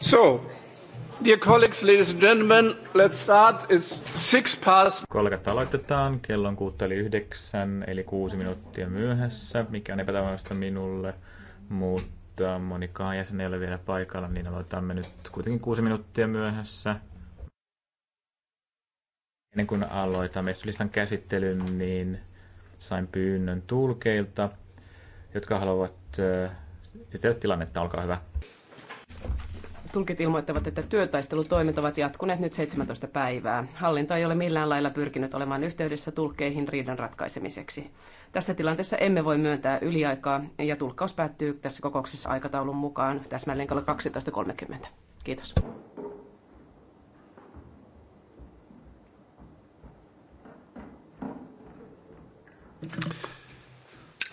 So, dear colleagues, ladies and gentlemen, let's start. It's six past. Kollegat aloitetaan. Kello on kuutta eli yhdeksän, eli kuusi minuuttia myöhässä, mikä on epätavallista minulle, mutta monikaan jäsen ei ole vielä paikalla, niin aloitamme nyt kuitenkin kuusi minuuttia myöhässä. Ennen kuin aloitamme esityslistan käsittelyn, niin sain pyynnön tulkeilta, jotka haluavat äh, esitellä tilannetta. Olkaa hyvä. Tulkit ilmoittavat, että työtaistelutoimet ovat jatkuneet nyt 17 päivää. Hallinto ei ole millään lailla pyrkinyt olemaan yhteydessä tulkkeihin riidan ratkaisemiseksi. Tässä tilanteessa emme voi myöntää yliaikaa ja tulkkaus päättyy tässä kokouksessa aikataulun mukaan täsmälleen kello 12.30. Kiitos.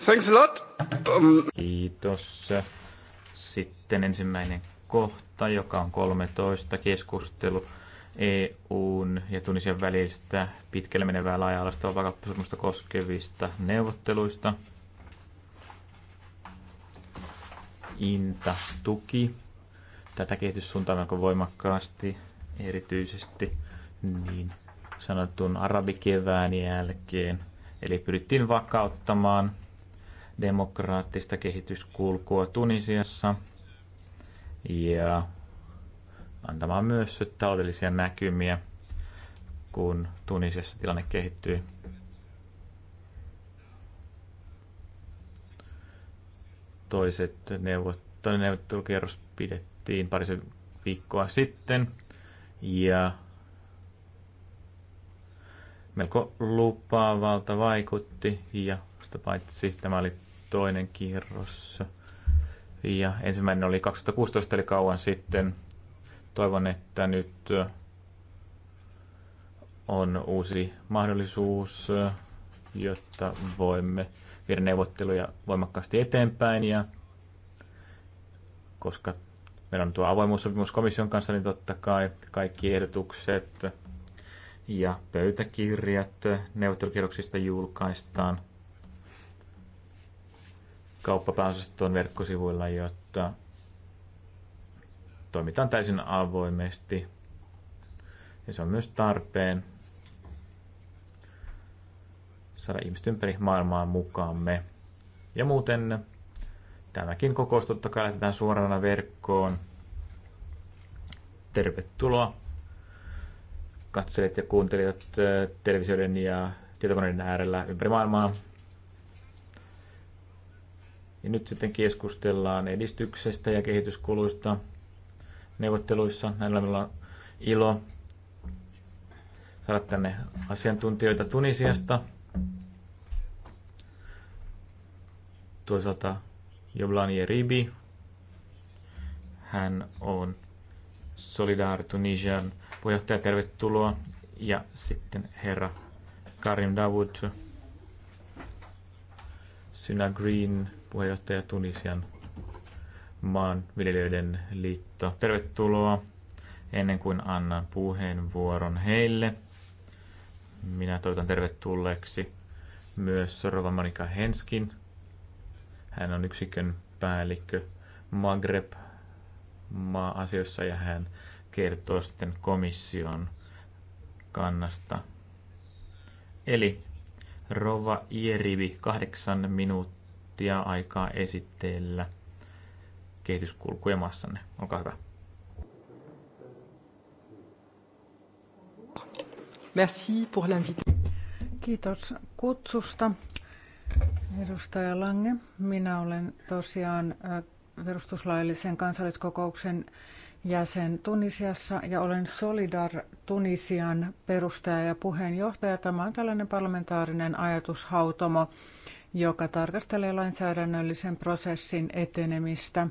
Thanks a lot. Um, Kiitos. Sitten ensimmäinen kohta, joka on 13 keskustelu EUn ja Tunisian välistä pitkälle menevää laaja-alaista vakauppasopimusta koskevista neuvotteluista. Inta tuki tätä kehityssuuntaa melko voimakkaasti, erityisesti niin sanotun arabikevään jälkeen. Eli pyrittiin vakauttamaan demokraattista kehityskulkua Tunisiassa – ja antamaan myös taloudellisia näkymiä, kun Tunisiassa tilanne kehittyy. Toiset neuvottelukierros pidettiin parisen viikkoa sitten ja melko lupaavalta vaikutti ja sitä paitsi tämä oli toinen kierros ja ensimmäinen oli 2016, eli kauan sitten. Toivon, että nyt äh, on uusi mahdollisuus, äh, jotta voimme viedä neuvotteluja voimakkaasti eteenpäin. Ja koska meillä on tuo avoimuussopimus komission kanssa, niin totta kai kaikki ehdotukset ja pöytäkirjat neuvottelukierroksista julkaistaan – kauppapääosaston verkkosivuilla, jotta toimitaan täysin avoimesti. Ja se on myös tarpeen saada ihmiset ympäri maailmaa mukaamme. Ja muuten tämäkin kokous totta kai lähetetään suorana verkkoon. Tervetuloa katselijat ja kuuntelijat eh, televisioiden ja tietokoneiden äärellä ympäri maailmaa. Ja nyt sitten keskustellaan edistyksestä ja kehityskuluista neuvotteluissa. Näillä meillä on ilo saada tänne asiantuntijoita Tunisiasta. Toisaalta Joblani Ribi. Hän on Solidar Tunisian puheenjohtaja. Tervetuloa. Ja sitten herra Karim Dawood, Syna Green, puheenjohtaja Tunisian maan liitto. Tervetuloa ennen kuin annan puheenvuoron heille. Minä toivotan tervetulleeksi myös Sorova Monika Henskin. Hän on yksikön päällikkö Magreb maa-asioissa ja hän kertoo sitten komission kannasta. Eli Rova Ierivi, kahdeksan minuuttia minuuttia aikaa esitellä ja massanne. Olkaa hyvä. Merci pour Kiitos kutsusta. Edustaja Lange, minä olen tosiaan perustuslaillisen kansalliskokouksen jäsen Tunisiassa ja olen Solidar Tunisian perustaja ja puheenjohtaja. Tämä on tällainen parlamentaarinen ajatushautomo, joka tarkastelee lainsäädännöllisen prosessin etenemistä.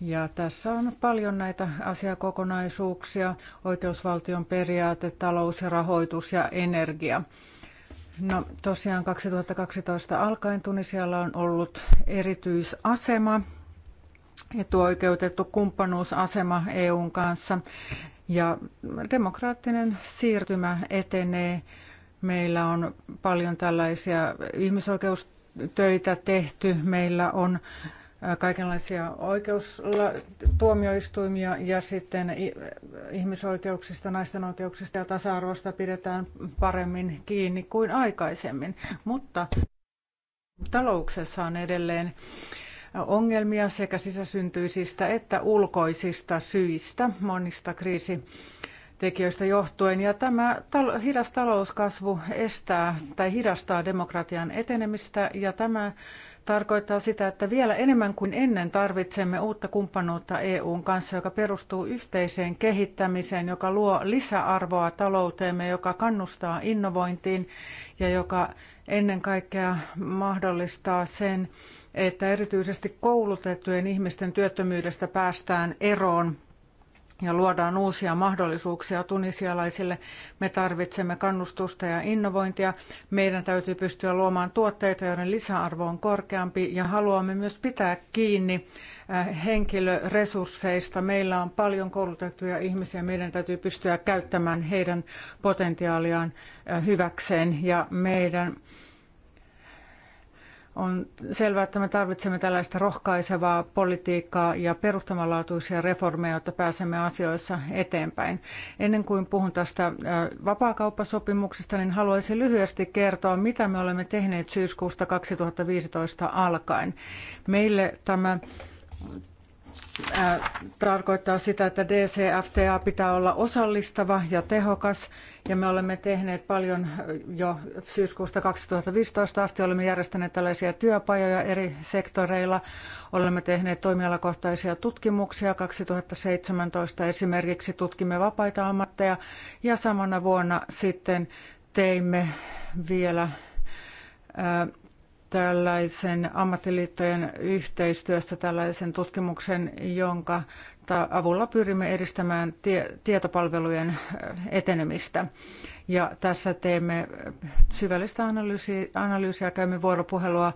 Ja tässä on paljon näitä asiakokonaisuuksia, oikeusvaltion periaate, talous ja rahoitus ja energia. No tosiaan 2012 alkaen Tunisialla on ollut erityisasema, etuoikeutettu kumppanuusasema EUn kanssa ja demokraattinen siirtymä etenee. Meillä on paljon tällaisia ihmisoikeus töitä tehty. Meillä on kaikenlaisia oikeustuomioistuimia ja sitten ihmisoikeuksista, naisten oikeuksista ja tasa-arvosta pidetään paremmin kiinni kuin aikaisemmin. Mutta talouksessa on edelleen ongelmia sekä sisäsyntyisistä että ulkoisista syistä monista kriisi tekijöistä johtuen. Ja tämä tal- hidas talouskasvu estää tai hidastaa demokratian etenemistä ja tämä tarkoittaa sitä, että vielä enemmän kuin ennen tarvitsemme uutta kumppanuutta EUn kanssa, joka perustuu yhteiseen kehittämiseen, joka luo lisäarvoa talouteemme, joka kannustaa innovointiin ja joka ennen kaikkea mahdollistaa sen, että erityisesti koulutettujen ihmisten työttömyydestä päästään eroon ja luodaan uusia mahdollisuuksia tunisialaisille. Me tarvitsemme kannustusta ja innovointia. Meidän täytyy pystyä luomaan tuotteita, joiden lisäarvo on korkeampi ja haluamme myös pitää kiinni äh, henkilöresursseista. Meillä on paljon koulutettuja ihmisiä. Meidän täytyy pystyä käyttämään heidän potentiaaliaan äh, hyväkseen ja meidän on selvää, että me tarvitsemme tällaista rohkaisevaa politiikkaa ja perustavanlaatuisia reformeja, jotta pääsemme asioissa eteenpäin. Ennen kuin puhun tästä äh, vapaakauppasopimuksesta, niin haluaisin lyhyesti kertoa, mitä me olemme tehneet syyskuusta 2015 alkaen. Meille tämä tarkoittaa sitä, että DCFTA pitää olla osallistava ja tehokas. Ja me olemme tehneet paljon jo syyskuusta 2015 asti. Olemme järjestäneet tällaisia työpajoja eri sektoreilla. Olemme tehneet toimialakohtaisia tutkimuksia. 2017 esimerkiksi tutkimme vapaita ammatteja. Ja samana vuonna sitten teimme vielä tällaisen ammattiliittojen yhteistyössä tällaisen tutkimuksen, jonka avulla pyrimme edistämään tie, tietopalvelujen etenemistä. Ja tässä teemme syvällistä analyysiä, analyysiä käymme vuoropuhelua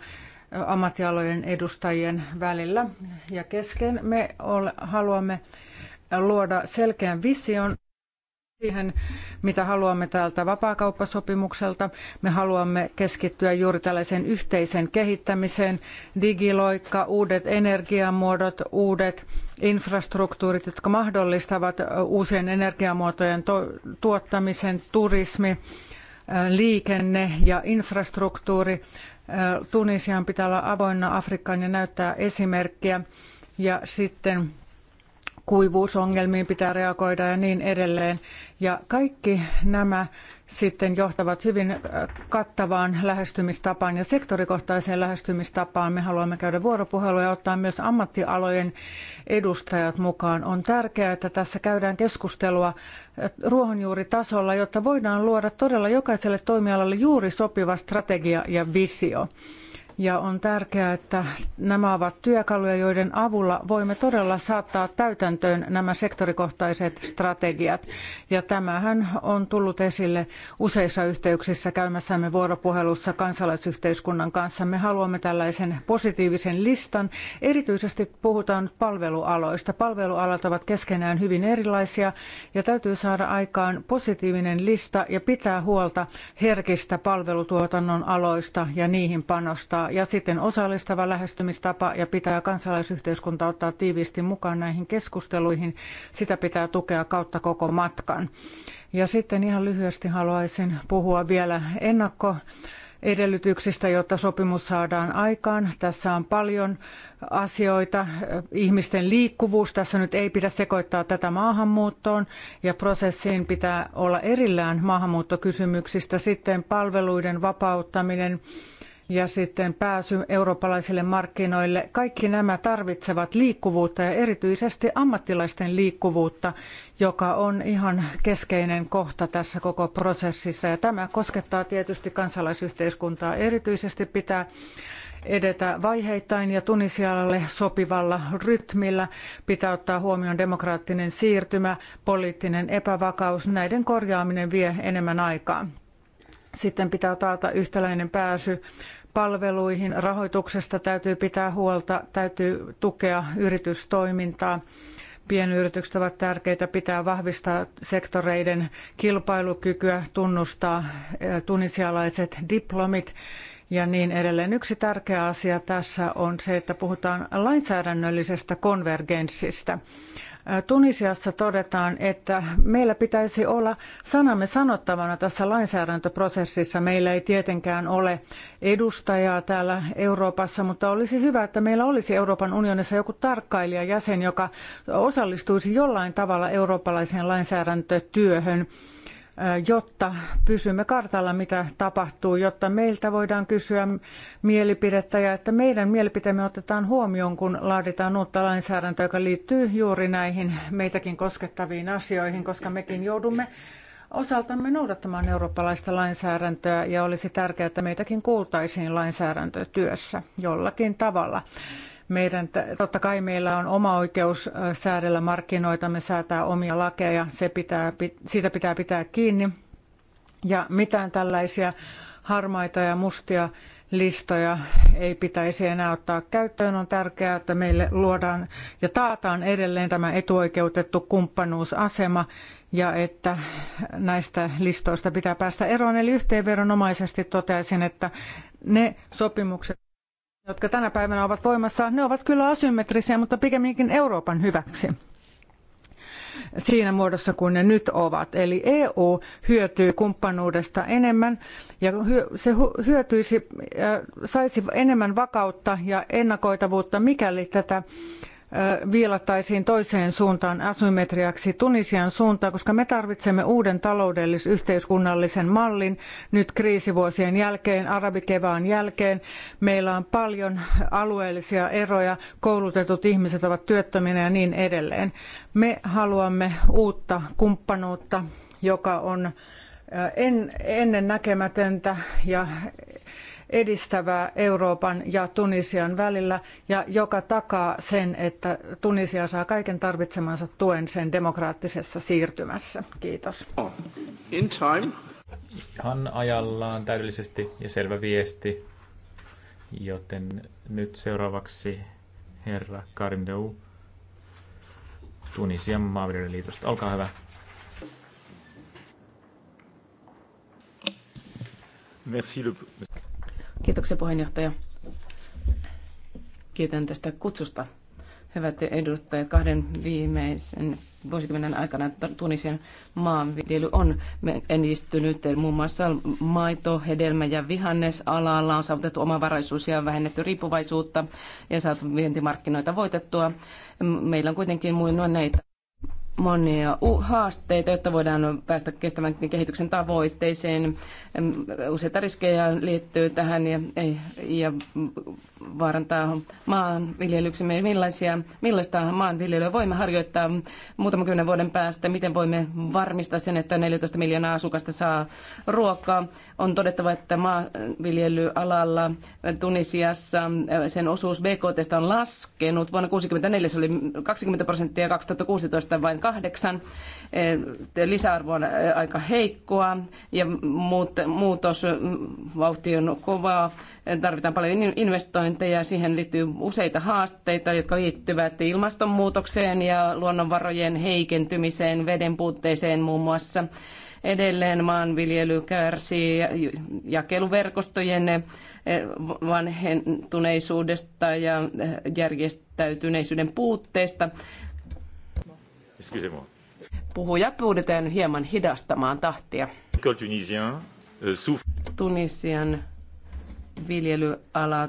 ammattialojen edustajien välillä ja kesken. Me haluamme luoda selkeän vision siihen, mitä haluamme tältä vapaakauppasopimukselta. Me haluamme keskittyä juuri tällaisen yhteisen kehittämiseen, digiloikka, uudet energiamuodot, uudet infrastruktuurit, jotka mahdollistavat uusien energiamuotojen tuottamisen, turismi, liikenne ja infrastruktuuri. Tunisian pitää olla avoinna Afrikkaan ja näyttää esimerkkiä. Ja sitten kuivuusongelmiin pitää reagoida ja niin edelleen. Ja kaikki nämä sitten johtavat hyvin äh, kattavaan lähestymistapaan ja sektorikohtaiseen lähestymistapaan. Me haluamme käydä vuoropuhelua ja ottaa myös ammattialojen edustajat mukaan. On tärkeää, että tässä käydään keskustelua äh, ruohonjuuritasolla, jotta voidaan luoda todella jokaiselle toimialalle juuri sopiva strategia ja visio. Ja on tärkeää, että nämä ovat työkaluja, joiden avulla voimme todella saattaa täytäntöön nämä sektorikohtaiset strategiat. Ja tämähän on tullut esille useissa yhteyksissä käymässämme vuoropuhelussa kansalaisyhteiskunnan kanssa. Me haluamme tällaisen positiivisen listan. Erityisesti puhutaan palvelualoista. Palvelualat ovat keskenään hyvin erilaisia ja täytyy saada aikaan positiivinen lista ja pitää huolta herkistä palvelutuotannon aloista ja niihin panostaa ja sitten osallistava lähestymistapa ja pitää kansalaisyhteiskunta ottaa tiiviisti mukaan näihin keskusteluihin. Sitä pitää tukea kautta koko matkan. Ja sitten ihan lyhyesti haluaisin puhua vielä ennakko edellytyksistä, jotta sopimus saadaan aikaan. Tässä on paljon asioita. Ihmisten liikkuvuus, tässä nyt ei pidä sekoittaa tätä maahanmuuttoon ja prosessiin pitää olla erillään maahanmuuttokysymyksistä. Sitten palveluiden vapauttaminen, ja sitten pääsy eurooppalaisille markkinoille. Kaikki nämä tarvitsevat liikkuvuutta ja erityisesti ammattilaisten liikkuvuutta, joka on ihan keskeinen kohta tässä koko prosessissa. Ja tämä koskettaa tietysti kansalaisyhteiskuntaa. Erityisesti pitää edetä vaiheittain ja Tunisialle sopivalla rytmillä. Pitää ottaa huomioon demokraattinen siirtymä, poliittinen epävakaus. Näiden korjaaminen vie enemmän aikaa. Sitten pitää taata yhtäläinen pääsy palveluihin. Rahoituksesta täytyy pitää huolta, täytyy tukea yritystoimintaa. Pienyritykset ovat tärkeitä, pitää vahvistaa sektoreiden kilpailukykyä, tunnustaa tunisialaiset diplomit ja niin edelleen. Yksi tärkeä asia tässä on se, että puhutaan lainsäädännöllisestä konvergenssista. Tunisiassa todetaan, että meillä pitäisi olla sanamme sanottavana tässä lainsäädäntöprosessissa. Meillä ei tietenkään ole edustajaa täällä Euroopassa, mutta olisi hyvä, että meillä olisi Euroopan unionissa joku tarkkailija jäsen, joka osallistuisi jollain tavalla eurooppalaiseen lainsäädäntötyöhön jotta pysymme kartalla, mitä tapahtuu, jotta meiltä voidaan kysyä mielipidettä ja että meidän mielipiteemme otetaan huomioon, kun laaditaan uutta lainsäädäntöä, joka liittyy juuri näihin meitäkin koskettaviin asioihin, koska mekin joudumme osaltamme noudattamaan eurooppalaista lainsäädäntöä ja olisi tärkeää, että meitäkin kuultaisiin lainsäädäntötyössä jollakin tavalla. Meidän, totta kai meillä on oma oikeus säädellä markkinoitamme, säätää omia lakeja, se pitää, siitä pitää pitää kiinni. Ja mitään tällaisia harmaita ja mustia listoja ei pitäisi enää ottaa käyttöön. On tärkeää, että meille luodaan ja taataan edelleen tämä etuoikeutettu kumppanuusasema ja että näistä listoista pitää päästä eroon. Eli yhteenvedonomaisesti toteaisin, että ne sopimukset, jotka tänä päivänä ovat voimassa, ne ovat kyllä asymmetrisiä, mutta pikemminkin Euroopan hyväksi siinä muodossa kuin ne nyt ovat. Eli EU hyötyy kumppanuudesta enemmän ja se hyötyisi, äh, saisi enemmän vakautta ja ennakoitavuutta, mikäli tätä viilattaisiin toiseen suuntaan asymmetriaksi Tunisian suuntaan, koska me tarvitsemme uuden taloudellis-yhteiskunnallisen mallin nyt kriisivuosien jälkeen, arabikevään jälkeen. Meillä on paljon alueellisia eroja, koulutetut ihmiset ovat työttöminä ja niin edelleen. Me haluamme uutta kumppanuutta, joka on en, ennen näkemätöntä ja edistävää Euroopan ja Tunisian välillä ja joka takaa sen, että Tunisia saa kaiken tarvitsemansa tuen sen demokraattisessa siirtymässä. Kiitos. In time. Ihan ajallaan täydellisesti ja selvä viesti. Joten nyt seuraavaksi herra Karim Deu Tunisian maanviljelijöiden liitosta. Olkaa hyvä. Merci le... Kiitoksia puheenjohtaja. Kiitän tästä kutsusta. Hyvät edustajat, kahden viimeisen vuosikymmenen aikana Tunisian maanviljely on edistynyt. Muun muassa maito, hedelmä ja vihannesalalla on saavutettu omavaraisuus ja vähennetty riippuvaisuutta ja saatu vientimarkkinoita voitettua. Meillä on kuitenkin muinoin näitä monia haasteita, jotta voidaan päästä kestävän kehityksen tavoitteeseen. Useita riskejä liittyy tähän ja, ja vaarantaa maanviljelyksemme. Millaisia, millaista maanviljelyä voimme harjoittaa muutaman kymmenen vuoden päästä? Miten voimme varmistaa sen, että 14 miljoonaa asukasta saa ruokaa? On todettava, että maanviljelyalalla Tunisiassa sen osuus BKT on laskenut. Vuonna 1964 se oli 20 prosenttia, 2016 vain 8. Lisäarvo on aika heikkoa ja muutos vauhti on kovaa. Tarvitaan paljon investointeja. Siihen liittyy useita haasteita, jotka liittyvät ilmastonmuutokseen ja luonnonvarojen heikentymiseen, veden puutteeseen muun muassa. Edelleen maanviljely kärsii jakeluverkostojen eh, vanhentuneisuudesta ja eh, järjestäytyneisyyden puutteesta. Excusez-moi. Puhuja pyydetään hieman hidastamaan tahtia. Eh, Tunisian viljelyala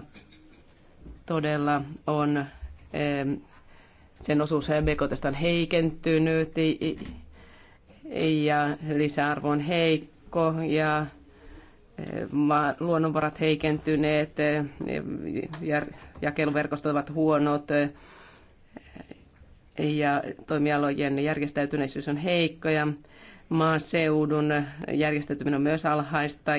todella on, sen osuus BKT on heikentynyt ja lisäarvo on heikko ja eh, luonnonvarat heikentyneet, eh, jakeluverkostot ovat huonot eh, ja toimialojen järjestäytyneisyys on heikko ja maaseudun järjestäytyminen on myös alhaista,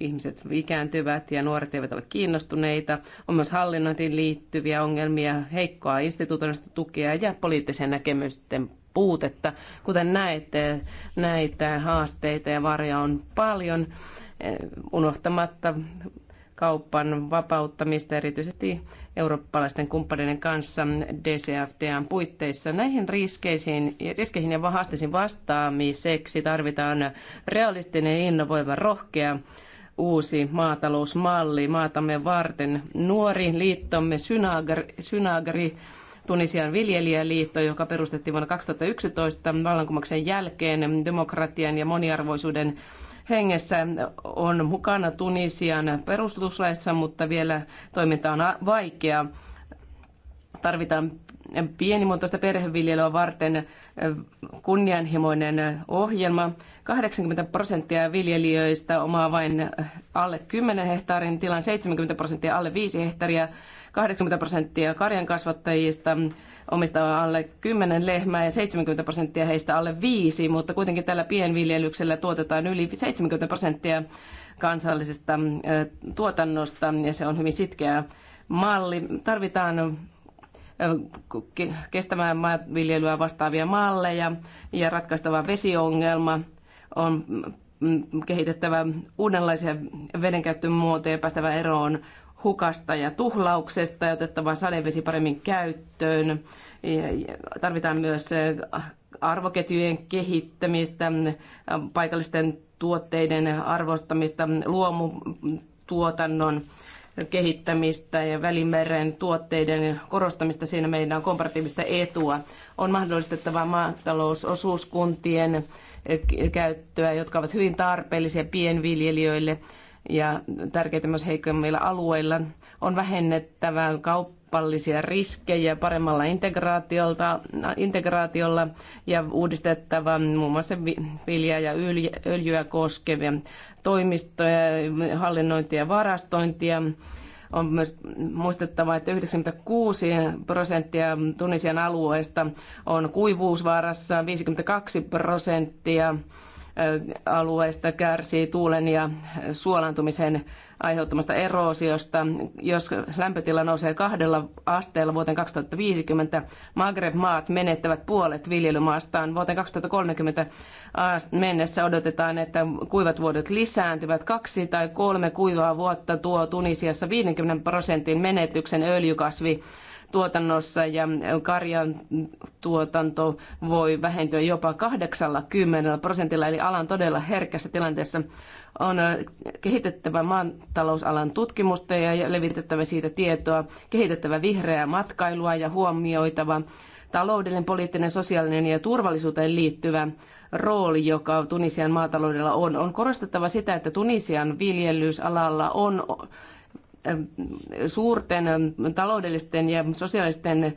ihmiset ikääntyvät ja nuoret eivät ole kiinnostuneita. On myös hallinnointiin liittyviä ongelmia, heikkoa instituutioista tukea ja poliittisen näkemysten puutetta. Kuten näette, näitä haasteita ja varja on paljon eh, unohtamatta kaupan vapauttamista erityisesti eurooppalaisten kumppaneiden kanssa DCFTAn puitteissa. Näihin riskeisiin, riskeihin ja haasteisiin vastaamiseksi tarvitaan realistinen, innovoiva, rohkea uusi maatalousmalli maatamme varten. Nuori liittomme Synagri, Synagri Tunisian viljelijäliitto, joka perustettiin vuonna 2011 vallankumouksen jälkeen demokratian ja moniarvoisuuden hengessä on mukana Tunisian perustuslaissa, mutta vielä toiminta on vaikea. Tarvitaan pienimuotoista perheviljelyä varten kunnianhimoinen ohjelma. 80 prosenttia viljelijöistä omaa vain alle 10 hehtaarin tilan, 70 prosenttia alle 5 hehtaaria 80 prosenttia karjan kasvattajista omistaa alle 10 lehmää ja 70 prosenttia heistä alle 5, mutta kuitenkin tällä pienviljelyksellä tuotetaan yli 70 prosenttia kansallisesta tuotannosta ja se on hyvin sitkeä malli. Tarvitaan kestämään maanviljelyä vastaavia malleja ja ratkaistava vesiongelma on kehitettävä uudenlaisia vedenkäyttömuotoja ja päästävä eroon hukasta ja tuhlauksesta ja otettava sadevesi paremmin käyttöön. Tarvitaan myös äh, arvoketjujen kehittämistä, äh, paikallisten tuotteiden arvostamista, luomutuotannon kehittämistä ja välimeren tuotteiden korostamista. Siinä meillä on komparatiivista etua. On mahdollistettava maatalousosuuskuntien äh, käyttöä, jotka ovat hyvin tarpeellisia pienviljelijöille ja tärkeitä myös heikommilla alueilla. On vähennettävä kauppallisia riskejä paremmalla integraatiolta, integraatiolla ja uudistettava muun muassa vilja- ja öljyä koskevia toimistoja, hallinnointia ja varastointia. On myös muistettava, että 96 prosenttia Tunisian alueesta on kuivuusvaarassa, 52 prosenttia alueista kärsii tuulen ja suolantumisen aiheuttamasta eroosiosta. Jos lämpötila nousee kahdella asteella vuoteen 2050, Maghreb-maat menettävät puolet viljelymaastaan. Vuoteen 2030 mennessä odotetaan, että kuivat vuodet lisääntyvät. Kaksi tai kolme kuivaa vuotta tuo Tunisiassa 50 prosentin menetyksen öljykasvi tuotannossa ja karjan tuotanto voi vähentyä jopa 80 prosentilla, eli alan todella herkässä tilanteessa on kehitettävä maatalousalan tutkimusta ja levitettävä siitä tietoa, kehitettävä vihreää matkailua ja huomioitava taloudellinen, poliittinen, sosiaalinen ja turvallisuuteen liittyvä rooli, joka Tunisian maataloudella on. On korostettava sitä, että Tunisian viljelyysalalla on suurten taloudellisten ja sosiaalisten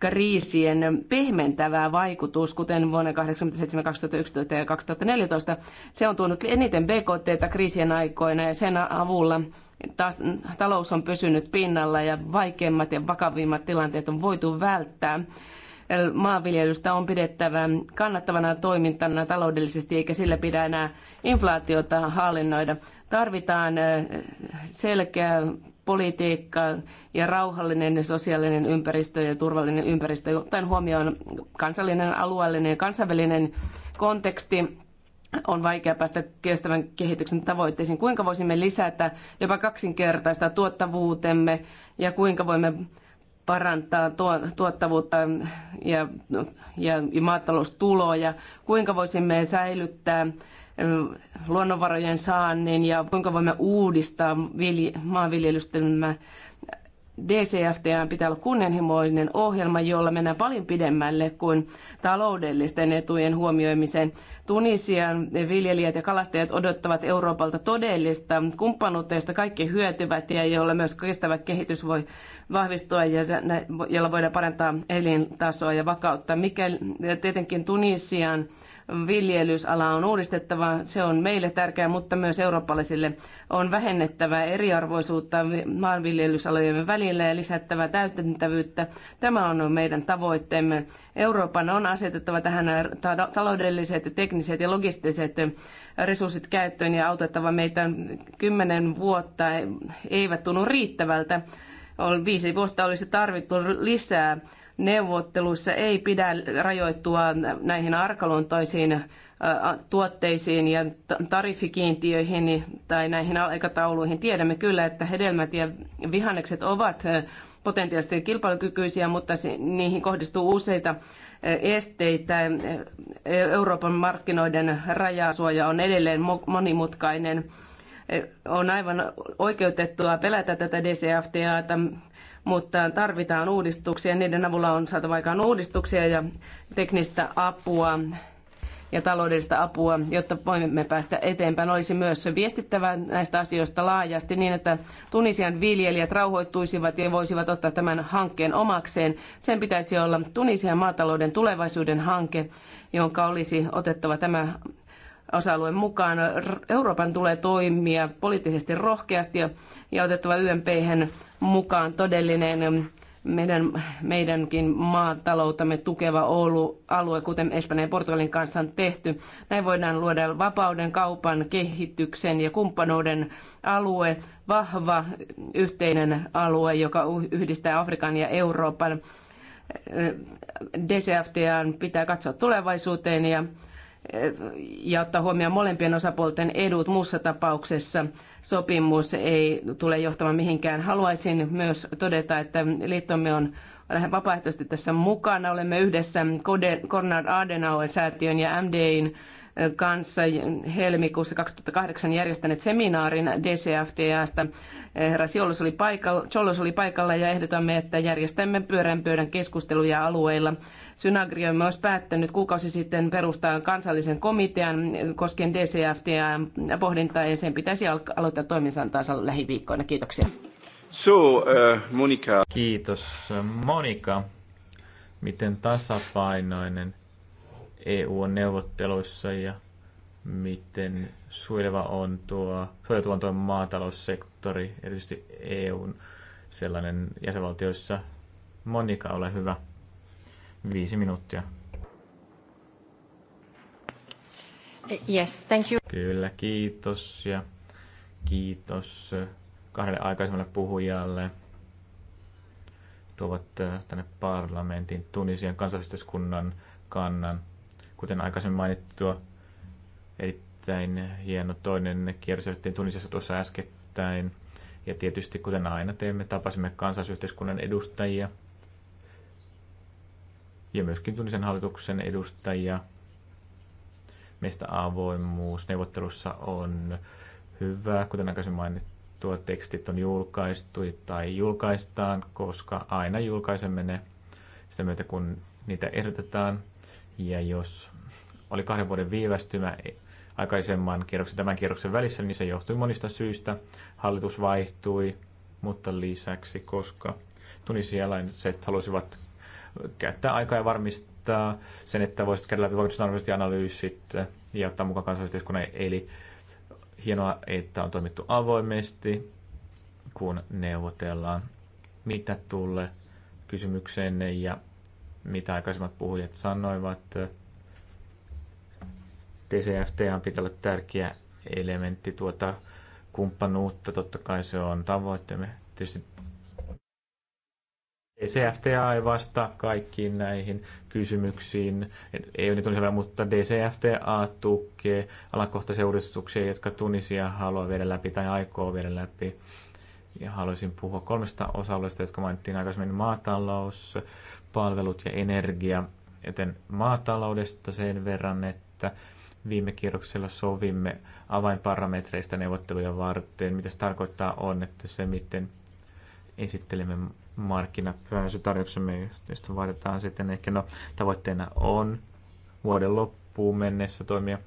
kriisien pehmentävä vaikutus, kuten vuonna 1987, 2011 ja 2014. Se on tuonut eniten BKT kriisien aikoina ja sen avulla taas, talous on pysynyt pinnalla ja vaikeimmat ja vakavimmat tilanteet on voitu välttää maanviljelystä on pidettävä kannattavana toimintana taloudellisesti, eikä sillä pidä enää inflaatiota hallinnoida. Tarvitaan selkeä politiikka ja rauhallinen sosiaalinen ympäristö ja turvallinen ympäristö, ottaen huomioon kansallinen, alueellinen ja kansainvälinen konteksti on vaikea päästä kestävän kehityksen tavoitteisiin. Kuinka voisimme lisätä jopa kaksinkertaista tuottavuutemme ja kuinka voimme parantaa tuottavuutta ja, ja, ja maataloustuloja, kuinka voisimme säilyttää luonnonvarojen saannin ja kuinka voimme uudistaa vilj- maanviljelystämme DCFT pitää olla kunnianhimoinen ohjelma, jolla mennään paljon pidemmälle kuin taloudellisten etujen huomioimiseen. Tunisian viljelijät ja kalastajat odottavat Euroopalta todellista kumppanuutta, josta kaikki hyötyvät ja jolla myös kestävä kehitys voi vahvistua ja jolla voidaan parantaa elintasoa ja vakautta. Mikä tietenkin Tunisian viljelysala on uudistettava. Se on meille tärkeää, mutta myös eurooppalaisille on vähennettävä eriarvoisuutta maanviljelysalojen välillä ja lisättävä täytettävyyttä. Tämä on meidän tavoitteemme. Euroopan on asetettava tähän taloudelliset, tekniset ja logistiset resurssit käyttöön ja autettava meitä kymmenen vuotta eivät tunnu riittävältä. Viisi vuotta olisi tarvittu lisää neuvotteluissa ei pidä rajoittua näihin arkaluontoisiin tuotteisiin ja tarifikiintiöihin tai näihin aikatauluihin. Tiedämme kyllä, että hedelmät ja vihannekset ovat potentiaalisesti kilpailukykyisiä, mutta niihin kohdistuu useita esteitä. E, Euroopan markkinoiden rajasuoja on edelleen monimutkainen. E, on aivan oikeutettua pelätä tätä DCFTAta mutta tarvitaan uudistuksia. Niiden avulla on saatu aikaan uudistuksia ja teknistä apua ja taloudellista apua, jotta voimme päästä eteenpäin. Olisi myös viestittävä näistä asioista laajasti niin, että Tunisian viljelijät rauhoittuisivat ja voisivat ottaa tämän hankkeen omakseen. Sen pitäisi olla Tunisian maatalouden tulevaisuuden hanke, jonka olisi otettava tämä osa-alueen mukaan. Euroopan tulee toimia poliittisesti rohkeasti ja otettava YMP mukaan todellinen meidän, meidänkin maatalouttamme tukeva Oulu alue, kuten Espanjan ja Portugalin kanssa on tehty. Näin voidaan luoda vapauden, kaupan, kehityksen ja kumppanuuden alue, vahva yhteinen alue, joka yhdistää Afrikan ja Euroopan. DCFTA pitää katsoa tulevaisuuteen ja ja ottaa huomioon molempien osapuolten edut. Muussa tapauksessa sopimus ei tule johtamaan mihinkään. Haluaisin myös todeta, että liittomme on vapaaehtoisesti tässä mukana. Olemme yhdessä Konrad Adenauer-säätiön ja MDin kanssa helmikuussa 2008 järjestäneet seminaarin DCFTAsta. Herra Jollos oli, paikalla, Jollos oli paikalla ja ehdotamme, että järjestämme pyörän pöydän keskusteluja alueilla – Synagri on myös päättänyt kuukausi sitten perustaa kansallisen komitean koskien DCFTA-pohdintaa ja sen pitäisi aloittaa toimintansa lähiviikkoina. Kiitoksia. So, uh, Monika. Kiitos Monika. Miten tasapainoinen EU on neuvotteluissa ja miten suojeleva on tuo, suojeltu on tuo maataloussektori, erityisesti EUn sellainen jäsenvaltioissa. Monika, ole hyvä. Viisi minuuttia. Yes, thank you. Kyllä, kiitos ja kiitos kahdelle aikaisemmalle puhujalle. Tuovat äh, tänne parlamentin Tunisian kansallisyhteiskunnan kannan. Kuten aikaisemmin mainittua, erittäin hieno toinen kierros järjestettiin Tunisiassa tuossa äskettäin. Ja tietysti, kuten aina teemme, tapasimme kansallisyhteiskunnan edustajia – ja myöskin sen hallituksen edustajia. Meistä avoimuus neuvottelussa on hyvä, kuten aikaisemmin mainittua, tekstit on julkaistu tai julkaistaan, koska aina julkaisemme ne sitä myötä, kun niitä ehdotetaan. Ja jos oli kahden vuoden viivästymä aikaisemman kierroksen tämän kierroksen välissä, niin se johtui monista syistä. Hallitus vaihtui, mutta lisäksi, koska tunisialaiset halusivat käyttää aikaa ja varmistaa sen, että voisit käydä läpi vaikutusarvioiset ja analyysit ja ottaa mukaan kansallisyhteiskunnan. Eli hienoa, että on toimittu avoimesti, kun neuvotellaan, mitä tulee kysymykseenne ja mitä aikaisemmat puhujat sanoivat. TCFT on pitää olla tärkeä elementti tuota kumppanuutta. Totta kai se on tavoitteemme. Tietysti DCFTA ei vastaa kaikkiin näihin kysymyksiin. Ei nyt on selvä, mutta DCFTA tukee alakohtaisia uudistuksia, jotka Tunisia haluaa viedä läpi tai aikoo viedä läpi. Ja haluaisin puhua kolmesta osa jotka mainittiin aikaisemmin, maatalous, palvelut ja energia. Joten maataloudesta sen verran, että viime kierroksella sovimme avainparametreista neuvotteluja varten. Mitä se tarkoittaa on, että se miten esittelemme markkinapääsytarjouksemme, josta vaaditaan sitten ehkä, no tavoitteena on vuoden loppuun mennessä toimia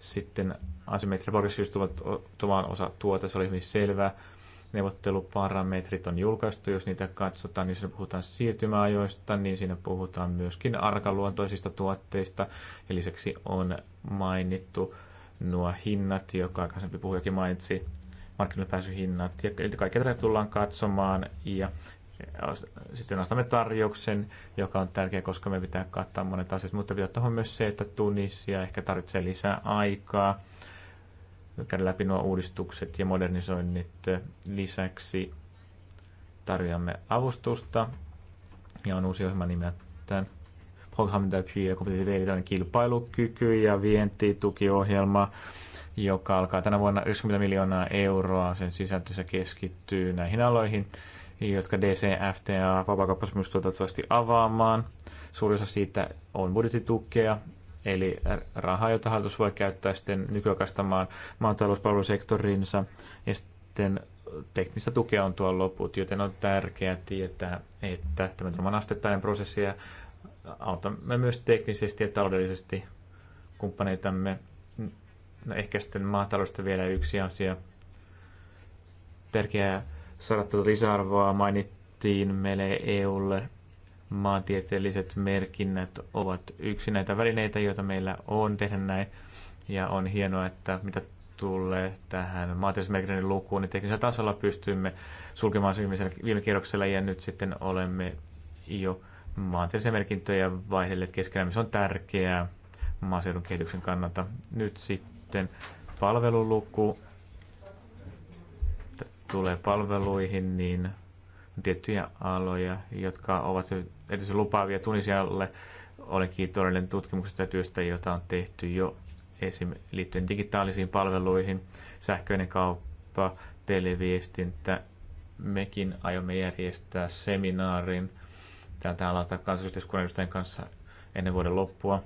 sitten asymmetriporkissa tuomaan osa tuota, se oli hyvin selvää. Neuvotteluparametrit on julkaistu, jos niitä katsotaan, niin siinä puhutaan siirtymäajoista, niin siinä puhutaan myöskin arkaluontoisista tuotteista. Ja lisäksi on mainittu nuo hinnat, joka aikaisempi puhujakin mainitsi, markkinoille pääsyhinnat. Ja kaikkea tätä tullaan katsomaan ja sitten nostamme tarjouksen, joka on tärkeä, koska me pitää kattaa monet asiat, mutta pitää ottaa myös se, että Tunisia ehkä tarvitsee lisää aikaa käydä läpi nuo uudistukset ja modernisoinnit. Lisäksi tarjoamme avustusta ja on uusi ohjelma nimeltään Programme d'appui ja kompetitiivinen kilpailukyky ja vientitukiohjelma, joka alkaa tänä vuonna 90 miljoonaa euroa. Sen sisältö se keskittyy näihin aloihin, jotka DCFTA vapaakauppasopimus toivottavasti avaamaan. Suurin osa siitä on budjettitukea, eli rahaa, jota hallitus voi käyttää sitten nykyaikaistamaan maatalouspalvelusektorinsa. Ja sitten teknistä tukea on tuolla loput, joten on tärkeää tietää, että tämä on astettainen prosessi ja autamme myös teknisesti ja taloudellisesti kumppaneitamme. No ehkä sitten maataloudesta vielä yksi asia. Tärkeää saada tätä lisäarvoa. Mainittiin meille EUlle maantieteelliset merkinnät ovat yksi näitä välineitä, joita meillä on tehdä näin. Ja on hienoa, että mitä tulee tähän maantieteellisen lukuun, niin teknisellä tasolla pystymme sulkemaan se viime kierroksella ja nyt sitten olemme jo maantieteellisiä merkintöjä vaihdelleet keskenään, missä on tärkeää maaseudun kehityksen kannalta. Nyt sitten palveluluku tulee palveluihin, niin tiettyjä aloja, jotka ovat erityisen lupaavia Tunisialle. Olen kiitollinen tutkimuksesta ja työstä, jota on tehty jo esim. liittyen digitaalisiin palveluihin, sähköinen kauppa, televiestintä. Mekin aiomme järjestää seminaarin tältä alalta kansallisyhteiskunnan kanssa ennen vuoden loppua.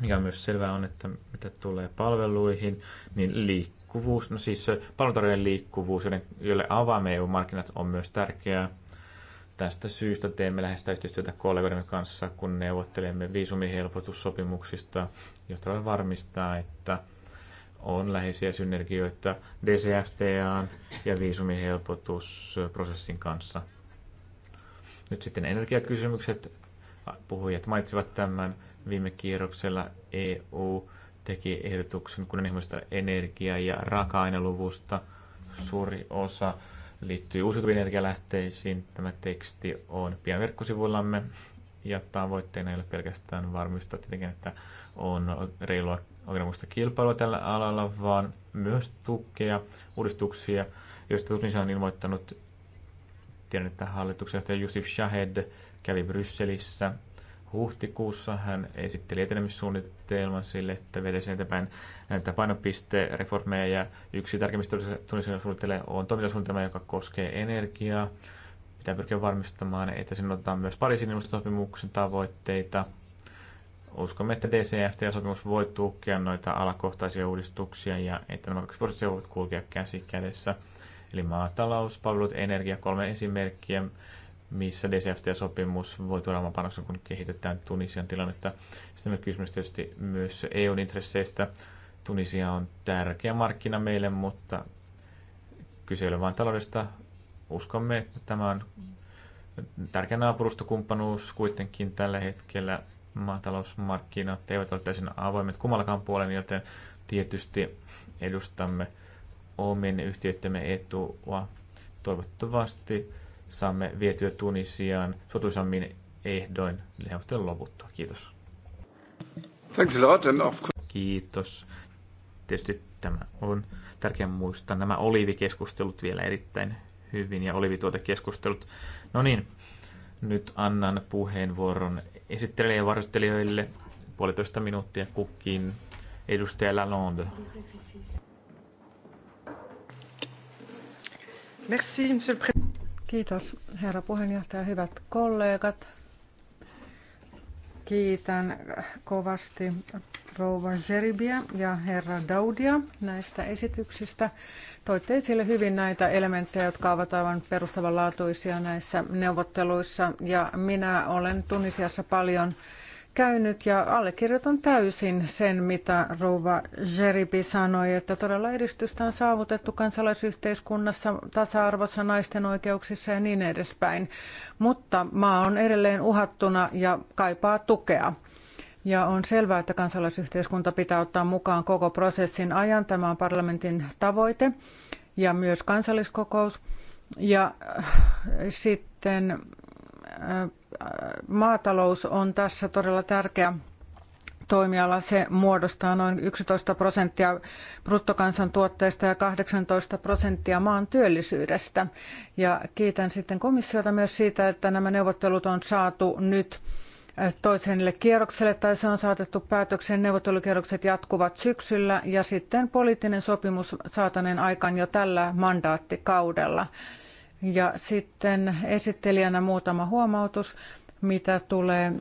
Mikä myös selvää on, että mitä tulee palveluihin, niin liikkuu liikkuvuus, no siis palvelutarjoajien liikkuvuus, joille avaamme EU-markkinat, on myös tärkeää. Tästä syystä teemme läheistä yhteistyötä kollegoidemme kanssa, kun neuvottelemme viisumihelpotussopimuksista, jotta voi varmistaa, että on läheisiä synergioita DCFTA ja viisumihelpotusprosessin kanssa. Nyt sitten energiakysymykset. Puhujat mainitsivat tämän viime kierroksella EU teki ehdotuksen kunnianhimoista energia- ja raaka-aineluvusta. Suuri osa liittyy uusiutuviin energialähteisiin. Tämä teksti on pian verkkosivuillamme ja tavoitteena ei ole pelkästään varmistaa tietenkin, että on reilua oikeudenmukaista kilpailua tällä alalla, vaan myös tukea uudistuksia, joista Tunisia on ilmoittanut. Tiedän, että hallituksen johtaja Yusuf Shahed kävi Brysselissä huhtikuussa. Hän esitteli etenemissuunnitelman sille, että vetäisi eteenpäin näitä painopistereformeja ja yksi tärkeimmistä tunnisilla suunnitelmia on toimintasuunnitelma, joka koskee energiaa. Pitää pyrkiä varmistamaan, että sinne otetaan myös Pariisin ilmastosopimuksen tavoitteita. Uskomme, että DCFT-sopimus voi tukea noita alakohtaisia uudistuksia ja että nämä kaksi prosessia voivat kulkea käsi kädessä. Eli maatalous, palvelut, energia, kolme esimerkkiä missä DCFT-sopimus voi tuoda oman panoksen, kun kehitetään Tunisian tilannetta. Sitten myös kysymys tietysti myös eu intresseistä. Tunisia on tärkeä markkina meille, mutta kyse ei ole vain taloudesta. Uskomme, että tämä on tärkeä naapurustokumppanuus kuitenkin tällä hetkellä. Maatalousmarkkinat eivät ole täysin avoimet kummallakaan puolen, joten tietysti edustamme omien yhtiöittemme etua. Toivottavasti saamme vietyä Tunisiaan sotuisammin ehdoin neuvottelun loputtua. Kiitos. Thanks a lot and of Kiitos. Tietysti tämä on tärkeä muistaa. Nämä olivikeskustelut vielä erittäin hyvin ja olivituotekeskustelut. No niin, nyt annan puheenvuoron esittelijä ja varustelijoille puolitoista minuuttia kukin. Edustaja Lalonde. Merci, monsieur le Président. Kiitos herra puheenjohtaja, hyvät kollegat. Kiitän kovasti rouva Zeribia ja herra Daudia näistä esityksistä. Toitte esille hyvin näitä elementtejä, jotka ovat aivan perustavanlaatuisia näissä neuvotteluissa. Ja minä olen Tunisiassa paljon käynyt ja allekirjoitan täysin sen, mitä rouva Jeripi sanoi, että todella edistystä on saavutettu kansalaisyhteiskunnassa, tasa-arvossa, naisten oikeuksissa ja niin edespäin. Mutta maa on edelleen uhattuna ja kaipaa tukea. Ja on selvää, että kansalaisyhteiskunta pitää ottaa mukaan koko prosessin ajan. Tämä on parlamentin tavoite ja myös kansalliskokous. Ja äh, sitten äh, maatalous on tässä todella tärkeä toimiala. Se muodostaa noin 11 prosenttia bruttokansantuotteesta ja 18 prosenttia maan työllisyydestä. Ja kiitän sitten komissiota myös siitä, että nämä neuvottelut on saatu nyt toiselle kierrokselle tai se on saatettu päätökseen. Neuvottelukierrokset jatkuvat syksyllä ja sitten poliittinen sopimus saataneen aikaan jo tällä mandaattikaudella. Ja sitten esittelijänä muutama huomautus, mitä tulee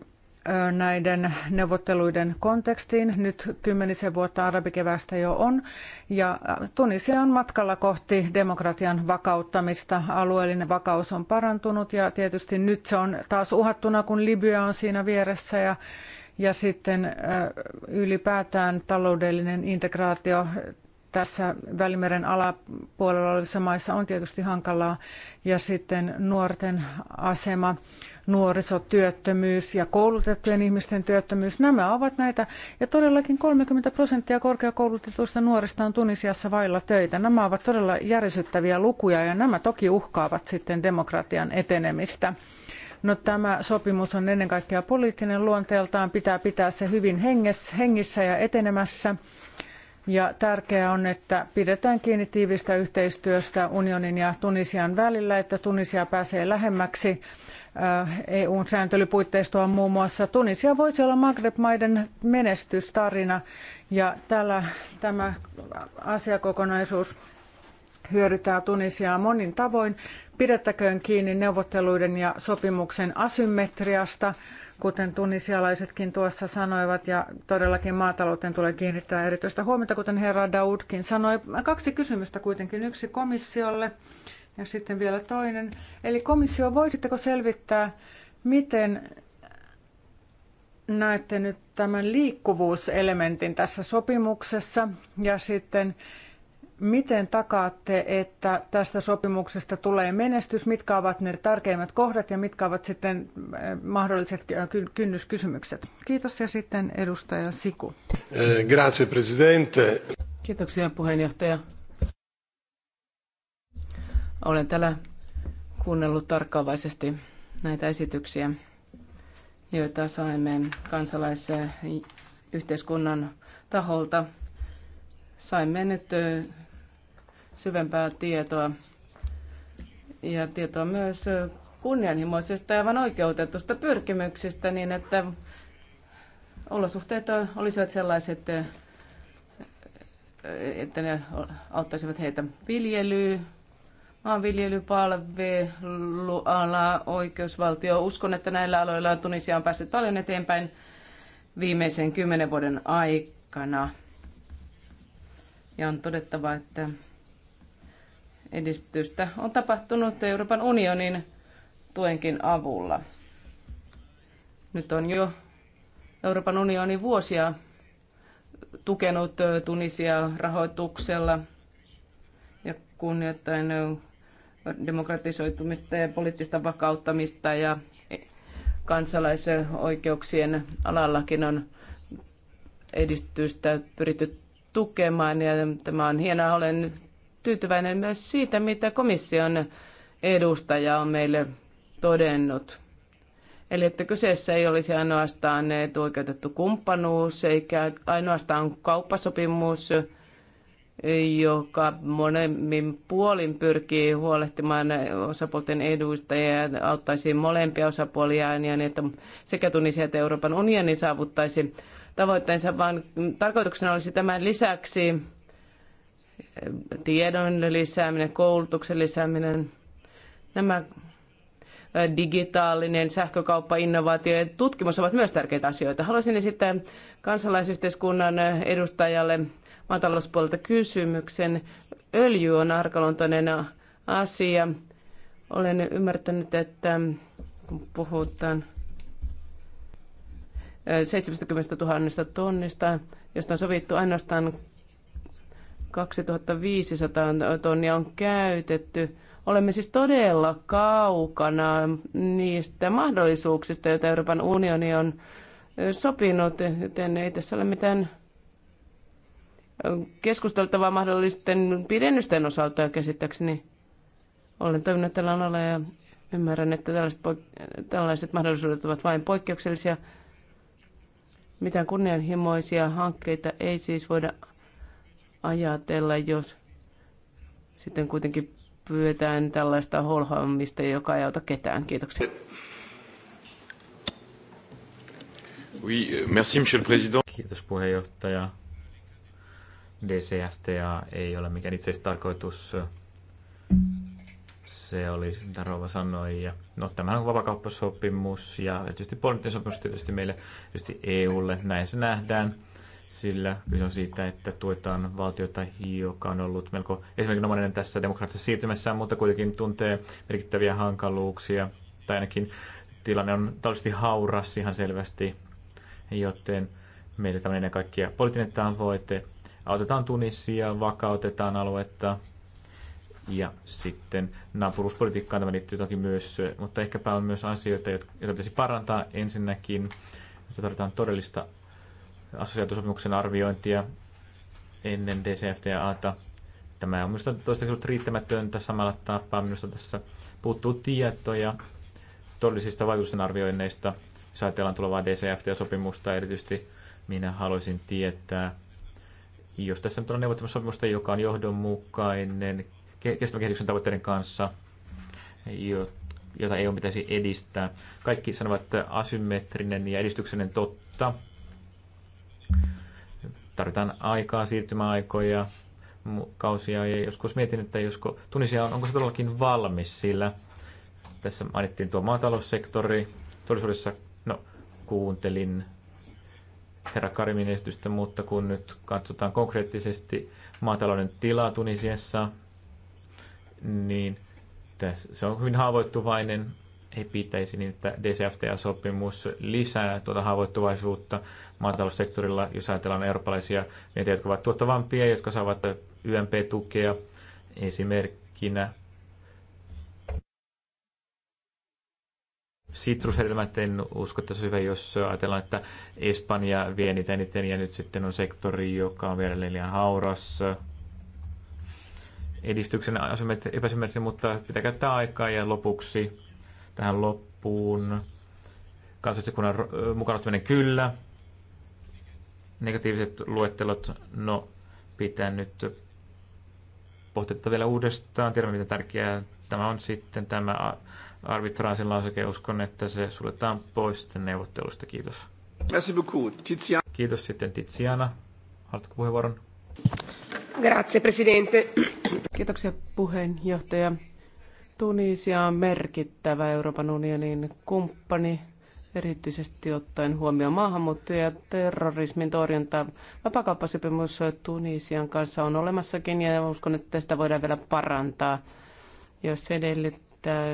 näiden neuvotteluiden kontekstiin. Nyt kymmenisen vuotta arabikevästä jo on. Ja Tunisia on matkalla kohti demokratian vakauttamista. Alueellinen vakaus on parantunut ja tietysti nyt se on taas uhattuna, kun Libya on siinä vieressä ja ja sitten ylipäätään taloudellinen integraatio tässä Välimeren alapuolella olevissa maissa on tietysti hankalaa. Ja sitten nuorten asema, nuorisotyöttömyys ja koulutettujen ihmisten työttömyys, nämä ovat näitä. Ja todellakin 30 prosenttia korkeakoulutetuista nuorista on Tunisiassa vailla töitä. Nämä ovat todella järisyttäviä lukuja ja nämä toki uhkaavat sitten demokratian etenemistä. No tämä sopimus on ennen kaikkea poliittinen luonteeltaan, pitää pitää se hyvin hengessä, hengissä ja etenemässä. Ja tärkeää on, että pidetään kiinni tiivistä yhteistyöstä unionin ja Tunisian välillä, että Tunisia pääsee lähemmäksi äh, EUn sääntelypuitteistoa muun muassa. Tunisia voisi olla Maghreb-maiden menestystarina ja tällä, tämä asiakokonaisuus hyödyttää Tunisiaa monin tavoin. Pidettäköön kiinni neuvotteluiden ja sopimuksen asymmetriasta kuten tunisialaisetkin tuossa sanoivat, ja todellakin maatalouteen tulee kiinnittää erityistä huomiota, kuten herra Daudkin sanoi. Kaksi kysymystä kuitenkin, yksi komissiolle ja sitten vielä toinen. Eli komissio, voisitteko selvittää, miten näette nyt tämän liikkuvuuselementin tässä sopimuksessa ja sitten Miten takaatte, että tästä sopimuksesta tulee menestys? Mitkä ovat ne tärkeimmät kohdat ja mitkä ovat sitten eh, mahdolliset eh, kynnyskysymykset? Kiitos ja sitten edustaja Siku. Eh, grazie, presidente. Kiitoksia puheenjohtaja. Olen täällä kuunnellut tarkkaavaisesti näitä esityksiä, joita saimme kansalaisyhteiskunnan taholta. Saimme nyt syvempää tietoa ja tietoa myös kunnianhimoisista ja aivan oikeutetusta pyrkimyksistä niin, että olosuhteet olisivat sellaiset, että ne auttaisivat heitä viljelyyn, maanviljelypalveluala, oikeusvaltio. Uskon, että näillä aloilla Tunisia on päässyt paljon eteenpäin viimeisen kymmenen vuoden aikana. Ja on todettava, että edistystä on tapahtunut Euroopan unionin tuenkin avulla. Nyt on jo Euroopan unioni vuosia tukenut Tunisia rahoituksella ja kunnioittain demokratisoitumista ja poliittista vakauttamista ja kansalaisoikeuksien alallakin on edistystä pyritty tukemaan ja tämä on hienoa. Olen tyytyväinen myös siitä, mitä komission edustaja on meille todennut. Eli että kyseessä ei olisi ainoastaan etuoikeutettu kumppanuus, eikä ainoastaan kauppasopimus, joka molemmin puolin pyrkii huolehtimaan osapuolten eduista ja auttaisi molempia osapuolia, niin että sekä Tunisia että Euroopan unioni saavuttaisi tavoitteensa, vaan tarkoituksena olisi tämän lisäksi tiedon lisääminen, koulutuksen lisääminen, nämä digitaalinen sähkökauppa, innovaatio ja tutkimus ovat myös tärkeitä asioita. Haluaisin esittää kansalaisyhteiskunnan edustajalle maatalouspuolelta kysymyksen. Öljy on arkaluontoinen asia. Olen ymmärtänyt, että kun puhutaan 70 000 tonnista, josta on sovittu ainoastaan 2500 tonnia on käytetty. Olemme siis todella kaukana niistä mahdollisuuksista, joita Euroopan unioni on sopinut, joten ei tässä ole mitään keskusteltavaa mahdollisten pidennysten osalta käsittääkseni. Olen toiminut tällä alalla ja ymmärrän, että tällaiset, tällaiset mahdollisuudet ovat vain poikkeuksellisia. Mitään kunnianhimoisia hankkeita ei siis voida ajatella, jos sitten kuitenkin pyydetään tällaista holhoamista, joka ei auta ketään. Kiitoksia. Oui, merci, monsieur le président. Kiitos puheenjohtaja. DCFTA ei ole mikään itseistarkoitus. Se oli, mitä Rova sanoi. Ja, no, tämähän on vapakauppasopimus ja tietysti poliittinen sopimus tietysti meille, tietysti EUlle. Näin se nähdään sillä kyse on siitä, että tuetaan valtiota, joka on ollut melko esimerkinomainen tässä demokraattisessa siirtymässä, mutta kuitenkin tuntee merkittäviä hankaluuksia, tai ainakin tilanne on taloudellisesti hauras ihan selvästi, joten meillä tämä ennen kaikkea poliittinen tavoite. Autetaan Tunisia, vakautetaan aluetta ja sitten naapuruuspolitiikkaan tämä liittyy toki myös, mutta ehkäpä on myös asioita, joita pitäisi parantaa ensinnäkin, että tarvitaan todellista assosiaatiosopimuksen arviointia ennen DCFTAta. Tämä on minusta toistaiseksi ollut riittämätöntä samalla tapaa. Minusta tässä puuttuu tietoja todellisista vaikutusten arvioinneista. Jos ajatellaan tulevaa DCFTA-sopimusta erityisesti, minä haluaisin tietää, jos tässä nyt on neuvottelemassa sopimusta, joka on johdonmukainen kestävän kehityksen tavoitteiden kanssa, jota EU pitäisi edistää. Kaikki sanovat, että asymmetrinen ja edistyksellinen totta – Tarvitaan aikaa, siirtymäaikoja, kausia ja joskus mietin, että josko Tunisia on, onko se todellakin valmis, sillä tässä mainittiin tuo maataloussektori. Todellisuudessa, no, kuuntelin herra Karimin esitystä, mutta kun nyt katsotaan konkreettisesti maatalouden tilaa Tunisiassa, niin tässä, se on hyvin haavoittuvainen ei pitäisi niin, että DCFTA-sopimus lisää tuota haavoittuvaisuutta maataloussektorilla, jos ajatellaan eurooppalaisia niitä, jotka ovat tuottavampia, jotka saavat YMP-tukea esimerkkinä. Sitrushedelmät en usko, että se on hyvä, jos ajatellaan, että Espanja vie niitä eniten ja nyt sitten on sektori, joka on vielä liian hauras edistyksen epäsymmärsin, mutta pitää käyttää aikaa ja lopuksi tähän loppuun. Kansalliskunnan mukana ottaminen kyllä. Negatiiviset luettelot, no pitää nyt pohtia vielä uudestaan. Tiedämme, miten tärkeää tämä on sitten tämä arbitraasin lauseke. Uskon, että se suljetaan pois sitten neuvottelusta. Kiitos. Merci beaucoup. Tiziana. Kiitos sitten Tiziana. Haluatko puheenvuoron? Grazie, presidente. Kiitoksia puheenjohtaja. Tunisia on merkittävä Euroopan unionin kumppani, erityisesti ottaen huomioon maahanmuutto- ja terrorismin torjunta. Vapakauppasopimus Tunisian kanssa on olemassakin ja uskon, että sitä voidaan vielä parantaa. Jos edellyttää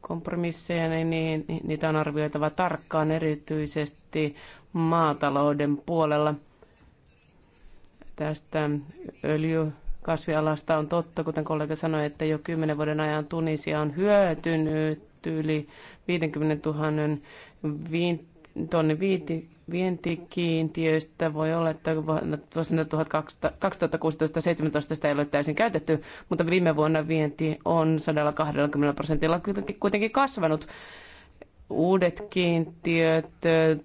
kompromisseja, niin niitä on arvioitava tarkkaan erityisesti maatalouden puolella. Tästä öljy kasvialasta on totta, kuten kollega sanoi, että jo kymmenen vuoden ajan Tunisia on hyötynyt yli 50 000 tonnin viiti, vientikiintiöistä. Voi olla, että vuonna 2016 2017 sitä ei ole täysin käytetty, mutta viime vuonna vienti on 120 prosentilla kuitenkin kasvanut. Uudet kiintiöt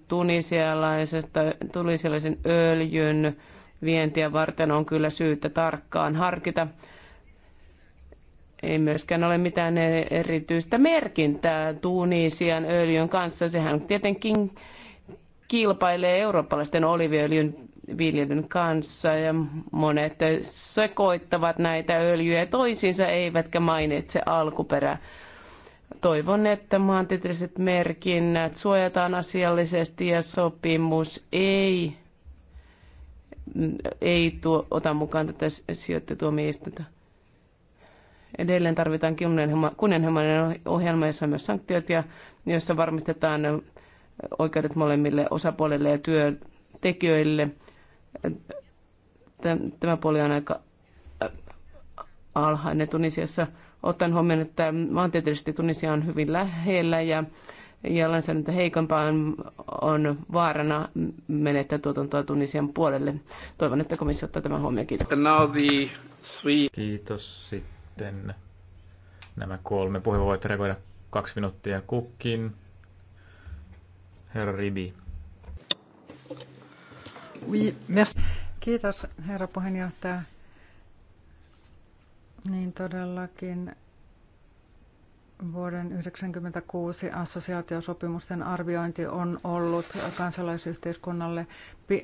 tunisialaisesta, tunisialaisen öljyn vientiä varten on kyllä syytä tarkkaan harkita. Ei myöskään ole mitään erityistä merkintää Tunisian öljyn kanssa. Sehän tietenkin kilpailee eurooppalaisten oliviöljyn viljelyn kanssa ja monet sekoittavat näitä öljyjä toisiinsa eivätkä mainitse alkuperää. Toivon, että maantieteelliset merkinnät suojataan asiallisesti ja sopimus ei ei tuo, ota mukaan tätä miestä. Edelleen tarvitaan kunnianhimoinen ohjelma, jossa on myös sanktiot ja jossa varmistetaan oikeudet molemmille osapuolille ja työntekijöille. Tämä puoli on aika alhainen Tunisiassa. Ottaen huomioon, että maantieteellisesti Tunisia on hyvin lähellä ja ja lainsäädäntö heikompaa on vaarana menettää tuotantoa Tunisian puolelle. Toivon, että komissio ottaa tämän huomioon. Kiitos. Kiitos sitten. Nämä kolme puheenvuoroa voitte reagoida kaksi minuuttia kukkin. Herra Ribi. Oui, merci. Kiitos herra puheenjohtaja. Niin todellakin Vuoden 1996 assosiaatiosopimusten arviointi on ollut kansalaisyhteiskunnalle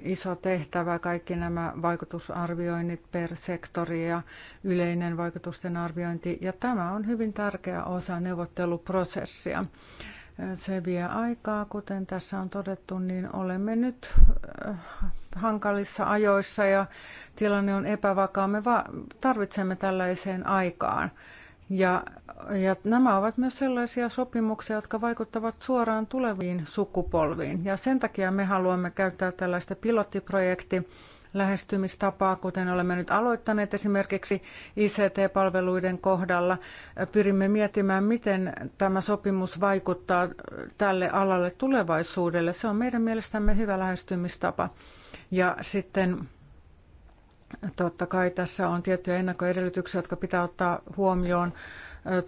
iso tehtävä. Kaikki nämä vaikutusarvioinnit per sektori ja yleinen vaikutusten arviointi. Ja tämä on hyvin tärkeä osa neuvotteluprosessia. Se vie aikaa, kuten tässä on todettu, niin olemme nyt äh, hankalissa ajoissa ja tilanne on epävakaa. Me tarvitsemme tällaiseen aikaan. Ja, ja nämä ovat myös sellaisia sopimuksia, jotka vaikuttavat suoraan tuleviin sukupolviin. Ja sen takia me haluamme käyttää tällaista pilottiprojekti lähestymistapaa, kuten olemme nyt aloittaneet esimerkiksi ICT-palveluiden kohdalla. Pyrimme miettimään, miten tämä sopimus vaikuttaa tälle alalle tulevaisuudelle. Se on meidän mielestämme hyvä lähestymistapa. Ja sitten Totta kai tässä on tiettyjä ennakkoedellytyksiä, jotka pitää ottaa huomioon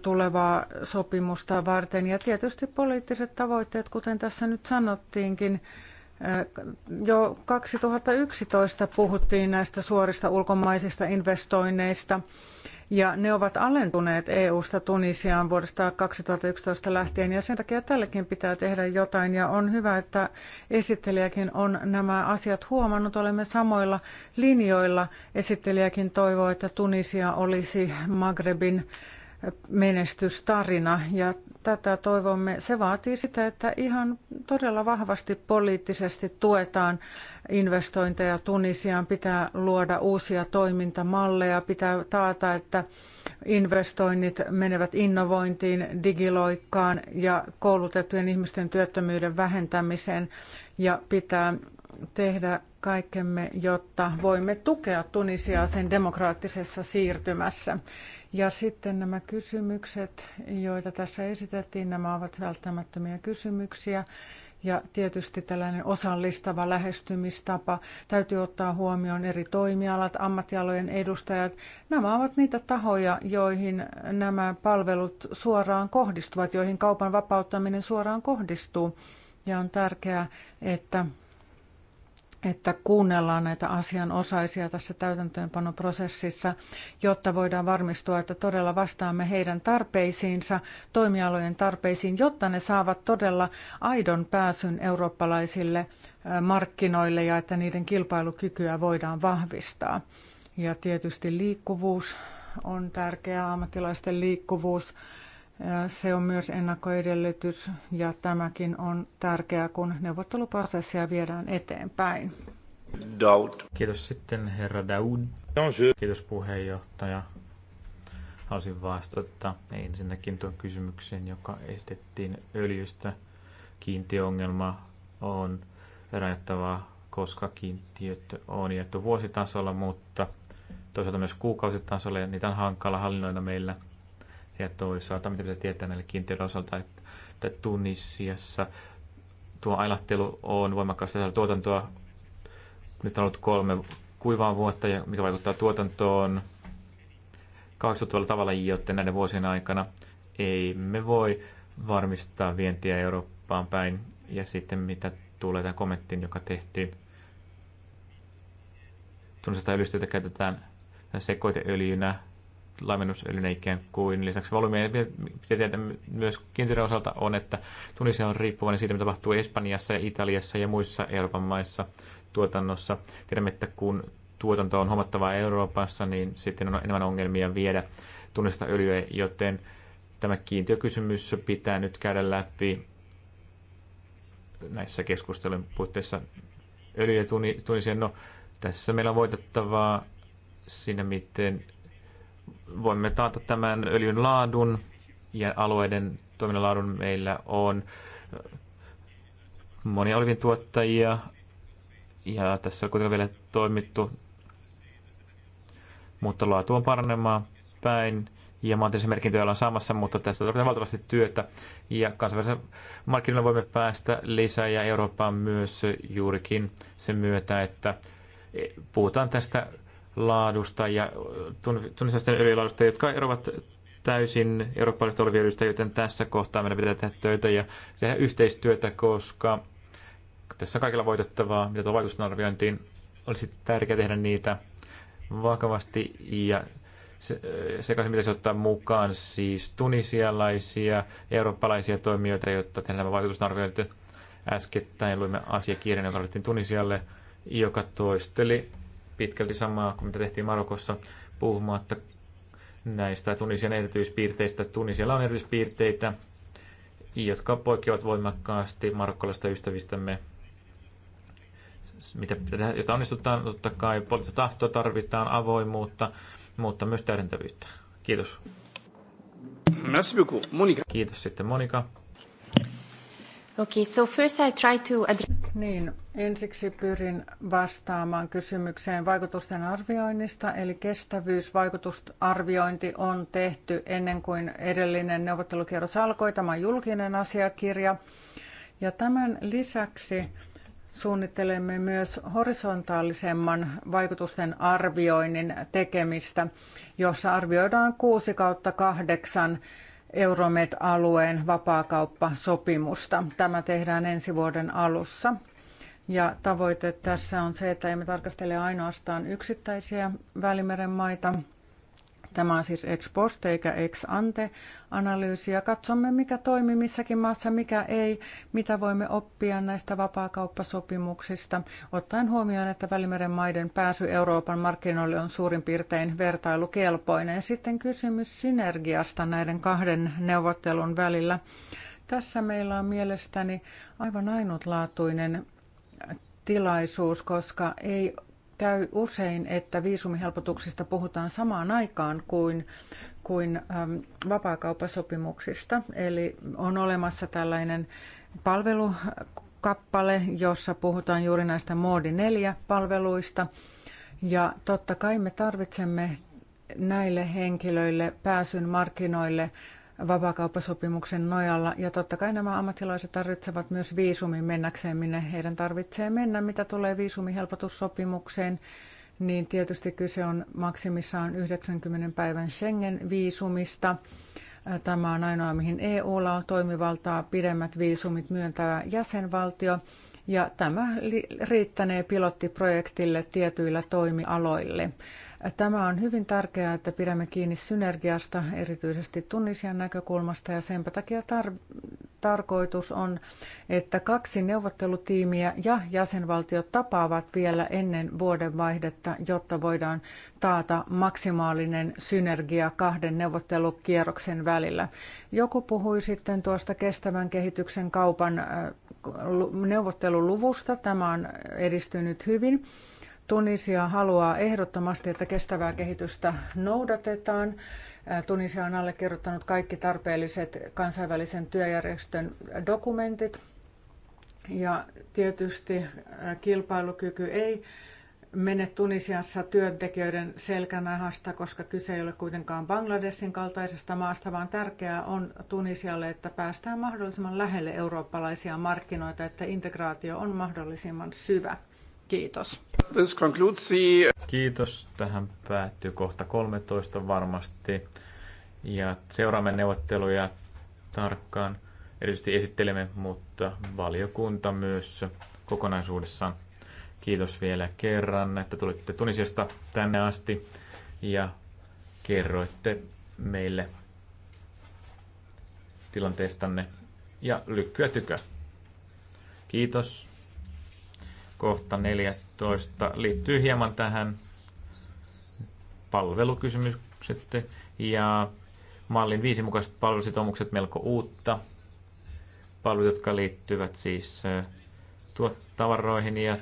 tulevaa sopimusta varten. Ja tietysti poliittiset tavoitteet, kuten tässä nyt sanottiinkin, jo 2011 puhuttiin näistä suorista ulkomaisista investoinneista ja ne ovat alentuneet EU-sta Tunisiaan vuodesta 2011 lähtien ja sen takia tällekin pitää tehdä jotain ja on hyvä, että esittelijäkin on nämä asiat huomannut. Olemme samoilla linjoilla. Esittelijäkin toivoo, että Tunisia olisi Magrebin menestystarina ja tätä toivomme. Se vaatii sitä, että ihan todella vahvasti poliittisesti tuetaan investointeja Tunisiaan. Pitää luoda uusia toimintamalleja, pitää taata, että investoinnit menevät innovointiin, digiloikkaan ja koulutettujen ihmisten työttömyyden vähentämiseen ja pitää tehdä kaikkemme, jotta voimme tukea Tunisiaa sen demokraattisessa siirtymässä. Ja sitten nämä kysymykset, joita tässä esitettiin, nämä ovat välttämättömiä kysymyksiä. Ja tietysti tällainen osallistava lähestymistapa täytyy ottaa huomioon eri toimialat, ammattialojen edustajat. Nämä ovat niitä tahoja, joihin nämä palvelut suoraan kohdistuvat, joihin kaupan vapauttaminen suoraan kohdistuu. Ja on tärkeää, että että kuunnellaan näitä asianosaisia tässä täytäntöönpanoprosessissa, jotta voidaan varmistua, että todella vastaamme heidän tarpeisiinsa, toimialojen tarpeisiin, jotta ne saavat todella aidon pääsyn eurooppalaisille markkinoille ja että niiden kilpailukykyä voidaan vahvistaa. Ja tietysti liikkuvuus on tärkeää, ammattilaisten liikkuvuus se on myös ennakkoedellytys ja tämäkin on tärkeää, kun neuvotteluprosessia viedään eteenpäin. Daud. Kiitos sitten herra Daud. Kiitos puheenjohtaja. Haluaisin vastata ensinnäkin tuon kysymykseen, joka estettiin öljystä. Kiintiöongelma on rajoittavaa, koska kiintiöt on jaettu vuositasolla, mutta toisaalta myös kuukausitasolla, ja niitä on hankala hallinnoida meillä – ja toisaalta, mitä pitää tietää näille kiintiöiden osalta, että, että Tunisiassa tuo ailahtelu on voimakkaasti tuotantoa. Nyt on ollut kolme kuivaa vuotta, ja mikä vaikuttaa tuotantoon kaksituttavalla tavalla, joten näiden vuosien aikana ei me voi varmistaa vientiä Eurooppaan päin. Ja sitten mitä tulee tämän kommenttiin, joka tehtiin tunnistetaan ylistöitä käytetään sekoiteöljynä laimennusöljyn ikään kuin lisäksi volyymiä. Pitää tietää myös kiinteiden osalta on, että Tunisia on riippuvainen siitä, mitä tapahtuu Espanjassa ja Italiassa ja muissa Euroopan maissa tuotannossa. Tiedämme, että kun tuotanto on huomattavaa Euroopassa, niin sitten on enemmän ongelmia viedä tunnista öljyä, joten tämä kiintiökysymys pitää nyt käydä läpi näissä keskustelun puitteissa öljy ja Tunisien. No, tässä meillä on voitettavaa siinä, miten voimme taata tämän öljyn laadun ja alueiden toiminnan laadun. Meillä on äh, monia olivin tuottajia ja tässä on kuitenkin vielä toimittu, mutta laatu on paranemaan päin ja maantieteellisiä merkintöjä ollaan saamassa, mutta tässä tarvitaan valtavasti työtä ja kansainvälisellä markkinoilla voimme päästä lisää ja Eurooppaan myös juurikin sen myötä, että puhutaan tästä laadusta ja tunnistusten öljylaadusta, jotka eroavat täysin eurooppalaisista olviöljystä, joten tässä kohtaa meidän pitää tehdä töitä ja tehdä yhteistyötä, koska tässä on kaikilla voitettavaa, mitä tuo arviointiin olisi tärkeää tehdä niitä vakavasti ja se, mitä se ottaa mukaan siis tunisialaisia, eurooppalaisia toimijoita, jotta tehdään nämä arviointi, äskettäin luimme asiakirjan, joka annettiin Tunisialle, joka toisteli pitkälti samaa kuin mitä tehtiin Marokossa puhumatta näistä Tunisian erityispiirteistä. Tunisialla on erityispiirteitä, jotka poikkeavat voimakkaasti marokkalaisista ystävistämme. Mitä jota onnistutaan, totta kai poliittista tahtoa tarvitaan, avoimuutta, mutta myös täydentävyyttä. Kiitos. Merci beaucoup. Monika. Kiitos sitten Monika. Okay, so first I try to address... Niin, Ensiksi pyrin vastaamaan kysymykseen vaikutusten arvioinnista, eli kestävyysvaikutusarviointi on tehty ennen kuin edellinen neuvottelukierros alkoi. Tämä on julkinen asiakirja. Ja tämän lisäksi suunnittelemme myös horisontaalisemman vaikutusten arvioinnin tekemistä, jossa arvioidaan 6 kautta 8 Euromed-alueen vapaakauppasopimusta. Tämä tehdään ensi vuoden alussa. Ja tavoite tässä on se, että emme tarkastele ainoastaan yksittäisiä Välimeren maita. Tämä on siis ex post eikä ex ante analyysi ja katsomme mikä toimii missäkin maassa, mikä ei, mitä voimme oppia näistä vapaakauppasopimuksista, ottaen huomioon, että Välimeren maiden pääsy Euroopan markkinoille on suurin piirtein vertailukelpoinen. Sitten kysymys synergiasta näiden kahden neuvottelun välillä. Tässä meillä on mielestäni aivan ainutlaatuinen tilaisuus, koska ei käy usein, että viisumihelpotuksista puhutaan samaan aikaan kuin, kuin äm, vapaakauppasopimuksista. Eli on olemassa tällainen palvelukappale, jossa puhutaan juuri näistä Moodi 4-palveluista. Ja totta kai me tarvitsemme näille henkilöille pääsyn markkinoille vapaakauppasopimuksen nojalla. Ja totta kai nämä ammattilaiset tarvitsevat myös viisumin mennäkseen, minne heidän tarvitsee mennä. Mitä tulee viisumihelpotussopimukseen, niin tietysti kyse on maksimissaan 90 päivän Schengen-viisumista. Tämä on ainoa, mihin EUlla on toimivaltaa pidemmät viisumit myöntävä jäsenvaltio. Ja tämä riittänee pilottiprojektille tietyillä toimialoille. Tämä on hyvin tärkeää, että pidämme kiinni synergiasta erityisesti Tunisian näkökulmasta ja senpä takia tar- tarkoitus on, että kaksi neuvottelutiimiä ja jäsenvaltiot tapaavat vielä ennen vuodenvaihdetta, jotta voidaan taata maksimaalinen synergia kahden neuvottelukierroksen välillä. Joku puhui sitten tuosta kestävän kehityksen kaupan äh, neuvotteluluvusta. Tämä on edistynyt hyvin. Tunisia haluaa ehdottomasti, että kestävää kehitystä noudatetaan. Tunisia on allekirjoittanut kaikki tarpeelliset kansainvälisen työjärjestön dokumentit. Ja tietysti kilpailukyky ei mene Tunisiassa työntekijöiden selkänahasta, koska kyse ei ole kuitenkaan Bangladesin kaltaisesta maasta, vaan tärkeää on Tunisialle, että päästään mahdollisimman lähelle eurooppalaisia markkinoita, että integraatio on mahdollisimman syvä. Kiitos. This concludes the... Kiitos. Tähän päättyy kohta 13 varmasti. Ja seuraamme neuvotteluja tarkkaan. Erityisesti esittelemme, mutta valiokunta myös kokonaisuudessaan. Kiitos vielä kerran, että tulitte Tunisiasta tänne asti ja kerroitte meille tilanteestanne ja lykkyä tykö. Kiitos kohta 14 liittyy hieman tähän palvelukysymykset ja mallin viisi mukaiset palvelusitoumukset melko uutta. Palvelut, jotka liittyvät siis tavaroihin ja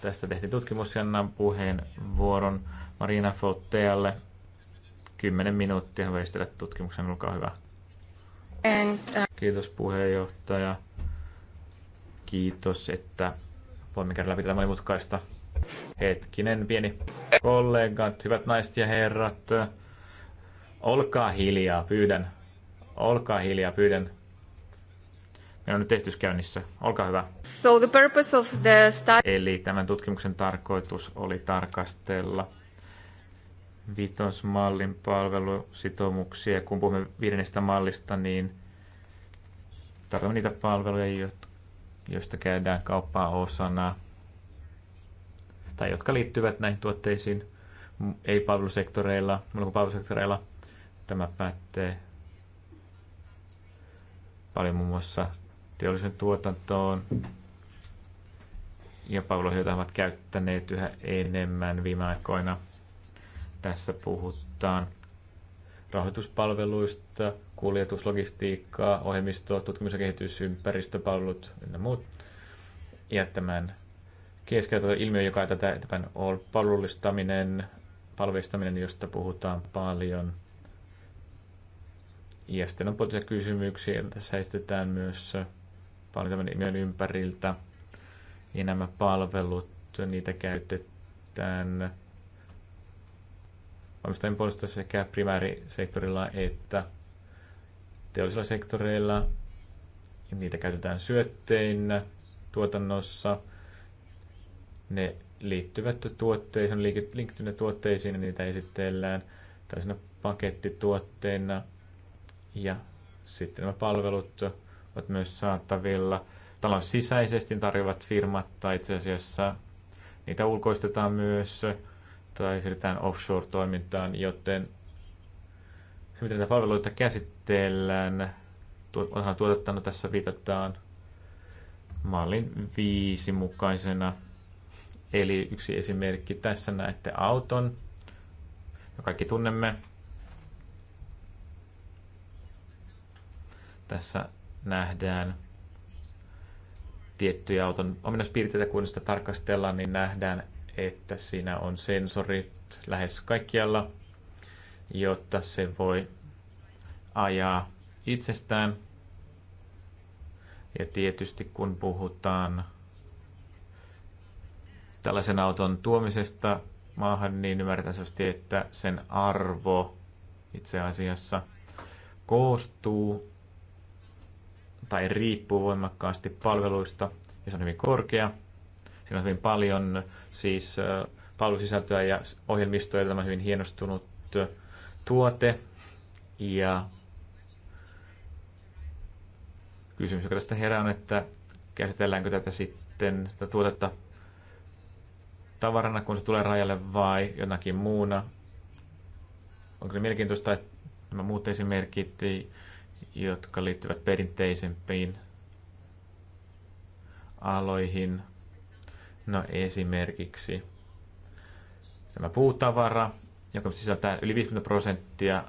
tästä tehtiin tutkimus ja annan puheenvuoron Marina Fottealle. 10 minuuttia voi tutkimuksen, olkaa hyvä. Uh, Kiitos puheenjohtaja. Kiitos, että voimme käydä läpi tätä monimutkaista. Hetkinen, pieni kollegat, hyvät naiset ja herrat. Olkaa hiljaa, pyydän. Olkaa hiljaa, pyydän. Meillä on nyt testys käynnissä. Olkaa hyvä. So the purpose of the study... Eli tämän tutkimuksen tarkoitus oli tarkastella vitosmallin palvelusitoumuksia. Kun puhumme viidennestä mallista, niin tarjoamme niitä palveluja, jotka joista käydään kauppaa osana tai jotka liittyvät näihin tuotteisiin ei palvelusektoreilla, mutta kuin palvelusektoreilla. Tämä pätee paljon muun muassa teollisen tuotantoon ja palveluihin, joita ovat käyttäneet yhä enemmän viime aikoina. Tässä puhutaan rahoituspalveluista, kuljetuslogistiikkaa, ohjelmistoa, tutkimus- ja kehitysympäristöpalvelut ynnä muut. Ja tämän keskeltä ilmiö, joka on tätä tämän palvelullistaminen, palveistaminen, josta puhutaan paljon. Ja sitten on poliittisia kysymyksiä, joita tässä esitetään myös paljon tämän ilmiön ympäriltä. Ja nämä palvelut, niitä käytetään valmistajien puolesta sekä primäärisektorilla että teollisilla sektoreilla. Niitä käytetään syötteinä tuotannossa. Ne liittyvät tuotteisiin, linkittyne tuotteisiin, niitä esitellään tällaisena pakettituotteina Ja sitten nämä palvelut ovat myös saatavilla. Talon sisäisesti tarjoavat firmat tai itse asiassa niitä ulkoistetaan myös tai siirrytään offshore-toimintaan, joten se, miten näitä palveluita käsit- käsitellään, onhan tuotettanut tässä viitataan mallin viisi mukaisena. Eli yksi esimerkki, tässä näette auton, ja kaikki tunnemme. Tässä nähdään tiettyjä auton ominaispiirteitä, kun sitä tarkastellaan, niin nähdään, että siinä on sensorit lähes kaikkialla, jotta se voi ajaa itsestään. Ja tietysti kun puhutaan tällaisen auton tuomisesta maahan, niin ymmärretään että sen arvo itse asiassa koostuu tai riippuu voimakkaasti palveluista, ja se on hyvin korkea. Siinä on hyvin paljon siis palvelusisältöä ja ohjelmistoja, tämä on hyvin hienostunut tuote, ja Kysymys, joka tästä herää, on, että käsitelläänkö tätä sitten tätä tuotetta tavarana, kun se tulee rajalle vai jonakin muuna. Onko se mielenkiintoista, että nämä muut esimerkit, jotka liittyvät perinteisempiin aloihin, no esimerkiksi tämä puutavara, joka sisältää yli 50 prosenttia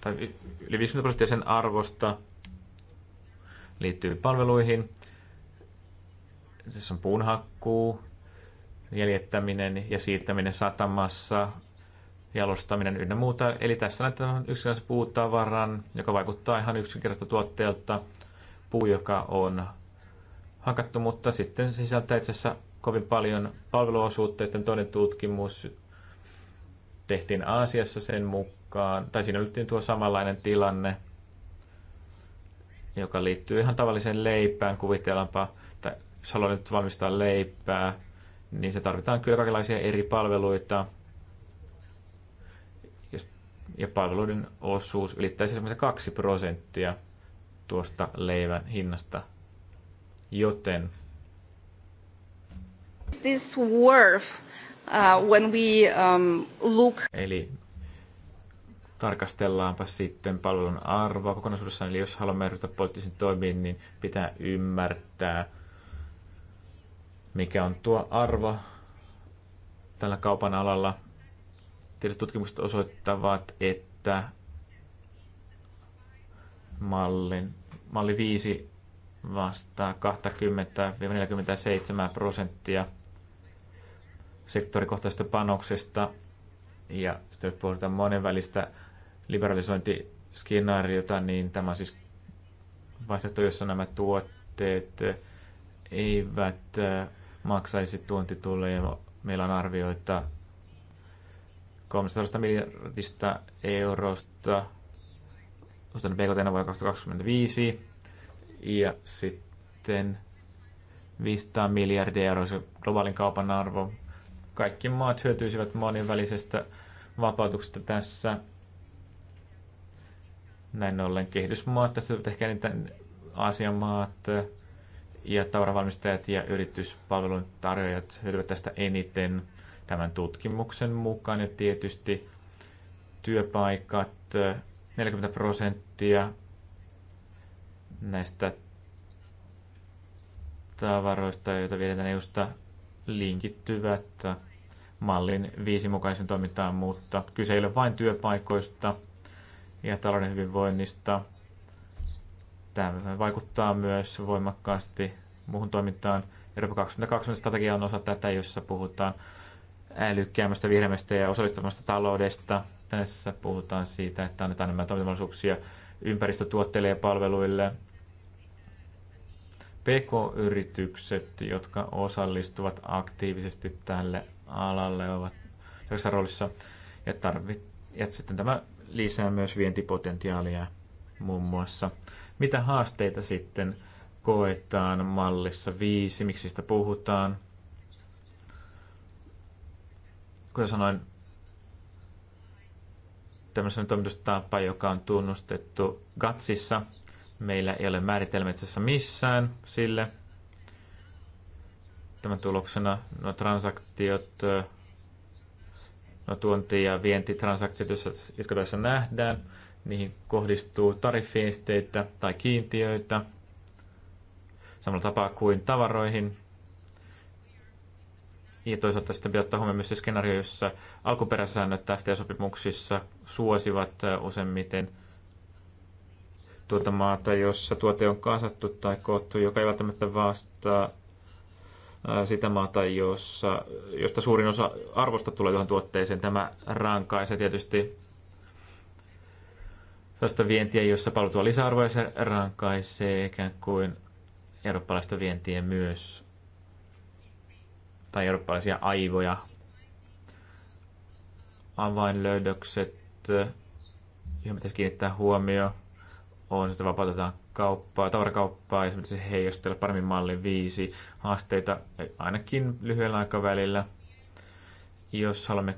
tai yli 50 prosenttia sen arvosta liittyy palveluihin. Siis on puunhakkuu, jäljittäminen ja siittäminen satamassa, jalostaminen ynnä muuta. Eli tässä näytetään yksinkertaisen puutavaran, joka vaikuttaa ihan yksinkertaista tuotteelta. Puu, joka on hakattu, mutta sitten sisältää itse asiassa kovin paljon palveluosuutta. Sitten toinen tutkimus tehtiin Aasiassa sen mukaan, tai siinä oli tuo samanlainen tilanne – joka liittyy ihan tavalliseen leipään. Kuvitellaanpa, että jos haluaa nyt valmistaa leipää, niin se tarvitaan kyllä kaikenlaisia eri palveluita. Ja palveluiden osuus ylittää 2 prosenttia tuosta leivän hinnasta. Joten this worth uh, when we um, look. Eli tarkastellaanpa sitten palvelun arvoa kokonaisuudessaan. Eli jos haluamme ryhtyä poliittisiin toimiin, niin pitää ymmärtää, mikä on tuo arvo tällä kaupan alalla. Tiedot tutkimukset osoittavat, että mallin, malli 5 vastaa 20-47 prosenttia sektorikohtaisesta panoksesta Ja sitten jos puhutaan monenvälistä liberalisointiskenaariota, niin tämä siis vaihtoehto, jossa nämä tuotteet eivät äh, maksaisi tuontitulleja. Meillä on arvioita 300 miljardista eurosta ostanut BKT vuonna 2025 ja sitten 500 miljardia euroa se globaalin kaupan arvo. Kaikki maat hyötyisivät monenvälisestä vapautuksesta tässä näin ollen kehitysmaat, tässä ehkä niitä Aasian maat äh, ja tavaravalmistajat ja yrityspalvelun tarjoajat hyötyvät tästä eniten tämän tutkimuksen mukaan. Ja tietysti työpaikat, 40 äh, prosenttia näistä tavaroista, joita viedetään EUsta, linkittyvät mallin viisi mukaisen toimintaan, mutta kyse ei ole vain työpaikoista – ja talouden hyvinvoinnista. Tämä vaikuttaa myös voimakkaasti muuhun toimintaan. Euroopan 2020 strategia on osa tätä, jossa puhutaan älykkäämmästä, vihreämmästä ja osallistavasta taloudesta. Tässä puhutaan siitä, että annetaan enemmän toimintamahdollisuuksia ympäristötuotteille ja palveluille. PK-yritykset, jotka osallistuvat aktiivisesti tälle alalle, ovat tässä roolissa. Ja, tarvit, ja sitten tämä lisää myös vientipotentiaalia muun muassa. Mitä haasteita sitten koetaan mallissa viisi, miksi sitä puhutaan? Kuten sanoin, tämmöisen toimitustapa, joka on tunnustettu GATSissa. Meillä ei ole määritelmä missään sille. Tämän tuloksena nuo transaktiot no, tuonti- ja vientitransaktiot, jotka tässä nähdään, niihin kohdistuu tariffiesteitä tai kiintiöitä samalla tapaa kuin tavaroihin. Ja toisaalta sitten pitää ottaa huomioon myös se skenaario, jossa alkuperäisäännöt FTA-sopimuksissa suosivat äh, useimmiten tuota maata, jossa tuote on kasattu tai koottu, joka ei välttämättä vastaa sitä maata, jossa, josta suurin osa arvosta tulee tuohon tuotteeseen. Tämä rankaisee tietysti tästä vientiä, jossa palvelu tuo lisäarvoa ja se rankaisee ikään kuin eurooppalaista vientiä myös tai eurooppalaisia aivoja. Avainlöydökset, joihin pitäisi kiinnittää huomioon on, sitä vapautetaan kauppaa, tavarakauppaa esimerkiksi heijastella paremmin mallin viisi haasteita ainakin lyhyellä aikavälillä. Jos haluamme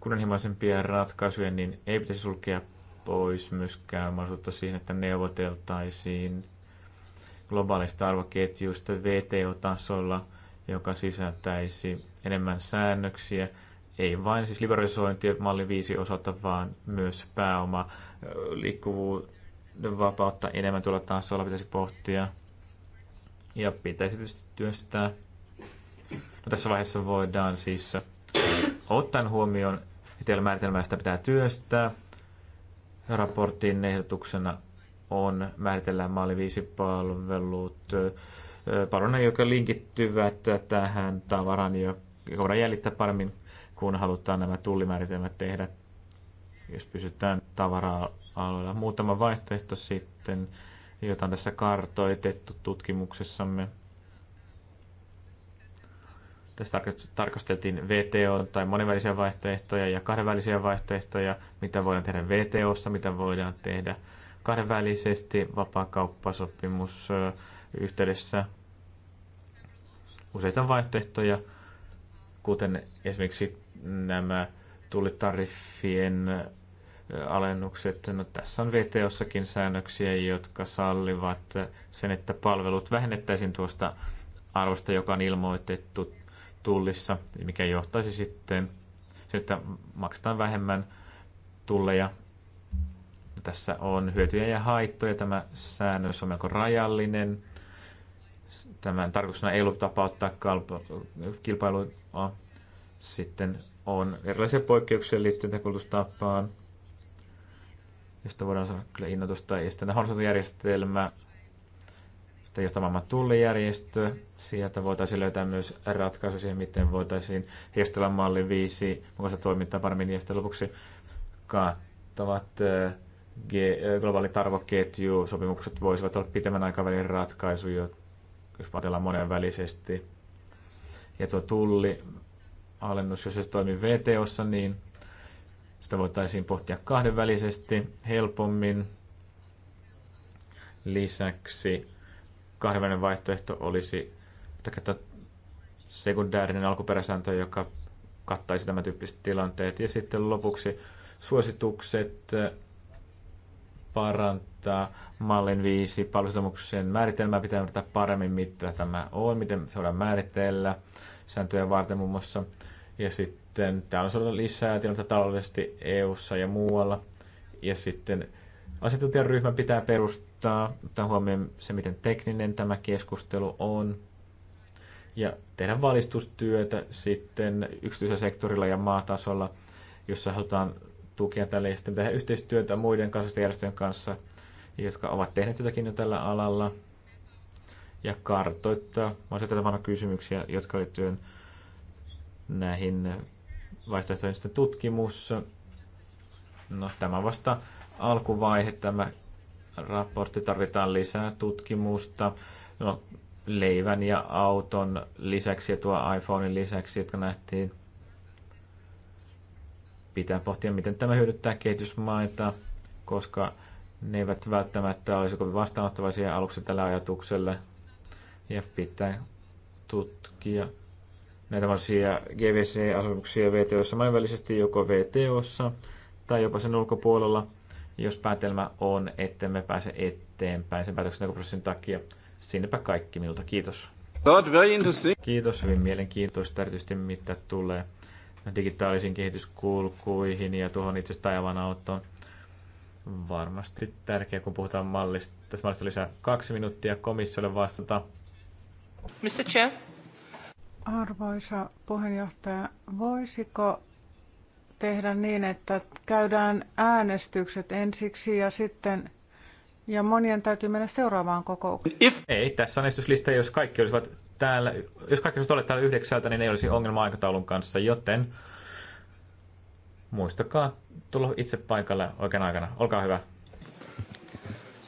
kunnianhimoisempia ratkaisuja, niin ei pitäisi sulkea pois myöskään mahdollisuutta siihen, että neuvoteltaisiin globaalista arvoketjuista VTO-tasolla, joka sisältäisi enemmän säännöksiä, ei vain siis liberalisointi malli viisi osalta, vaan myös pääoma liikkuvuuden vapautta enemmän tuolla tasolla pitäisi pohtia. Ja pitäisi tietysti työstää. No, tässä vaiheessa voidaan siis ottaen huomioon etelämääritelmää, sitä pitää työstää. Raportin ehdotuksena on määritellä maali viisi palvelut, palvelut, jotka linkittyvät tähän tavaran, ja voidaan jäljittää paremmin kun halutaan nämä tullimääritelmät tehdä, jos pysytään tavara-aloilla. Muutama vaihtoehto sitten, jota on tässä kartoitettu tutkimuksessamme. Tässä tarkasteltiin VTO tai monenvälisiä vaihtoehtoja ja kahdenvälisiä vaihtoehtoja, mitä voidaan tehdä VTOssa, mitä voidaan tehdä kahdenvälisesti vapaakauppasopimus yhteydessä useita vaihtoehtoja kuten esimerkiksi nämä tullitariffien äh, alennukset. No, tässä on VTOssakin säännöksiä, jotka sallivat sen, että palvelut vähennettäisiin tuosta arvosta, joka on ilmoitettu tullissa, mikä johtaisi sitten sen, että maksetaan vähemmän tulleja. Tässä on hyötyjä ja haittoja. Tämä säännös on melko rajallinen tämän tarkoituksena ei ollut tapauttaa kilpailua. Sitten on erilaisia poikkeuksia liittyen tähän kulutustapaan, josta voidaan sanoa kyllä innotusta. Ja sitten järjestelmä, sitten johtamaailman tullijärjestö, sieltä voitaisiin löytää myös ratkaisu siihen, miten voitaisiin heijastella malli 5 mukaista toimintaa paremmin. Ja sitten lopuksi kattavat eh, eh, globaalit arvoketju sopimukset voisivat olla pitemmän aikavälin ratkaisu, jotta jos ajatellaan monenvälisesti. Ja tuo tulli alennus, jos se toimii VTOssa, niin sitä voitaisiin pohtia kahdenvälisesti helpommin. Lisäksi kahdenvälinen vaihtoehto olisi käyttää sekundäärinen alkuperäsääntö, joka kattaisi tämän tyyppiset tilanteet. Ja sitten lopuksi suositukset parantaa mallin viisi palvelusitoumuksen määritelmää, pitää ymmärtää paremmin, mitä tämä on, miten se voidaan määritellä sääntöjä varten muun muassa. Ja sitten täällä on lisää tilannetta taloudellisesti eu ja muualla. Ja sitten asiantuntijaryhmä pitää perustaa, ottaa huomioon se, miten tekninen tämä keskustelu on. Ja tehdä valistustyötä sitten yksityisellä sektorilla ja maatasolla, jossa halutaan tukea tälle ja sitten tehdä yhteistyötä muiden kansallisten järjestöjen kanssa, jotka ovat tehneet jotakin jo tällä alalla ja kartoittaa Mä asetelmana kysymyksiä, jotka liittyvät näihin vaihtoehtoisten tutkimus. No, tämä vasta alkuvaihe, tämä raportti, tarvitaan lisää tutkimusta. No, leivän ja auton lisäksi ja tuo iPhonein lisäksi, jotka nähtiin pitää pohtia, miten tämä hyödyttää kehitysmaita, koska ne eivät välttämättä olisi kovin vastaanottavaisia aluksi tällä ajatukselle. Ja pitää tutkia näitä varsia GVC-asopimuksia VTOssa mainvälisesti joko VTOssa tai jopa sen ulkopuolella, jos päätelmä on, että me pääse eteenpäin sen päätöksentekoprosessin takia. Sinnepä kaikki minulta. Kiitos. Kiitos, hyvin mielenkiintoista, erityisesti mitä tulee digitaalisiin kehityskulkuihin ja tuohon itse taivaan autoon. Varmasti tärkeä, kun puhutaan mallista. Tässä mallista lisää kaksi minuuttia komissiolle vastata. Mr. Chair. Arvoisa puheenjohtaja, voisiko tehdä niin, että käydään äänestykset ensiksi ja sitten ja monien täytyy mennä seuraavaan kokoukseen. If... Ei, tässä on jos kaikki olisivat täällä, jos kaikki olet täällä yhdeksältä, niin ei olisi ongelma aikataulun kanssa, joten muistakaa tulla itse paikalle oikean aikana. Olkaa hyvä.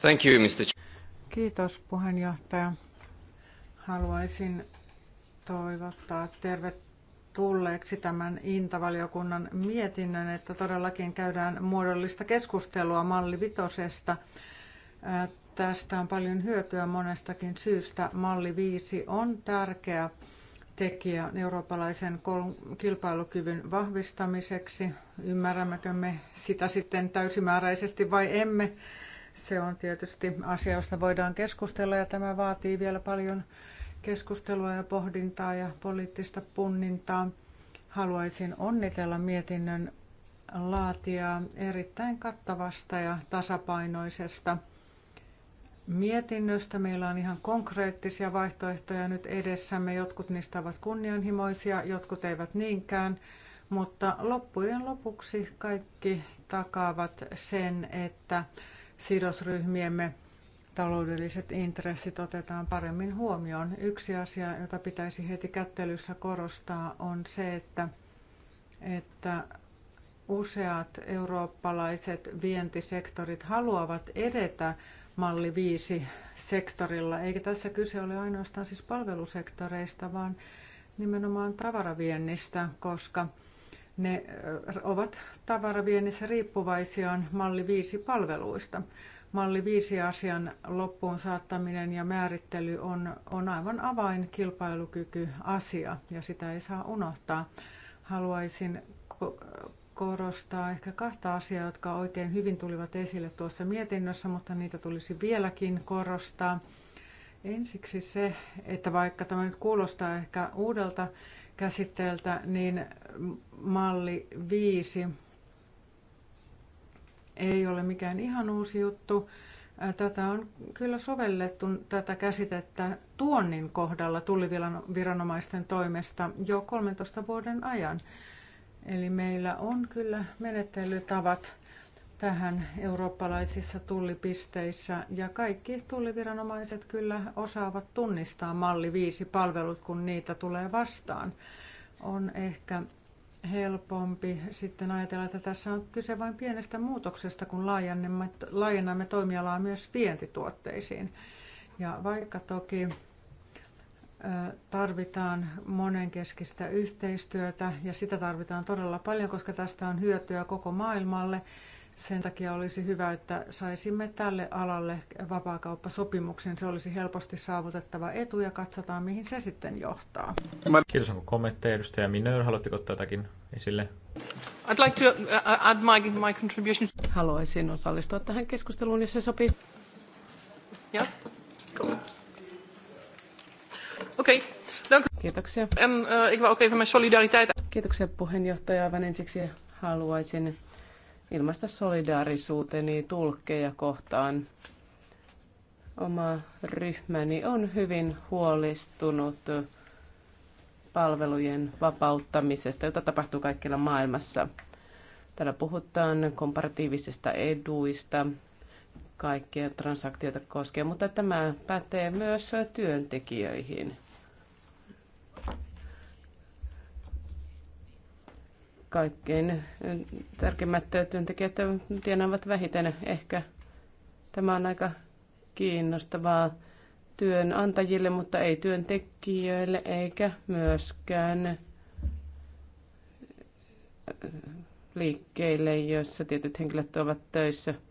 Thank you, Mr. Kiitos puheenjohtaja. Haluaisin toivottaa tervetulleeksi tämän Intavaliokunnan mietinnön, että todellakin käydään muodollista keskustelua malli vitosesta. Tästä on paljon hyötyä monestakin syystä. Malli 5 on tärkeä tekijä eurooppalaisen kilpailukyvyn vahvistamiseksi. Ymmärrämmekö me sitä sitten täysimääräisesti vai emme? Se on tietysti asia, josta voidaan keskustella ja tämä vaatii vielä paljon keskustelua ja pohdintaa ja poliittista punnintaa. Haluaisin onnitella mietinnön laatijaa erittäin kattavasta ja tasapainoisesta – mietinnöstä. Meillä on ihan konkreettisia vaihtoehtoja nyt edessämme. Jotkut niistä ovat kunnianhimoisia, jotkut eivät niinkään. Mutta loppujen lopuksi kaikki takaavat sen, että sidosryhmiemme taloudelliset intressit otetaan paremmin huomioon. Yksi asia, jota pitäisi heti kättelyssä korostaa, on se, että, että useat eurooppalaiset vientisektorit haluavat edetä malli 5 sektorilla. Eikä tässä kyse ole ainoastaan siis palvelusektoreista, vaan nimenomaan tavaraviennistä, koska ne ovat tavaraviennissä riippuvaisiaan malli 5 palveluista. Malli 5 asian loppuun saattaminen ja määrittely on, on aivan avain kilpailukyky asia ja sitä ei saa unohtaa. Haluaisin korostaa ehkä kahta asiaa, jotka oikein hyvin tulivat esille tuossa mietinnössä, mutta niitä tulisi vieläkin korostaa. Ensiksi se, että vaikka tämä nyt kuulostaa ehkä uudelta käsitteeltä, niin malli 5 ei ole mikään ihan uusi juttu. Tätä on kyllä sovellettu tätä käsitettä tuonnin kohdalla tulliviranomaisten toimesta jo 13 vuoden ajan. Eli meillä on kyllä menettelytavat tähän eurooppalaisissa tullipisteissä ja kaikki tulliviranomaiset kyllä osaavat tunnistaa malli 5 palvelut, kun niitä tulee vastaan. On ehkä helpompi sitten ajatella, että tässä on kyse vain pienestä muutoksesta, kun laajennamme toimialaa myös vientituotteisiin. Ja vaikka toki tarvitaan monenkeskistä yhteistyötä ja sitä tarvitaan todella paljon, koska tästä on hyötyä koko maailmalle. Sen takia olisi hyvä, että saisimme tälle alalle vapaakauppasopimuksen. Se olisi helposti saavutettava etu ja katsotaan, mihin se sitten johtaa. Kiitos, onko kommentteja edustaja Minör? Haluatteko ottaa jotakin esille? I'd like to uh, add my, my contribution. Haluaisin osallistua tähän keskusteluun, jos se sopii. Yeah. Cool. Okei. Okay. Kiitoksia. En, uh, ik wil ook even mijn solidariteit... Kiitoksia puheenjohtaja. Aivan ensiksi haluaisin ilmaista solidaarisuuteni tulkkeja kohtaan. Oma ryhmäni on hyvin huolestunut palvelujen vapauttamisesta, jota tapahtuu kaikkialla maailmassa. Täällä puhutaan komparatiivisista eduista, kaikkia transaktioita koskee, mutta tämä pätee myös työntekijöihin. Kaikkein tärkeimmät työntekijät tienaavat vähiten ehkä. Tämä on aika kiinnostavaa työnantajille, mutta ei työntekijöille eikä myöskään liikkeille, joissa tietyt henkilöt ovat töissä –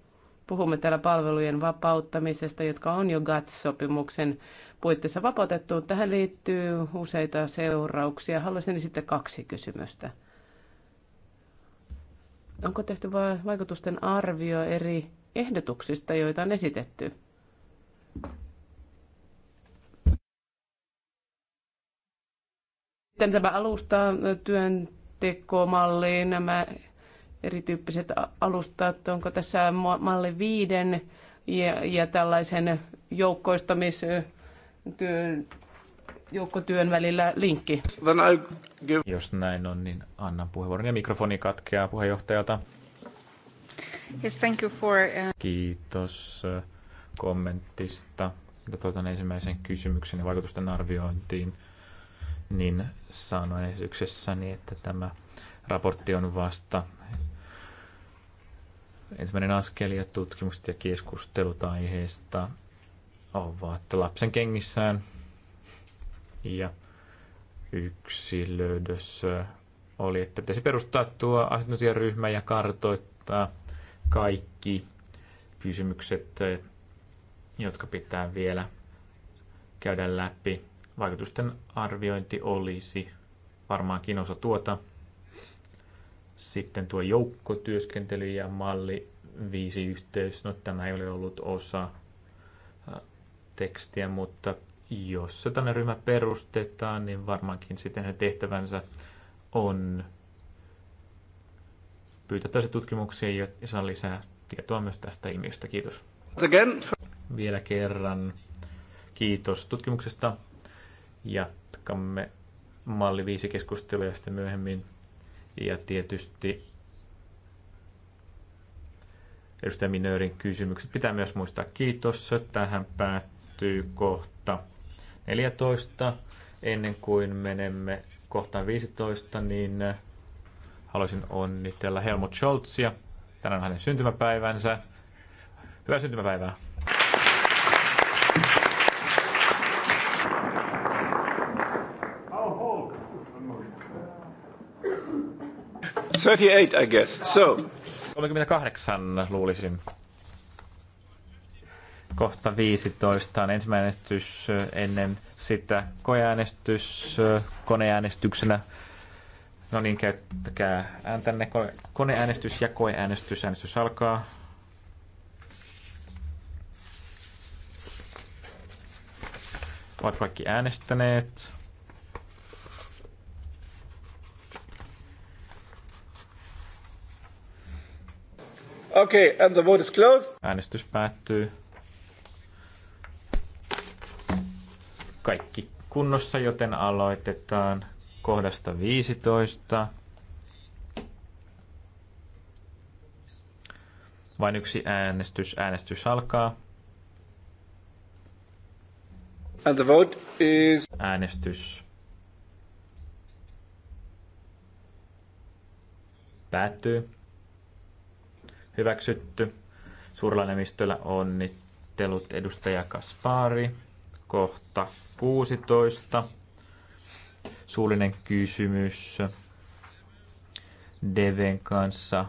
Puhumme täällä palvelujen vapauttamisesta, jotka on jo GATS-sopimuksen puitteissa vapautettu. Tähän liittyy useita seurauksia. Haluaisin esittää kaksi kysymystä. Onko tehty vaikutusten arvio eri ehdotuksista, joita on esitetty? Sitten tämä alusta työntekomalli, nämä erityyppiset alustat, onko tässä malli viiden ja, ja tällaisen joukkoistamistyön joukkotyön välillä linkki. Jos näin on, niin annan puheenvuoron ja mikrofoni katkeaa puheenjohtajalta. Yes, thank you for, uh... Kiitos kommentista. Tuotan ensimmäisen kysymyksen ja vaikutusten arviointiin. Niin sanoin esityksessäni, että tämä raportti on vasta ensimmäinen askel ja tutkimukset ja keskustelut aiheesta ovat lapsen kengissään. Ja yksi löydös oli, että pitäisi perustaa tuo asiantuntijaryhmä ja kartoittaa kaikki kysymykset, jotka pitää vielä käydä läpi. Vaikutusten arviointi olisi varmaankin osa tuota sitten tuo joukkotyöskentely ja malli viisi yhteys. No tämä ei ole ollut osa äh, tekstiä, mutta jos tänne ryhmä perustetaan, niin varmaankin sitten hänen tehtävänsä on pyytää tällaisia tutkimuksia ja saa lisää tietoa myös tästä ilmiöstä. Kiitos. Again. Vielä kerran kiitos tutkimuksesta. Jatkamme malli 5 keskustelua ja sitten myöhemmin ja tietysti edustaja Minöörin kysymykset pitää myös muistaa. Kiitos. Tähän päättyy kohta 14. Ennen kuin menemme kohtaan 15, niin haluaisin onnitella Helmut Scholzia. Tänään on hänen syntymäpäivänsä. Hyvää syntymäpäivää! 38, I guess. So. 38 luulisin. Kohta 15 on ensimmäinen äänestys ennen sitä koeäänestys koneäänestyksenä. No niin, käyttäkää ääntänne. Koneäänestys ja koeäänestys. Äänestys alkaa. Ovat kaikki äänestäneet. Okei, Okay, and the vote is closed. Äänestys päättyy. Kaikki kunnossa, joten aloitetaan kohdasta 15. Vain yksi äänestys. Äänestys alkaa. And the vote is... Äänestys päättyy hyväksytty. Suurella enemmistöllä onnittelut edustaja Kaspari. Kohta 16. Suullinen kysymys. Deven kanssa.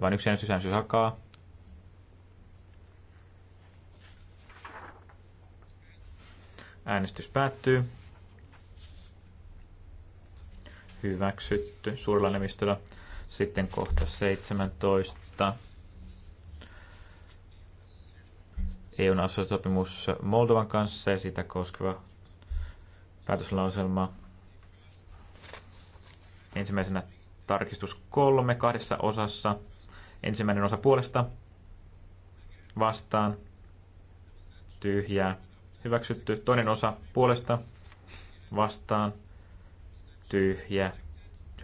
Vain yksi äänestys, äänestys alkaa. Äänestys päättyy. Hyväksytty suurella enemmistöllä. Sitten kohta 17. EUn assosopimus Moldovan kanssa ja sitä koskeva päätöslauselma. Ensimmäisenä tarkistus kolme kahdessa osassa. Ensimmäinen osa puolesta vastaan tyhjää hyväksytty. Toinen osa puolesta vastaan tyhjä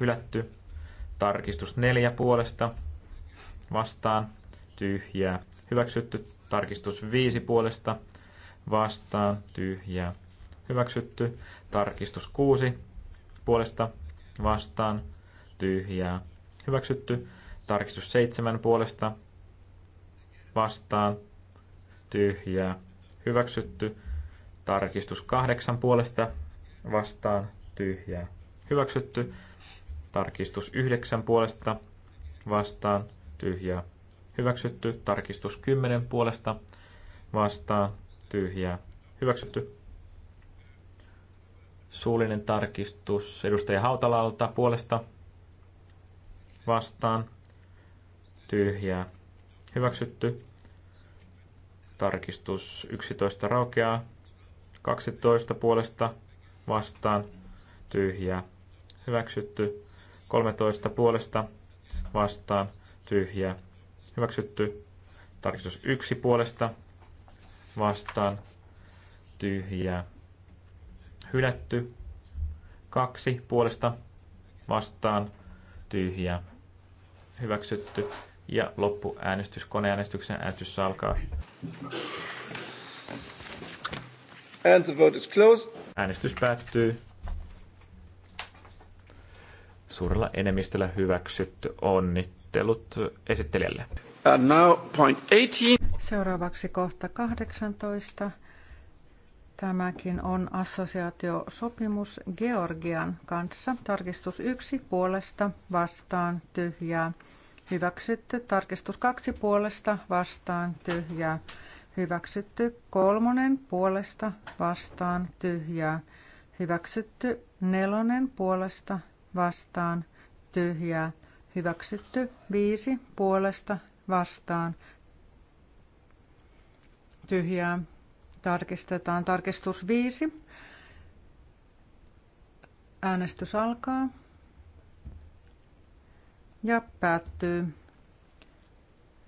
hylätty. Tarkistus neljä puolesta vastaan tyhjää hyväksytty. Tarkistus 5 puolesta vastaan tyhjää hyväksytty. Tarkistus 6 puolesta vastaan tyhjää hyväksytty. Tarkistus 7 puolesta vastaan tyhjää hyväksytty. Tarkistus 8 puolesta vastaan tyhjää hyväksytty. Tarkistus 9 puolesta vastaan tyhjää hyväksytty. Tarkistus 10 puolesta vastaan tyhjää hyväksytty. Suullinen tarkistus edustaja Hautalalta puolesta vastaan tyhjää hyväksytty. Tarkistus 11 raukeaa. 12 puolesta vastaan tyhjää hyväksytty. 13 puolesta vastaan tyhjää Hyväksytty. Tarkistus yksi puolesta vastaan. Tyhjää. Hylätty. Kaksi puolesta vastaan. Tyhjää. Hyväksytty. Ja loppu äänestys koneäänestyksen äänestys alkaa. And the vote is closed. Äänestys päättyy. Suurella enemmistöllä hyväksytty. Onnittelut Onnittelut esittelijälle. And now point 18. Seuraavaksi kohta 18. Tämäkin on assosiaatiosopimus Georgian kanssa. Tarkistus 1 puolesta vastaan tyhjää. Hyväksytty. Tarkistus 2 puolesta vastaan tyhjää. Hyväksytty. Kolmonen puolesta vastaan tyhjää. Hyväksytty. Nelonen puolesta vastaan tyhjää. Hyväksytty viisi puolesta vastaan. Tyhjää. Tarkistetaan. Tarkistus viisi. Äänestys alkaa ja päättyy.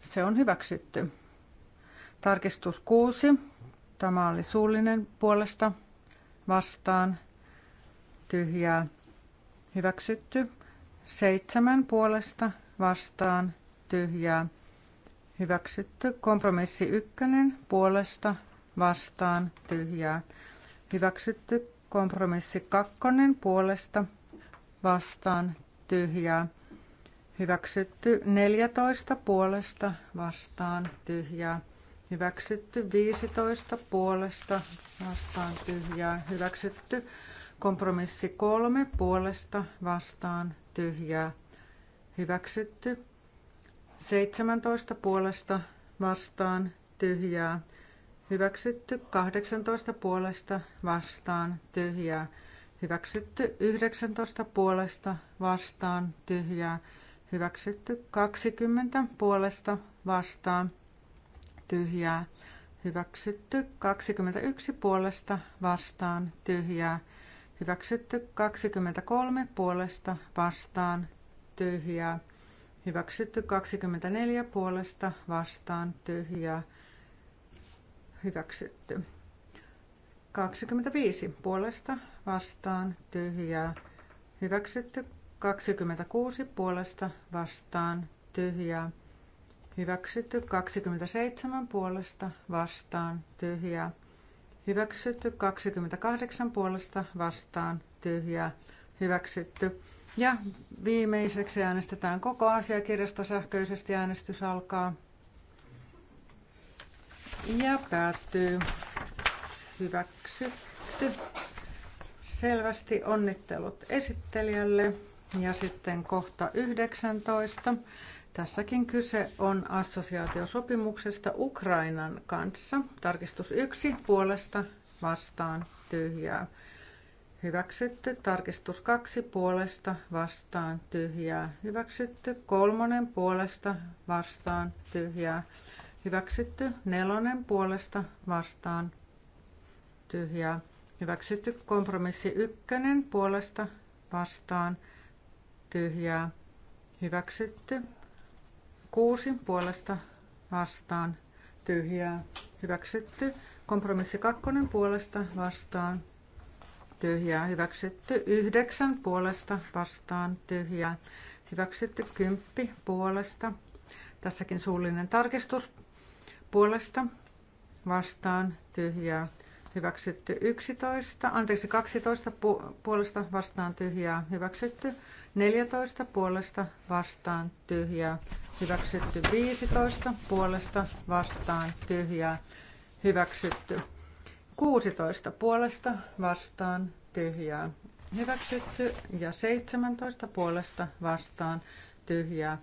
Se on hyväksytty. Tarkistus kuusi Tämä oli suullinen puolesta vastaan. Tyhjää hyväksytty. Seitsemän puolesta vastaan tyhjää. Hyväksytty. Kompromissi ykkönen puolesta vastaan tyhjää. Hyväksytty. Kompromissi kakkonen puolesta vastaan tyhjää. Hyväksytty 14 puolesta vastaan tyhjää. Hyväksytty 15 puolesta vastaan tyhjää. Hyväksytty kompromissi kolme puolesta vastaan tyhjää hyväksytty. 17 puolesta vastaan tyhjää hyväksytty. 18 puolesta vastaan tyhjää hyväksytty. 19 puolesta vastaan tyhjää hyväksytty. 20 puolesta vastaan tyhjää hyväksytty. 21 puolesta vastaan tyhjää Hyväksytty 23 puolesta vastaan tyhjää. Hyväksytty 24 puolesta vastaan tyhjää. Hyväksytty. 25 puolesta vastaan tyhjää. Hyväksytty 26 puolesta vastaan tyhjää. Hyväksytty 27 puolesta vastaan tyhjää. Hyväksytty 28 puolesta vastaan tyhjää. Hyväksytty. Ja viimeiseksi äänestetään koko asiakirjasta sähköisesti. Äänestys alkaa ja päättyy. Hyväksytty. Selvästi onnittelut esittelijälle. Ja sitten kohta 19. Tässäkin kyse on assosiaatiosopimuksesta Ukrainan kanssa. Tarkistus yksi puolesta vastaan tyhjää. Hyväksytty. Tarkistus kaksi puolesta vastaan tyhjää. Hyväksytty. Kolmonen puolesta vastaan tyhjää. Hyväksytty. Nelonen puolesta vastaan tyhjää. Hyväksytty. Kompromissi ykkönen puolesta vastaan tyhjää. Hyväksytty. 6 puolesta vastaan tyhjää hyväksytty. Kompromissi 2 puolesta vastaan tyhjää hyväksytty. 9 puolesta vastaan tyhjää hyväksytty. 10 puolesta. Tässäkin suullinen tarkistus puolesta vastaan tyhjää hyväksytty 11, anteeksi 12 puolesta vastaan tyhjää hyväksytty 14 puolesta vastaan tyhjää. Hyväksytty 15 puolesta vastaan tyhjää. Hyväksytty 16 puolesta vastaan tyhjää. Hyväksytty ja 17 puolesta vastaan tyhjää.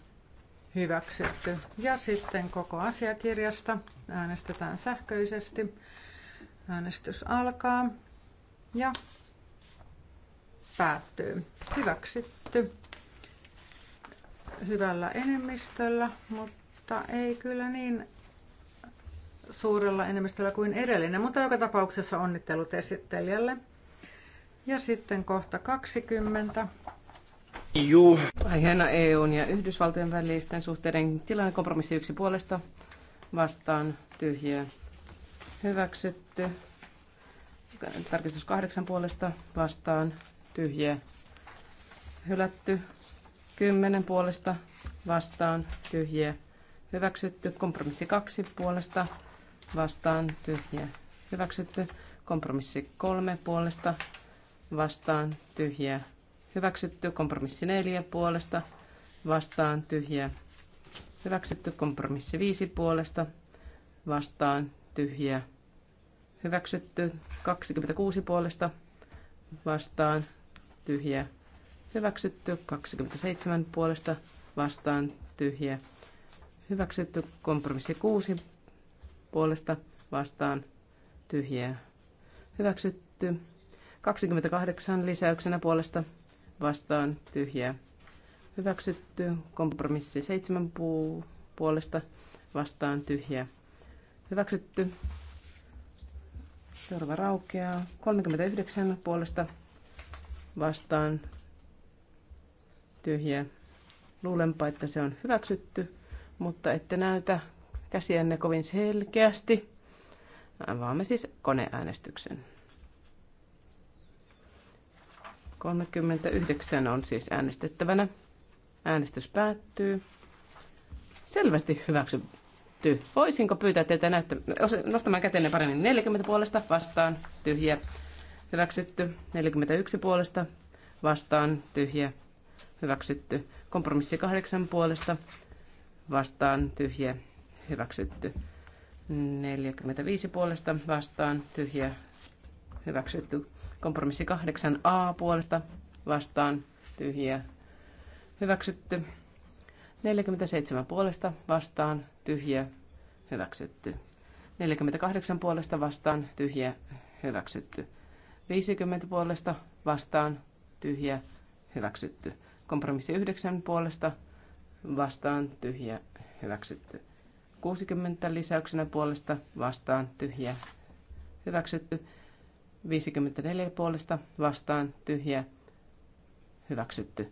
Hyväksytty. Ja sitten koko asiakirjasta äänestetään sähköisesti. Äänestys alkaa. Ja päättyy. Hyväksytty hyvällä enemmistöllä, mutta ei kyllä niin suurella enemmistöllä kuin edellinen, mutta joka tapauksessa onnittelut esittelijälle. Ja sitten kohta 20. Juu. Aiheena EUn ja Yhdysvaltojen välisten suhteiden tilanne kompromissi yksi puolesta vastaan tyhjä. hyväksytty. Tarkistus kahdeksan puolesta vastaan tyhjiä hylätty. kymmenen puolesta vastaan tyhjiä hyväksytty. Kompromissi kaksi puolesta vastaan tyhjiä hyväksytty. Kompromissi kolme puolesta vastaan tyhjiä hyväksytty. Kompromissi neljä puolesta vastaan tyhjiä hyväksytty. Kompromissi viisi puolesta vastaan tyhjiä hyväksytty. 26 puolesta vastaan tyhjä, hyväksytty. 27 puolesta vastaan tyhjä, hyväksytty. Kompromissi 6 puolesta vastaan tyhjä, hyväksytty. 28 lisäyksenä puolesta vastaan tyhjä, hyväksytty. Kompromissi 7 puu puolesta vastaan tyhjä, hyväksytty. Seuraava raukeaa. 39 puolesta vastaan tyhjä. Luulenpa, että se on hyväksytty, mutta ette näytä käsiänne kovin selkeästi. Avaamme siis koneäänestyksen. 39 on siis äänestettävänä. Äänestys päättyy. Selvästi hyväksytty. Voisinko pyytää teitä näyttä, nostamaan kätenne paremmin 40 puolesta vastaan tyhjä hyväksytty. 41 puolesta vastaan tyhjä, hyväksytty. Kompromissi 8 puolesta vastaan tyhjä, hyväksytty. 45 puolesta vastaan tyhjä, hyväksytty. Kompromissi 8a puolesta vastaan tyhjä, hyväksytty. 47 puolesta vastaan tyhjä, hyväksytty. 48 puolesta vastaan tyhjä, hyväksytty. 50 puolesta vastaan tyhjä hyväksytty. Kompromissi 9 puolesta vastaan tyhjä hyväksytty. 60 lisäyksenä puolesta vastaan tyhjä hyväksytty. 54 puolesta vastaan tyhjä hyväksytty.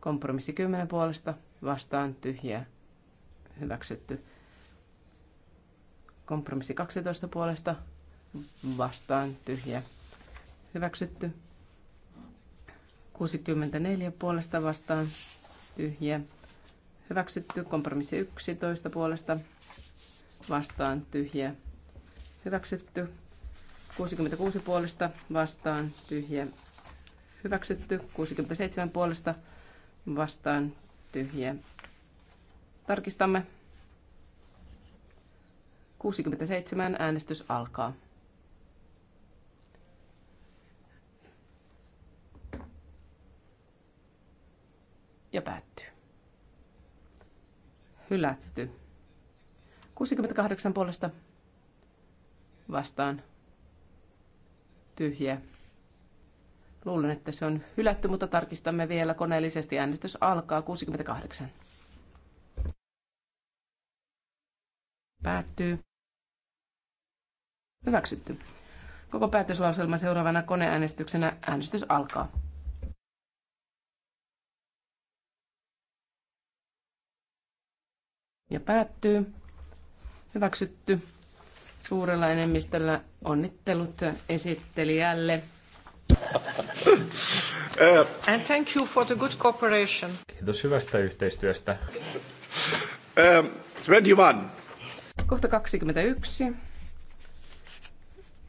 Kompromissi 10 puolesta vastaan tyhjä hyväksytty. Kompromissi 12 puolesta vastaan tyhjä hyväksytty. 64 puolesta vastaan tyhjä. Hyväksytty kompromissi 11 puolesta vastaan tyhjä. Hyväksytty 66 puolesta vastaan tyhjä. Hyväksytty 67 puolesta vastaan tyhjä. Tarkistamme. 67 äänestys alkaa. ja päättyy. Hylätty. 68 puolesta vastaan tyhjä. Luulen, että se on hylätty, mutta tarkistamme vielä koneellisesti. Äänestys alkaa 68. Päättyy. Hyväksytty. Koko päätöslauselma seuraavana koneäänestyksenä äänestys alkaa. ja päättyy. Hyväksytty suurella enemmistöllä. Onnittelut esittelijälle. Eh. And thank you for the good cooperation. Kiitos hyvästä yhteistyöstä. Uh, eh, 21. Kohta 21.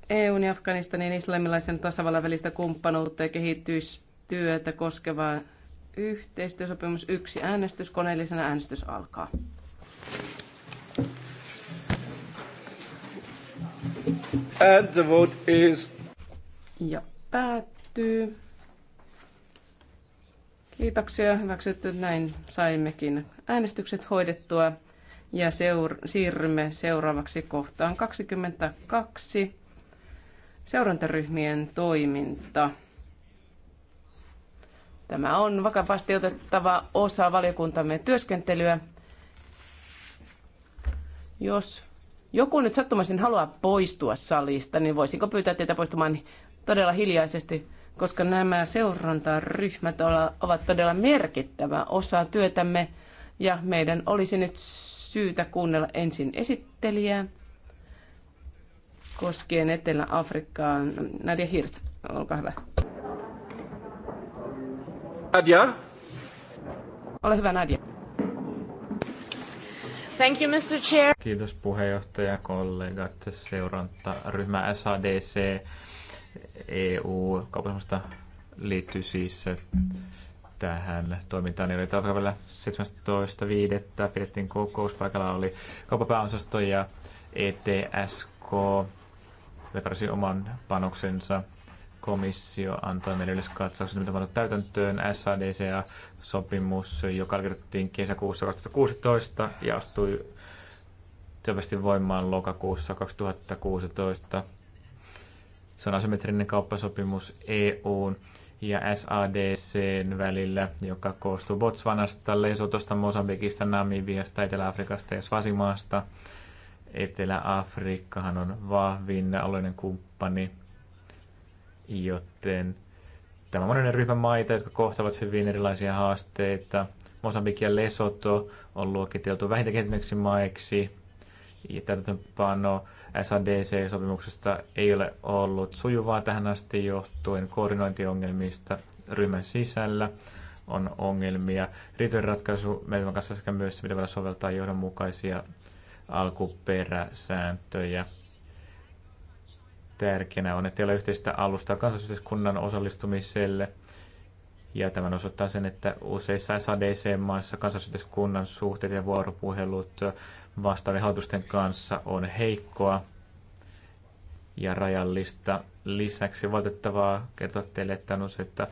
EUn ja Afganistanin islamilaisen tasavallan välistä kumppanuutta ja kehitystyötä koskeva yhteistyösopimus yksi äänestys. Koneellisena äänestys alkaa. And the vote is... Ja päättyy. Kiitoksia, hyväksytty. Näin saimmekin äänestykset hoidettua. Ja seur- siirrymme seuraavaksi kohtaan 22. Seurantaryhmien toiminta. Tämä on vakavasti otettava osa valiokuntamme työskentelyä. Jos joku nyt sattumaisin haluaa poistua salista, niin voisinko pyytää teitä poistumaan todella hiljaisesti, koska nämä seurantaryhmät ovat todella merkittävä osa työtämme ja meidän olisi nyt syytä kuunnella ensin esittelijää koskien Etelä-Afrikkaan. Nadia Hirt, olkaa hyvä. Nadia. Ole hyvä, Nadia. Thank you, Mr. Chair. Kiitos puheenjohtaja, kollegat, ryhmä SADC, EU, kaupallisuudesta liittyy siis tähän toimintaan. Eli tällä 17.5. pidettiin kokous, paikalla oli kaupapääosasto ja ETSK, joka oman panoksensa komissio antoi meille yleiskatsauksen, mitä on täytäntöön SADCA-sopimus, joka kirjoitettiin kesäkuussa 2016 ja astui selvästi voimaan lokakuussa 2016. Se on asymmetrinen kauppasopimus EUn ja SADCn välillä, joka koostuu Botswanasta, Lesotosta, Mosambikista, Namibiasta, Etelä-Afrikasta ja Svasimaasta. Etelä-Afrikkahan on vahvin alueellinen kumppani joten tämä on monen ryhmän maita, jotka kohtavat hyvin erilaisia haasteita. Mosambik ja Lesoto on luokiteltu vähintään kehittyneeksi maiksi. Ja täytäntöönpano SADC-sopimuksesta ei ole ollut sujuvaa tähän asti johtuen koordinointiongelmista ryhmän sisällä. On ongelmia riitojen ratkaisu kanssa sekä myös, miten voidaan soveltaa johdonmukaisia alkuperäsääntöjä tärkeänä on, että ei ole yhteistä alustaa kansallisyhteiskunnan osallistumiselle. Ja tämän osoittaa sen, että useissa SADC-maissa kansallisyhteiskunnan suhteet ja vuoropuhelut vastaavien hallitusten kanssa on heikkoa ja rajallista. Lisäksi valitettavaa kertoa teille, että on useita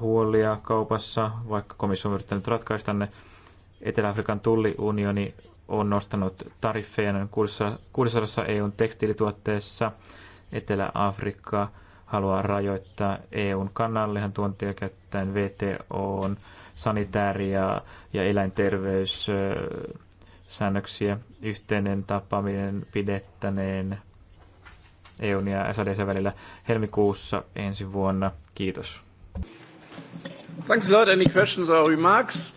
huolia kaupassa, vaikka komissio on yrittänyt ratkaista ne. Etelä-Afrikan tulliunioni on nostanut tariffeja noin 600 EUn tekstiilituotteessa. Etelä-Afrikka haluaa rajoittaa EUn kanallehan tuontia käyttäen VTOn sanitääria ja eläinterveyssäännöksiä. Yhteinen tapaaminen pidettäneen EUn ja SADC välillä helmikuussa ensi vuonna. Kiitos. Thanks a lot. Any questions or remarks?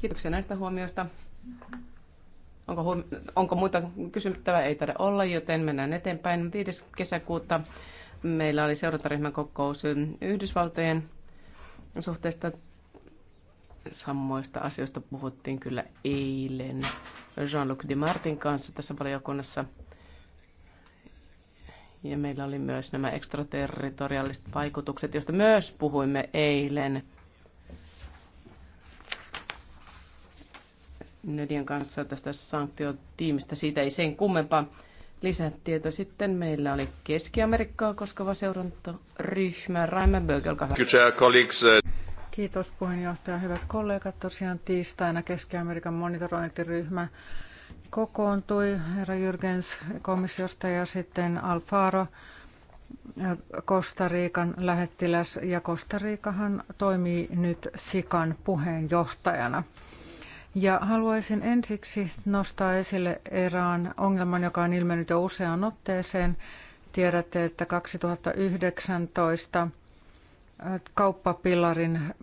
Kiitoksia näistä huomioista. Onko, huom- onko muuta kysyttävää? Ei tarvitse olla, joten mennään eteenpäin. 5. kesäkuuta meillä oli seurantaryhmän kokous Yhdysvaltojen suhteesta. Samoista asioista puhuttiin kyllä eilen Jean-Luc Dimartin kanssa tässä valiokunnassa. Ja meillä oli myös nämä ekstraterritoriaaliset vaikutukset, joista myös puhuimme eilen. Nedian kanssa tästä sanktiotiimistä. Siitä ei sen kummempaa lisätieto. Sitten meillä oli Keski-Amerikkaa koskeva seurantaryhmä. Raimen Böge, olkaa hyvä. Kiitos puheenjohtaja. Hyvät kollegat, tosiaan tiistaina Keski-Amerikan monitorointiryhmä kokoontui. Herra Jürgens komissiosta ja sitten Alfaro Kostariikan lähettiläs. Ja Kostariikahan toimii nyt Sikan puheenjohtajana. Ja haluaisin ensiksi nostaa esille erään ongelman, joka on ilmennyt jo useaan otteeseen. Tiedätte, että 2019 kauppapillarin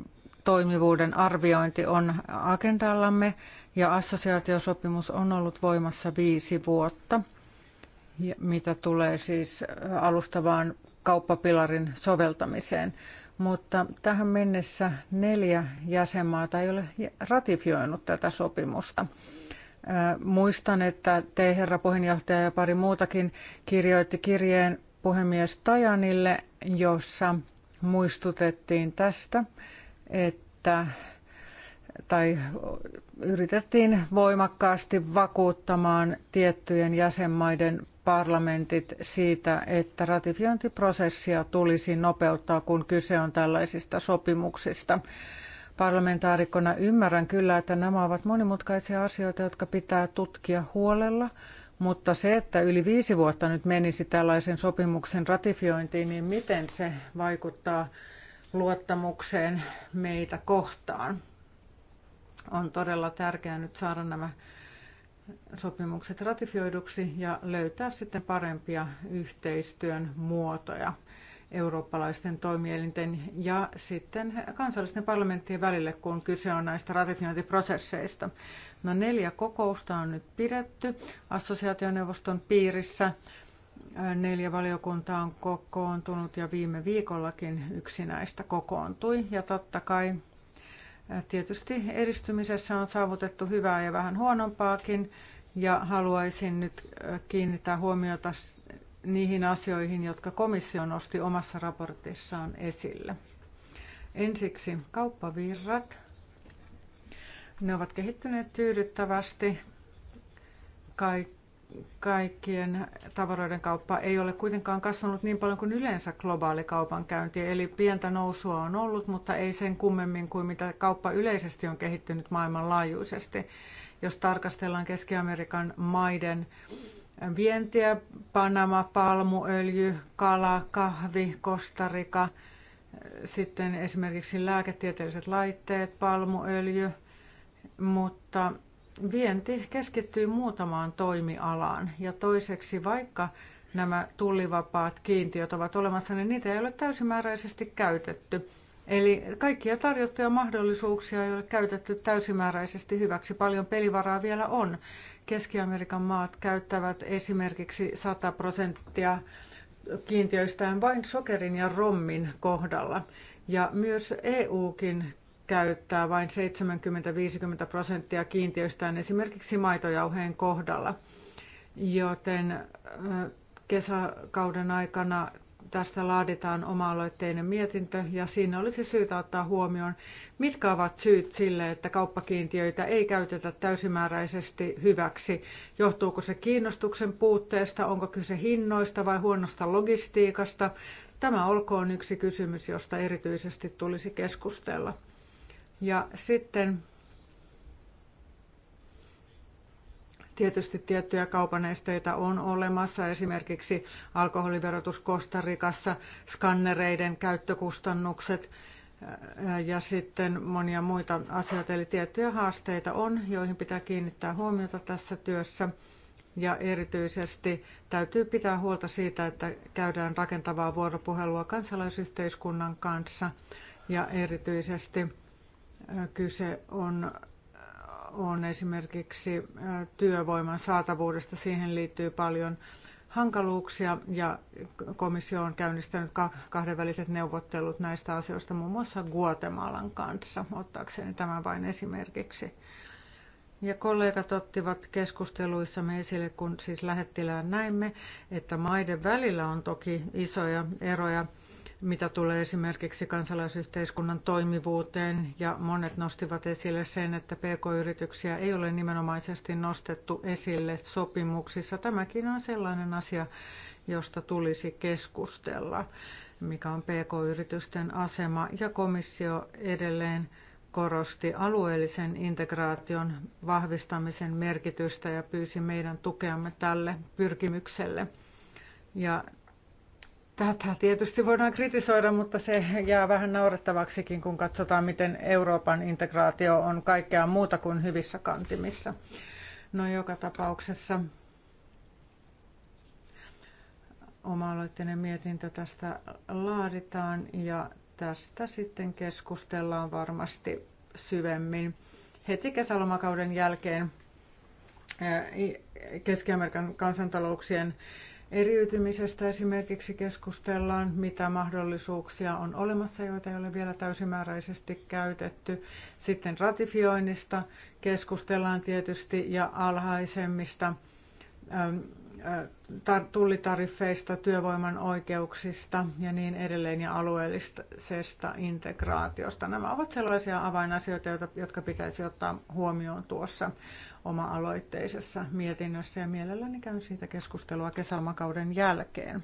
toimivuuden arviointi on agendallamme ja assosiaatiosopimus on ollut voimassa viisi vuotta, mitä tulee siis alustavaan kauppapilarin soveltamiseen mutta tähän mennessä neljä jäsenmaata ei ole ratifioinut tätä sopimusta. Äh, muistan, että te, herra puheenjohtaja ja pari muutakin, kirjoitti kirjeen puhemies Tajanille, jossa muistutettiin tästä, että tai yritettiin voimakkaasti vakuuttamaan tiettyjen jäsenmaiden parlamentit siitä, että ratifiointiprosessia tulisi nopeuttaa, kun kyse on tällaisista sopimuksista. Parlamentaarikkona ymmärrän kyllä, että nämä ovat monimutkaisia asioita, jotka pitää tutkia huolella, mutta se, että yli viisi vuotta nyt menisi tällaisen sopimuksen ratifiointiin, niin miten se vaikuttaa luottamukseen meitä kohtaan? On todella tärkeää nyt saada nämä sopimukset ratifioiduksi ja löytää sitten parempia yhteistyön muotoja eurooppalaisten toimielinten ja sitten kansallisten parlamenttien välille, kun kyse on näistä ratifiointiprosesseista. No neljä kokousta on nyt pidetty assosiaationeuvoston piirissä. Neljä valiokuntaa on kokoontunut ja viime viikollakin yksi näistä kokoontui. Ja totta kai Tietysti edistymisessä on saavutettu hyvää ja vähän huonompaakin, ja haluaisin nyt kiinnittää huomiota niihin asioihin, jotka komissio nosti omassa raportissaan esille. Ensiksi kauppavirrat. Ne ovat kehittyneet tyydyttävästi. Kaik- kaikkien tavaroiden kauppa ei ole kuitenkaan kasvanut niin paljon kuin yleensä globaali kaupankäynti. Eli pientä nousua on ollut, mutta ei sen kummemmin kuin mitä kauppa yleisesti on kehittynyt maailmanlaajuisesti. Jos tarkastellaan Keski-Amerikan maiden vientiä, Panama, palmuöljy, kala, kahvi, Kostarika, sitten esimerkiksi lääketieteelliset laitteet, palmuöljy, mutta vienti keskittyy muutamaan toimialaan. Ja toiseksi, vaikka nämä tullivapaat kiintiöt ovat olemassa, niin niitä ei ole täysimääräisesti käytetty. Eli kaikkia tarjottuja mahdollisuuksia ei ole käytetty täysimääräisesti hyväksi. Paljon pelivaraa vielä on. Keski-Amerikan maat käyttävät esimerkiksi 100 prosenttia kiintiöistään vain sokerin ja rommin kohdalla. Ja myös EUkin käyttää vain 70-50 prosenttia kiintiöstään esimerkiksi maitojauheen kohdalla. Joten kesäkauden aikana tästä laaditaan oma-aloitteinen mietintö ja siinä olisi syytä ottaa huomioon, mitkä ovat syyt sille, että kauppakiintiöitä ei käytetä täysimääräisesti hyväksi. Johtuuko se kiinnostuksen puutteesta, onko kyse hinnoista vai huonosta logistiikasta? Tämä olkoon yksi kysymys, josta erityisesti tulisi keskustella. Ja sitten Tietysti tiettyjä kaupanesteitä on olemassa, esimerkiksi alkoholiverotus Kostarikassa, skannereiden käyttökustannukset äh, ja sitten monia muita asioita. Eli tiettyjä haasteita on, joihin pitää kiinnittää huomiota tässä työssä. Ja erityisesti täytyy pitää huolta siitä, että käydään rakentavaa vuoropuhelua kansalaisyhteiskunnan kanssa ja erityisesti Kyse on, on esimerkiksi työvoiman saatavuudesta. Siihen liittyy paljon hankaluuksia ja komissio on käynnistänyt kahdenväliset neuvottelut näistä asioista muun muassa Guatemalan kanssa, ottaakseni tämän vain esimerkiksi. Ja kollegat ottivat keskusteluissamme esille, kun siis lähettilään näimme, että maiden välillä on toki isoja eroja mitä tulee esimerkiksi kansalaisyhteiskunnan toimivuuteen, ja monet nostivat esille sen, että pk-yrityksiä ei ole nimenomaisesti nostettu esille sopimuksissa. Tämäkin on sellainen asia, josta tulisi keskustella, mikä on pk-yritysten asema, ja komissio edelleen korosti alueellisen integraation vahvistamisen merkitystä ja pyysi meidän tukeamme tälle pyrkimykselle. Ja Tätä tietysti voidaan kritisoida, mutta se jää vähän naurettavaksikin, kun katsotaan, miten Euroopan integraatio on kaikkea muuta kuin hyvissä kantimissa. No joka tapauksessa oma-aloitteinen mietintö tästä laaditaan ja tästä sitten keskustellaan varmasti syvemmin heti kesälomakauden jälkeen Keski-Amerikan kansantalouksien eriytymisestä esimerkiksi keskustellaan, mitä mahdollisuuksia on olemassa, joita ei ole vielä täysimääräisesti käytetty. Sitten ratifioinnista keskustellaan tietysti ja alhaisemmista tullitariffeista, työvoiman oikeuksista ja niin edelleen ja alueellisesta integraatiosta. Nämä ovat sellaisia avainasioita, jotka pitäisi ottaa huomioon tuossa oma-aloitteisessa mietinnössä ja mielelläni käyn siitä keskustelua kesämakauden jälkeen.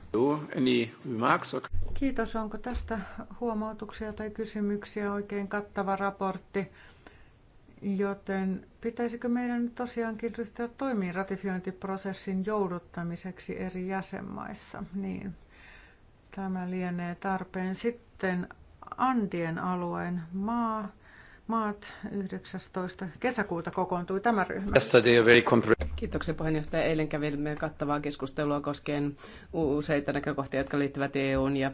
Kiitos, onko tästä huomautuksia tai kysymyksiä? Oikein kattava raportti. Joten pitäisikö meidän nyt tosiaankin ryhtyä toimiin ratifiointiprosessin jouduttamiseksi eri jäsenmaissa? Niin, tämä lienee tarpeen. Sitten Andien alueen maa maat 19. kesäkuuta kokoontui tämä ryhmä. Kiitoksia puheenjohtaja. Eilen kävimme kattavaa keskustelua koskien useita näkökohtia, jotka liittyvät EUn ja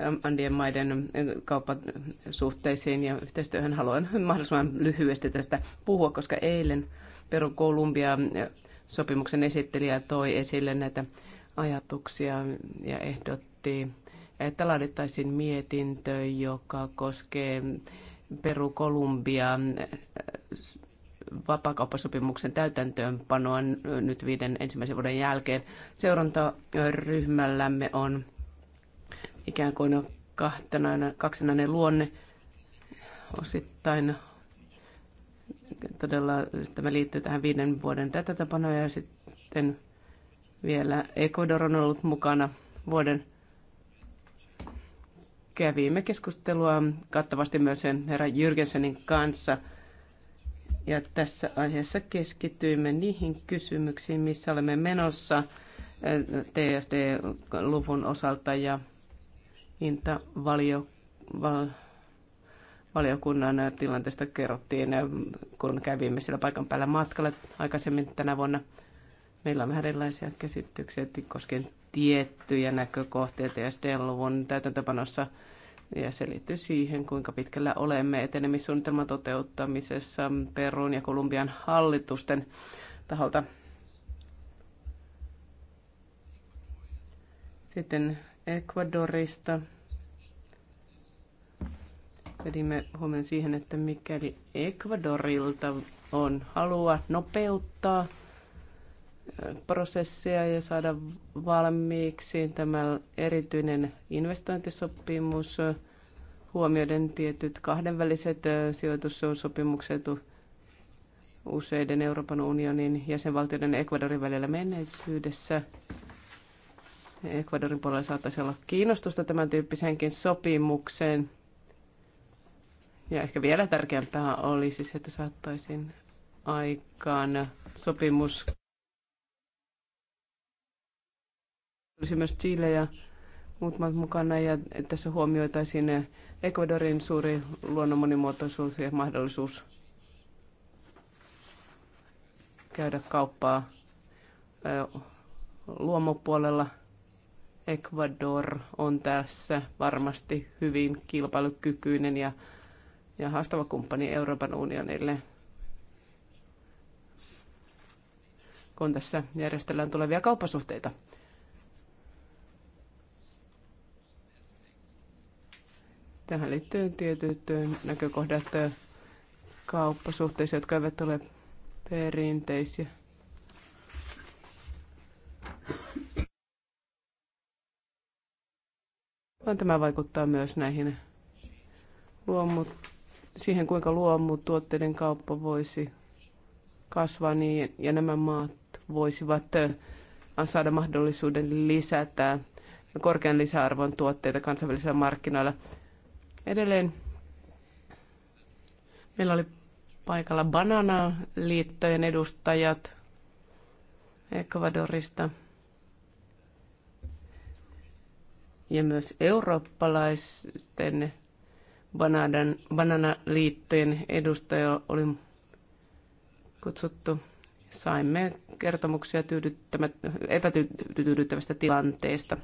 ähm, Andien maiden äh, kauppasuhteisiin ja yhteistyöhön. Haluan mahdollisimman lyhyesti tästä puhua, koska eilen Peru Kolumbia äh, sopimuksen esittelijä toi esille näitä ajatuksia ja ehdotti, että laadittaisiin mietintö, joka koskee Peru, Kolumbia, vapakauppasopimuksen täytäntöönpanoa nyt viiden ensimmäisen vuoden jälkeen. Seurantaryhmällämme on ikään kuin kahtanainen, kaksinainen luonne osittain todella tämä liittyy tähän viiden vuoden tätä ja sitten vielä Ecuador on ollut mukana vuoden kävimme keskustelua kattavasti myös herra Jürgensenin kanssa. Ja tässä aiheessa keskityimme niihin kysymyksiin, missä olemme menossa eh, TSD-luvun osalta ja hintavaliokunnan tilanteesta kerrottiin, eh, kun kävimme siellä paikan päällä matkalla aikaisemmin tänä vuonna. Meillä on vähän erilaisia käsityksiä koskien tiettyjä näkökohtia TSD-luvun täytäntöpanossa – ja se liittyy siihen, kuinka pitkällä olemme etenemissuunnitelman toteuttamisessa Perun ja Kolumbian hallitusten taholta. Sitten Ecuadorista. Pedimme huomioon siihen, että mikäli Ecuadorilta on halua nopeuttaa prosessia ja saada valmiiksi tämä erityinen investointisopimus huomioiden tietyt kahdenväliset sijoitussopimukset useiden Euroopan unionin jäsenvaltioiden Ecuadorin välillä menneisyydessä. Ecuadorin puolella saattaisi olla kiinnostusta tämän tyyppiseenkin sopimukseen. Ja ehkä vielä tärkeämpää olisi se, että saattaisin aikaan sopimus olisi myös Chile ja maat mukana ja tässä huomioitaisiin Ecuadorin suuri luonnon monimuotoisuus ja mahdollisuus käydä kauppaa luomupuolella. Ecuador on tässä varmasti hyvin kilpailukykyinen ja, ja haastava kumppani Euroopan unionille. kun tässä järjestellään tulevia kauppasuhteita. Tähän liittyy tietyt näkökohdat kauppasuhteissa, jotka eivät ole perinteisiä. Vaan tämä vaikuttaa myös näihin luomu, siihen, kuinka luomutuotteiden kauppa voisi kasvaa niin, ja nämä maat voisivat saada mahdollisuuden lisätä korkean lisäarvon tuotteita kansainvälisillä markkinoilla. Edelleen meillä oli paikalla Banana-liittojen edustajat Ecuadorista ja myös eurooppalaisten bananan, bananaliittojen edustaja oli kutsuttu. Saimme kertomuksia epätyydyttävästä tilanteesta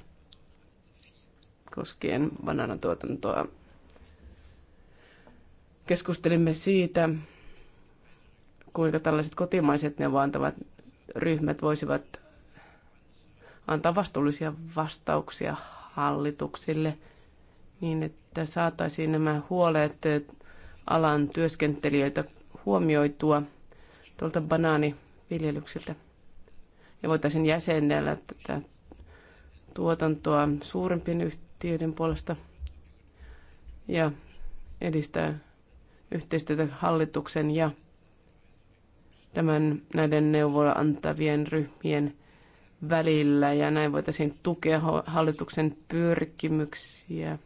koskien bananatuotantoa Keskustelimme siitä, kuinka tällaiset kotimaiset neuvontavat ryhmät voisivat antaa vastuullisia vastauksia hallituksille niin, että saataisiin nämä huolet alan työskentelijöitä huomioitua tuolta banaaniviljelyksiltä. Ja voitaisiin jäsennellä tätä tuotantoa suurempien yhtiöiden puolesta ja edistää yhteistyötä hallituksen ja tämän näiden neuvoa antavien ryhmien välillä ja näin voitaisiin tukea hallituksen pyrkimyksiä.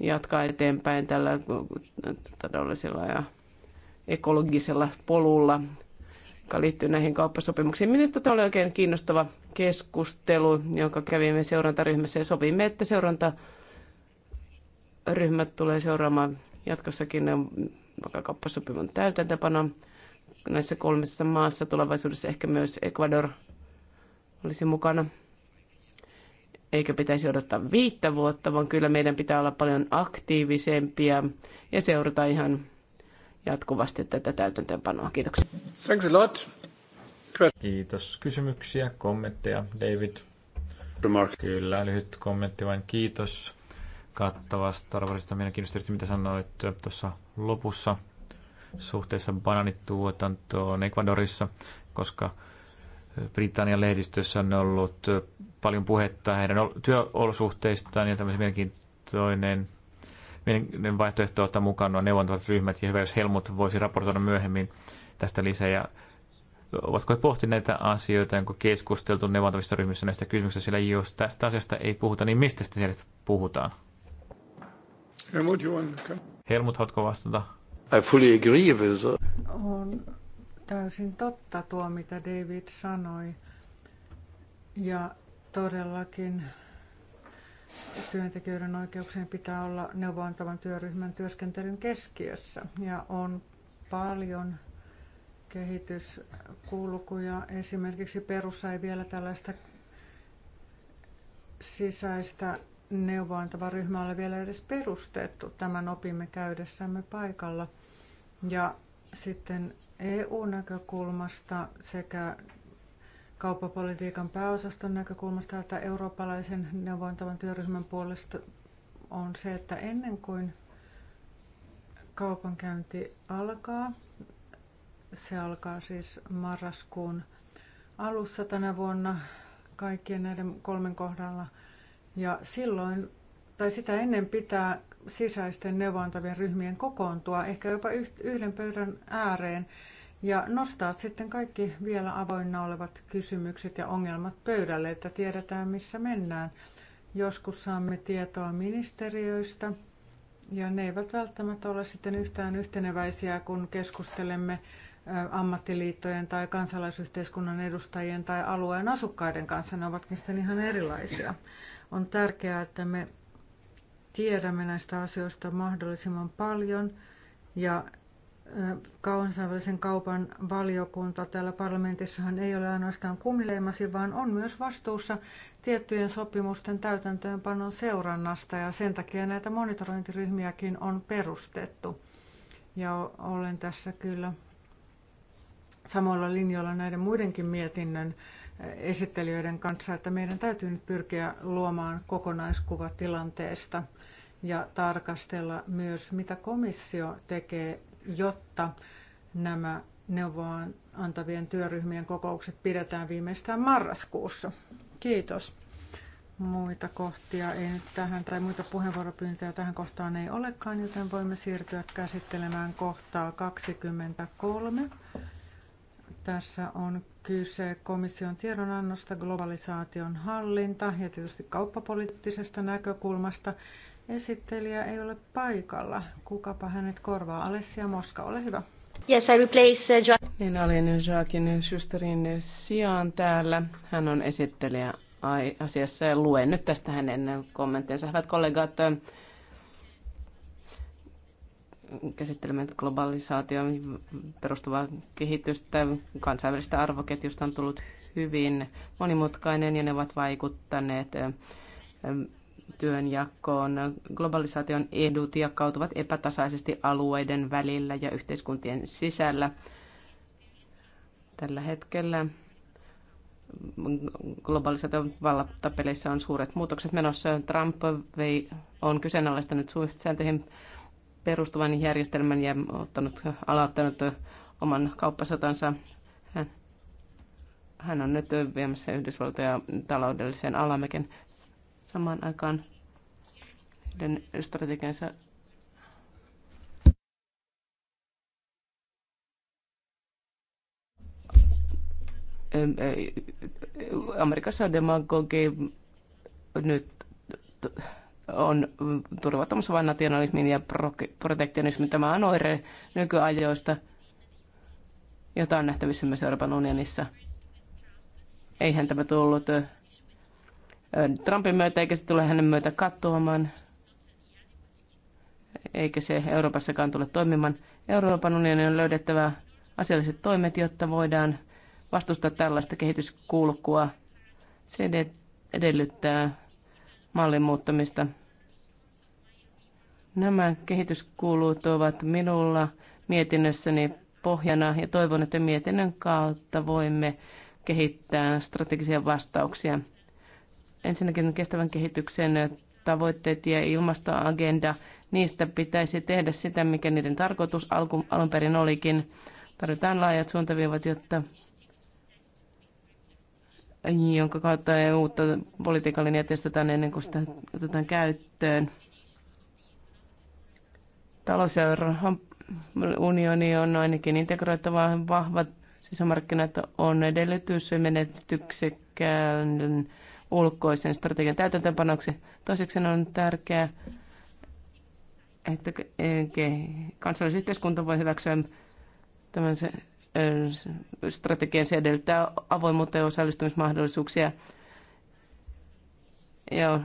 jatkaa eteenpäin tällä todellisella ja ekologisella polulla joka liittyy näihin kauppasopimuksiin. Minusta tämä oli oikein kiinnostava keskustelu, jonka kävimme seurantaryhmässä ja sovimme, että seurantaryhmät tulee seuraamaan jatkossakin kauppasopimuksen täytäntöpano näissä kolmessa maassa. Tulevaisuudessa ehkä myös Ecuador olisi mukana. Eikä pitäisi odottaa viittä vuotta, vaan kyllä meidän pitää olla paljon aktiivisempia ja seurata ihan jatkuvasti tätä täytäntöönpanoa. Kiitoksia. Thanks a lot. Kiitos. Kysymyksiä, kommentteja, David? Remark. Kyllä, lyhyt kommentti vain. Kiitos kattavasta arvoisesta mielenkiintoista, mitä sanoit tuossa lopussa suhteessa bananituotantoon Ecuadorissa, koska Britannian lehdistössä on ollut paljon puhetta heidän työolosuhteistaan ja tämmöisen mielenkiintoinen meidän vaihtoehto ottaa mukaan nuo neuvontavat ryhmät ja hyvä, jos Helmut voisi raportoida myöhemmin tästä lisää ja ovatko he pohtineet näitä asioita, onko keskusteltu neuvontavissa ryhmissä näistä kysymyksistä, sillä jos tästä asiasta ei puhuta, niin mistä sitä siellä puhutaan? Helmut, Helmut, haluatko vastata? I fully agree with that. On täysin totta tuo, mitä David sanoi. Ja todellakin työntekijöiden oikeuksien pitää olla neuvontavan työryhmän työskentelyn keskiössä. Ja on paljon kehityskulkuja. Esimerkiksi perussa ei vielä tällaista sisäistä neuvoantava ryhmä ole vielä edes perustettu. Tämän opimme käydessämme paikalla. Ja sitten EU-näkökulmasta sekä kauppapolitiikan pääosaston näkökulmasta että eurooppalaisen neuvontavan työryhmän puolesta on se, että ennen kuin kaupankäynti alkaa, se alkaa siis marraskuun alussa tänä vuonna kaikkien näiden kolmen kohdalla. Ja silloin, tai sitä ennen pitää sisäisten neuvontavien ryhmien kokoontua, ehkä jopa yhden pöydän ääreen ja nostaa sitten kaikki vielä avoinna olevat kysymykset ja ongelmat pöydälle, että tiedetään missä mennään. Joskus saamme tietoa ministeriöistä ja ne eivät välttämättä ole sitten yhtään yhteneväisiä, kun keskustelemme ammattiliittojen tai kansalaisyhteiskunnan edustajien tai alueen asukkaiden kanssa. Ne ovat sitten ihan erilaisia. On tärkeää, että me tiedämme näistä asioista mahdollisimman paljon ja kansainvälisen kaupan valiokunta täällä parlamentissahan ei ole ainoastaan kumileimasi, vaan on myös vastuussa tiettyjen sopimusten täytäntöönpanon seurannasta ja sen takia näitä monitorointiryhmiäkin on perustettu. Ja olen tässä kyllä samoilla linjoilla näiden muidenkin mietinnön esittelijöiden kanssa, että meidän täytyy nyt pyrkiä luomaan kokonaiskuva tilanteesta ja tarkastella myös, mitä komissio tekee jotta nämä neuvoa antavien työryhmien kokoukset pidetään viimeistään marraskuussa. Kiitos. Muita kohtia ei nyt tähän, tai muita puheenvuoropyyntöjä tähän kohtaan ei olekaan, joten voimme siirtyä käsittelemään kohtaa 23. Tässä on kyse komission tiedonannosta globalisaation hallinta ja tietysti kauppapoliittisesta näkökulmasta. Esittelijä ei ole paikalla. Kukapa hänet korvaa? Alessia Moska, ole hyvä. Yes, I replace Joaquin. Niin olen Joaquin Schusterin sijaan täällä. Hän on esittelijä asiassa ja luen nyt tästä hänen kommenttinsa. Hyvät kollegat, käsittelemme globalisaation perustuvaa kehitystä. Kansainvälistä arvoketjusta on tullut hyvin monimutkainen ja ne ovat vaikuttaneet työnjakoon. Globalisaation edut jakautuvat epätasaisesti alueiden välillä ja yhteiskuntien sisällä. Tällä hetkellä globalisaation vallattapeleissä on suuret muutokset menossa. Trump vei, on kyseenalaistanut sääntöihin perustuvan järjestelmän ja ottanut, aloittanut oman kauppasotansa. Hän, hän on nyt viemässä Yhdysvaltoja taloudelliseen alamäken. Samaan aikaan heidän strategiansa Amerikassa demagogi nyt on turvattomassa vain nationalismin ja protektionismin. Tämä on oire nykyajoista, jota on nähtävissä myös Euroopan unionissa. Eihän tämä tullut Trumpin myötä, eikä se tule hänen myötä katoamaan, eikä se Euroopassakaan tule toimimaan. Euroopan unionin on löydettävä asialliset toimet, jotta voidaan vastustaa tällaista kehityskulkua. Se edellyttää mallin muuttamista. Nämä kehityskulut ovat minulla mietinnössäni pohjana ja toivon, että mietinnön kautta voimme kehittää strategisia vastauksia Ensinnäkin kestävän kehityksen tavoitteet ja ilmastoagenda, niistä pitäisi tehdä sitä, mikä niiden tarkoitus alku, alun perin olikin. Tarvitaan laajat suuntaviivat, jotta jonka kautta uutta politiikan linjaa testataan ennen kuin sitä otetaan käyttöön. Talous- ja unioni on ainakin integroitava vahvat sisämarkkinat on edellytys menestyksekkään ulkoisen strategian täytäntöönpanoksi. Toiseksi on tärkeää, että kansallisyhteiskunta voi hyväksyä tämän se, strategian. Se edellyttää avoimuutta ja osallistumismahdollisuuksia. Ja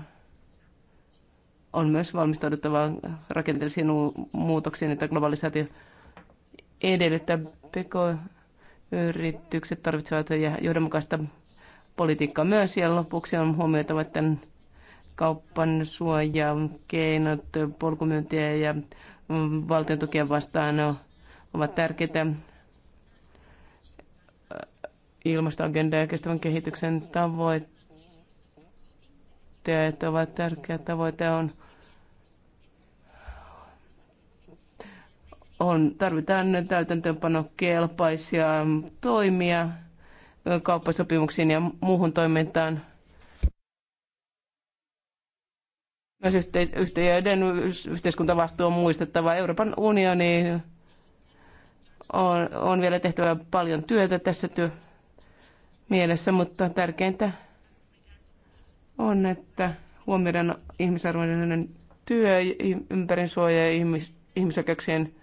on myös valmistauduttava rakenteellisiin muutoksiin, että globalisaatio edellyttää pk-yritykset tarvitsevat johdonmukaista politiikka myös. Ja lopuksi on huomioitava, että kauppan suoja, keinot, polkumyyntiä ja valtion tukien vastaan ovat tärkeitä ilmastoagenda ja kestävän kehityksen tavoitteet ovat tärkeä tavoite on, on tarvitaan täytäntöönpanokelpaisia toimia kauppasopimuksiin ja muuhun toimintaan. Myös yhteyden yhteiskuntavastuu on muistettava. Euroopan unioni on, on vielä tehtävä paljon työtä tässä työ mielessä, mutta tärkeintä on, että huomioidaan ihmisarvoinen työ, ympäristönsuoja ja ihmis, ihmisoikeuksien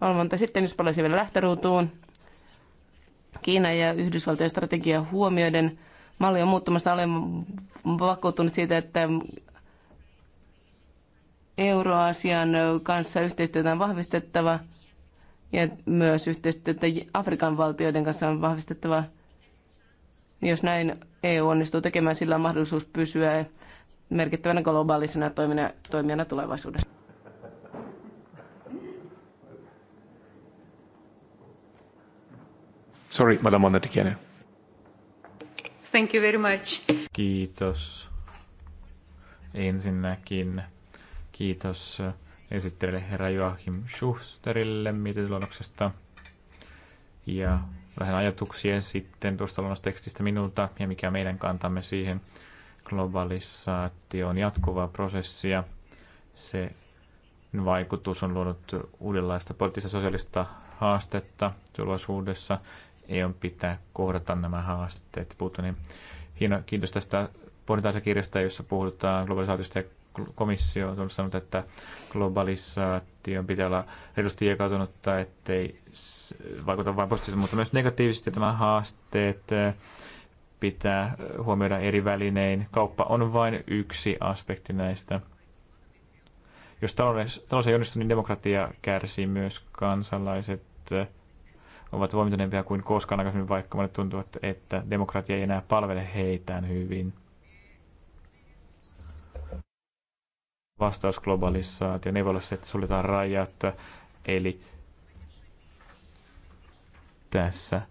valvonta. Sitten jos palaisin vielä lähtöruutuun Kiina ja Yhdysvaltojen strategia huomioiden malli on muuttumassa. Olen vakuuttunut siitä, että Euroasian kanssa yhteistyötä on vahvistettava ja myös yhteistyötä Afrikan valtioiden kanssa on vahvistettava. Jos näin EU onnistuu tekemään, sillä on mahdollisuus pysyä merkittävänä globaalisena toimijana tulevaisuudessa. Sorry, Madame Anna Thank you very much. Kiitos. Ensinnäkin kiitos esittelijälle herra Joachim Schusterille mietintöluonnoksesta ja vähän ajatuksia sitten tuosta luonnostekstistä minulta ja mikä meidän kantamme siihen. Globalisaatio on jatkuvaa prosessia. Se vaikutus on luonut uudenlaista poliittista sosiaalista haastetta tulevaisuudessa ei ole pitää kohdata nämä haasteet. Puhuttu, niin hieno, kiitos tästä pohditaan kirjasta, jossa puhutaan globalisaatiosta ja komissio on sanonut, että globalisaation pitää olla reilusti jakautunutta, ettei vaikuta vain positiivisesti, mutta myös negatiivisesti nämä haasteet eh, pitää huomioida eri välinein. Kauppa on vain yksi aspekti näistä. Jos talous ei onnistu, niin demokratia kärsii myös kansalaiset eh, ovat voimintuneempia kuin koskaan aikaisemmin, vaikka monet tuntuvat, että demokratia ei enää palvele heitään hyvin. Vastaus globalisaatio. Ne voi olla se, että suljetaan rajat, eli tässä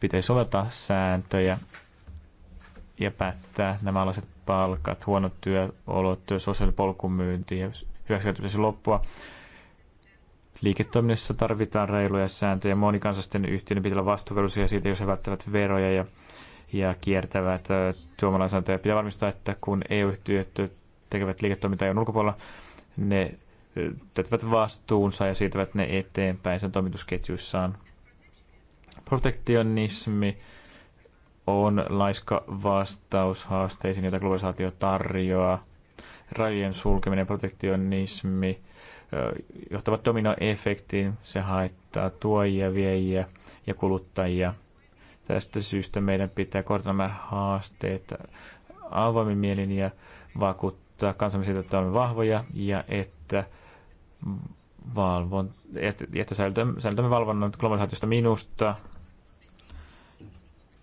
pitäisi soveltaa sääntöjä ja päättää nämä alaiset palkat, huonot työolot, sosiaalipolkumyynti ja hyväksikäyttö loppua. Liiketoiminnassa tarvitaan reiluja sääntöjä. Monikansallisten yhtiöiden pitää olla vastuullisia siitä, jos he välttävät veroja ja, ja kiertävät suomalaissääntöjä. Pitää varmistaa, että kun EU-yhtiöt tekevät liiketoimintaa jo ulkopuolella, ne täyttävät vastuunsa ja siirtävät ne eteenpäin sen toimitusketjuissaan. Protektionismi on laiska vastaus haasteisiin, joita globalisaatio tarjoaa. Rajojen sulkeminen, protektionismi – johtavat dominoefektiin. Se haittaa tuojia, viejiä ja kuluttajia. Tästä syystä meidän pitää kohdata nämä haasteet avoimin mielin ja vakuuttaa kansamme siitä, että olemme vahvoja ja että valvon, että, että säilytämme, säilytämme valvonnan globalisaatiosta minusta.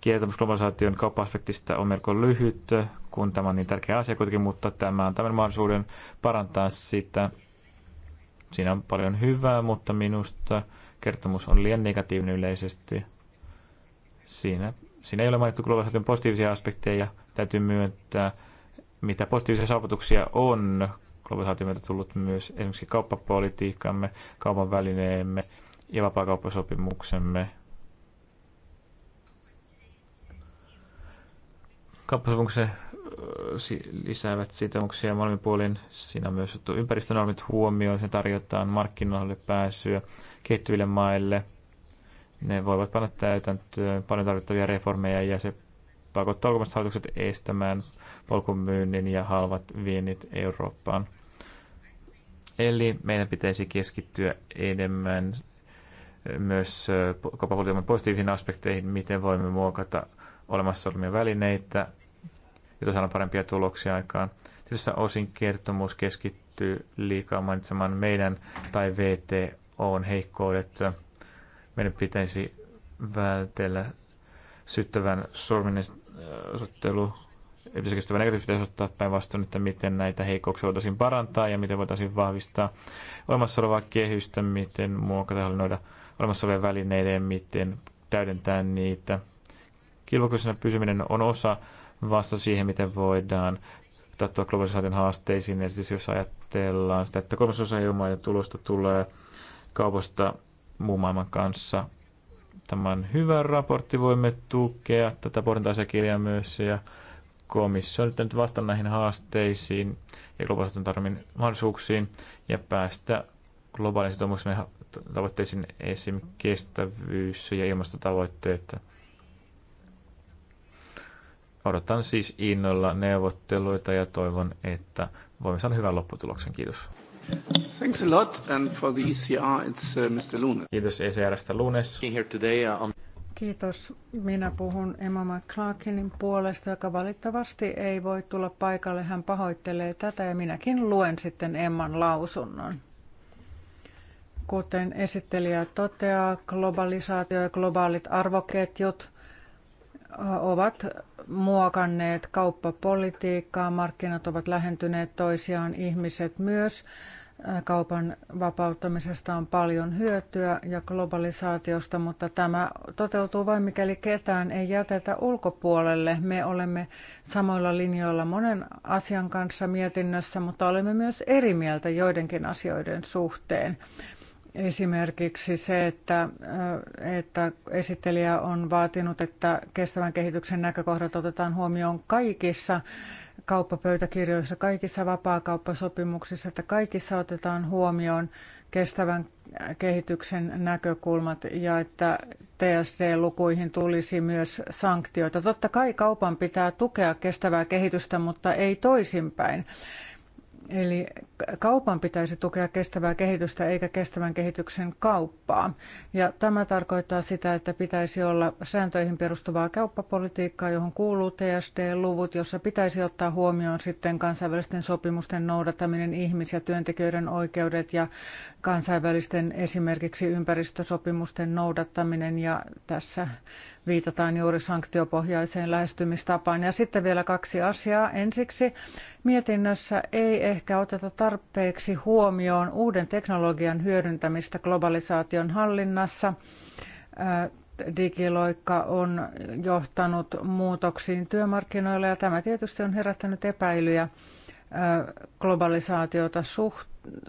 Kertomus globalisaation kauppa-aspektista on melko lyhyt, kun tämä on niin tärkeä asia kuitenkin, mutta tämä on tämän mahdollisuuden parantaa sitä Siinä on paljon hyvää, mutta minusta kertomus on liian negatiivinen yleisesti. Siinä, siinä ei ole mainittu globalisaation positiivisia aspekteja ja täytyy myöntää, mitä positiivisia saavutuksia on globalisaation myötä tullut myös esimerkiksi kauppapolitiikkamme, kaupan välineemme ja vapaakauppasopimuksemme. Kauppasopimuksen lisäävät sitoumuksia molemmin puolin. Siinä on myös otettu ympäristönormit huomioon, se tarjotaan markkinoille pääsyä kehittyville maille. Ne voivat panna täytäntöön paljon tarvittavia reformeja ja se pakottaa ulkomaiset hallitukset estämään polkumyynnin ja halvat viennit Eurooppaan. Eli meidän pitäisi keskittyä enemmän myös kauppapolitiikan positiivisiin aspekteihin, miten voimme muokata olemassa olevia välineitä jotta saadaan parempia tuloksia aikaan. Tietysti osin kertomus keskittyy liikaa mainitsemaan meidän tai VTOn heikkoudet. Meidän pitäisi vältellä syttävän sorminen äh, osoittelu yhdyskestävä negatiivista pitäisi ottaa päinvastoin, että miten näitä heikkouksia voitaisiin parantaa ja miten voitaisiin vahvistaa olemassa olevaa kehystä, miten muokata hallinnoida olemassa olevia välineiden, miten täydentää niitä. Kilpailukykyisessä pysyminen on osa vasta siihen, miten voidaan tarttua globalisaation haasteisiin. Eli siis jos ajatellaan sitä, että kolmasosa EU-maiden tulosta tulee kaupasta muun maailman kanssa. Tämä on hyvä raportti, voimme tukea tätä pohdinta-asiakirjaa myös ja komissio on nyt vastaan näihin haasteisiin ja globaalisen tarvin mahdollisuuksiin ja päästä globaalisiin tavoitteisiin esim. kestävyys ja ilmastotavoitteet. Odotan siis innolla neuvotteluita ja toivon, että voimme saada hyvän lopputuloksen. Kiitos. Thanks a lot and for the ECR it's uh, Mr. Lunes. Kiitos ECRstä Lunes. Here today uh, on... Kiitos. Minä puhun Emma McClarkinin puolesta, joka valittavasti ei voi tulla paikalle. Hän pahoittelee tätä ja minäkin luen sitten Emman lausunnon. Kuten esittelijä toteaa, globalisaatio ja globaalit arvoketjut – ovat muokanneet kauppapolitiikkaa, markkinat ovat lähentyneet toisiaan, ihmiset myös. Kaupan vapauttamisesta on paljon hyötyä ja globalisaatiosta, mutta tämä toteutuu vain mikäli ketään ei jätetä ulkopuolelle. Me olemme samoilla linjoilla monen asian kanssa mietinnössä, mutta olemme myös eri mieltä joidenkin asioiden suhteen. Esimerkiksi se, että, että esittelijä on vaatinut, että kestävän kehityksen näkökohdat otetaan huomioon kaikissa kauppapöytäkirjoissa, kaikissa vapaakauppasopimuksissa, että kaikissa otetaan huomioon kestävän kehityksen näkökulmat ja että TSD-lukuihin tulisi myös sanktioita. Totta kai kaupan pitää tukea kestävää kehitystä, mutta ei toisinpäin. Eli kaupan pitäisi tukea kestävää kehitystä eikä kestävän kehityksen kauppaa. Ja tämä tarkoittaa sitä, että pitäisi olla sääntöihin perustuvaa kauppapolitiikkaa, johon kuuluu TSD-luvut, jossa pitäisi ottaa huomioon sitten kansainvälisten sopimusten noudattaminen, ihmis- ja työntekijöiden oikeudet ja kansainvälisten esimerkiksi ympäristösopimusten noudattaminen ja tässä viitataan juuri sanktiopohjaiseen lähestymistapaan. Ja sitten vielä kaksi asiaa. Ensiksi mietinnössä ei ehkä oteta tarpeeksi huomioon uuden teknologian hyödyntämistä globalisaation hallinnassa digiloikka on johtanut muutoksiin työmarkkinoilla ja tämä tietysti on herättänyt epäilyjä globalisaatiota suht,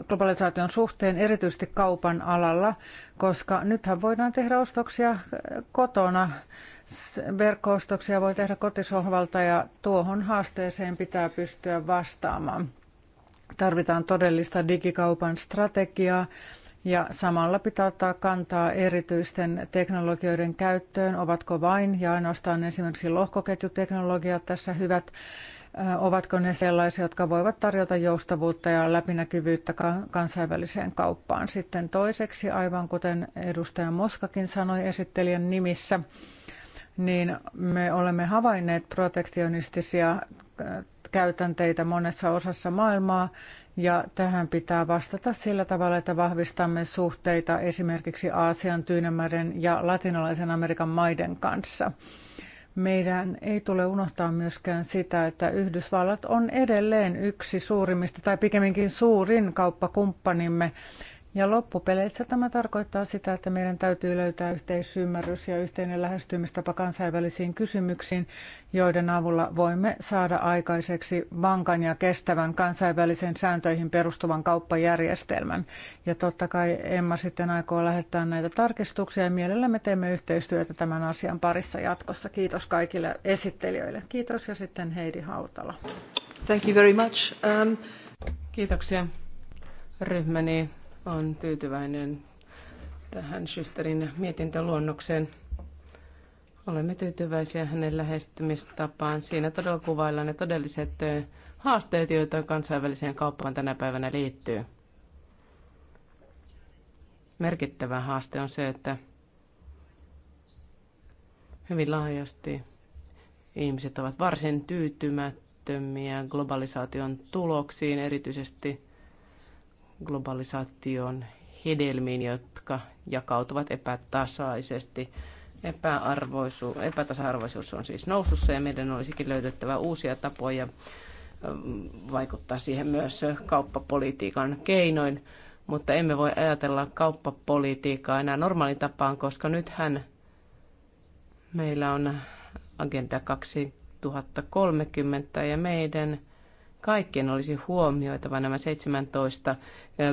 globalisaation suhteen, erityisesti kaupan alalla, koska nythän voidaan tehdä ostoksia kotona. Verkkoostoksia voi tehdä kotisohvalta ja tuohon haasteeseen pitää pystyä vastaamaan. Tarvitaan todellista digikaupan strategiaa ja samalla pitää ottaa kantaa erityisten teknologioiden käyttöön, ovatko vain ja ainoastaan esimerkiksi lohkoketjuteknologiat tässä hyvät ovatko ne sellaisia, jotka voivat tarjota joustavuutta ja läpinäkyvyyttä kansainväliseen kauppaan. Sitten toiseksi, aivan kuten edustaja Moskakin sanoi esittelijän nimissä, niin me olemme havainneet protektionistisia käytänteitä monessa osassa maailmaa ja tähän pitää vastata sillä tavalla, että vahvistamme suhteita esimerkiksi Aasian, Tyynemeren ja latinalaisen Amerikan maiden kanssa. Meidän ei tule unohtaa myöskään sitä, että Yhdysvallat on edelleen yksi suurimmista tai pikemminkin suurin kauppakumppanimme ja loppupeleissä tämä tarkoittaa sitä, että meidän täytyy löytää yhteisymmärrys ja yhteinen lähestymistapa kansainvälisiin kysymyksiin, joiden avulla voimme saada aikaiseksi vankan ja kestävän kansainvälisen sääntöihin perustuvan kauppajärjestelmän. Ja totta kai Emma sitten aikoo lähettää näitä tarkistuksia ja mielellämme teemme yhteistyötä tämän asian parissa jatkossa. Kiitos kaikille esittelijöille. Kiitos ja sitten Heidi Hautala. Thank you very much. Um... Kiitoksia ryhmäni on tyytyväinen tähän Schusterin mietintöluonnokseen. Olemme tyytyväisiä hänen lähestymistapaan. Siinä todella kuvaillaan ne todelliset haasteet, joita kansainväliseen kauppaan tänä päivänä liittyy. Merkittävä haaste on se, että hyvin laajasti ihmiset ovat varsin tyytymättömiä globalisaation tuloksiin, erityisesti globalisaation hedelmiin, jotka jakautuvat epätasaisesti. Epäarvoisu, epätasa-arvoisuus on siis nousussa ja meidän olisikin löydettävä uusia tapoja vaikuttaa siihen myös kauppapolitiikan keinoin, mutta emme voi ajatella kauppapolitiikkaa enää normaalin tapaan, koska nythän meillä on Agenda 2030 ja meidän kaikkien olisi huomioitava nämä 17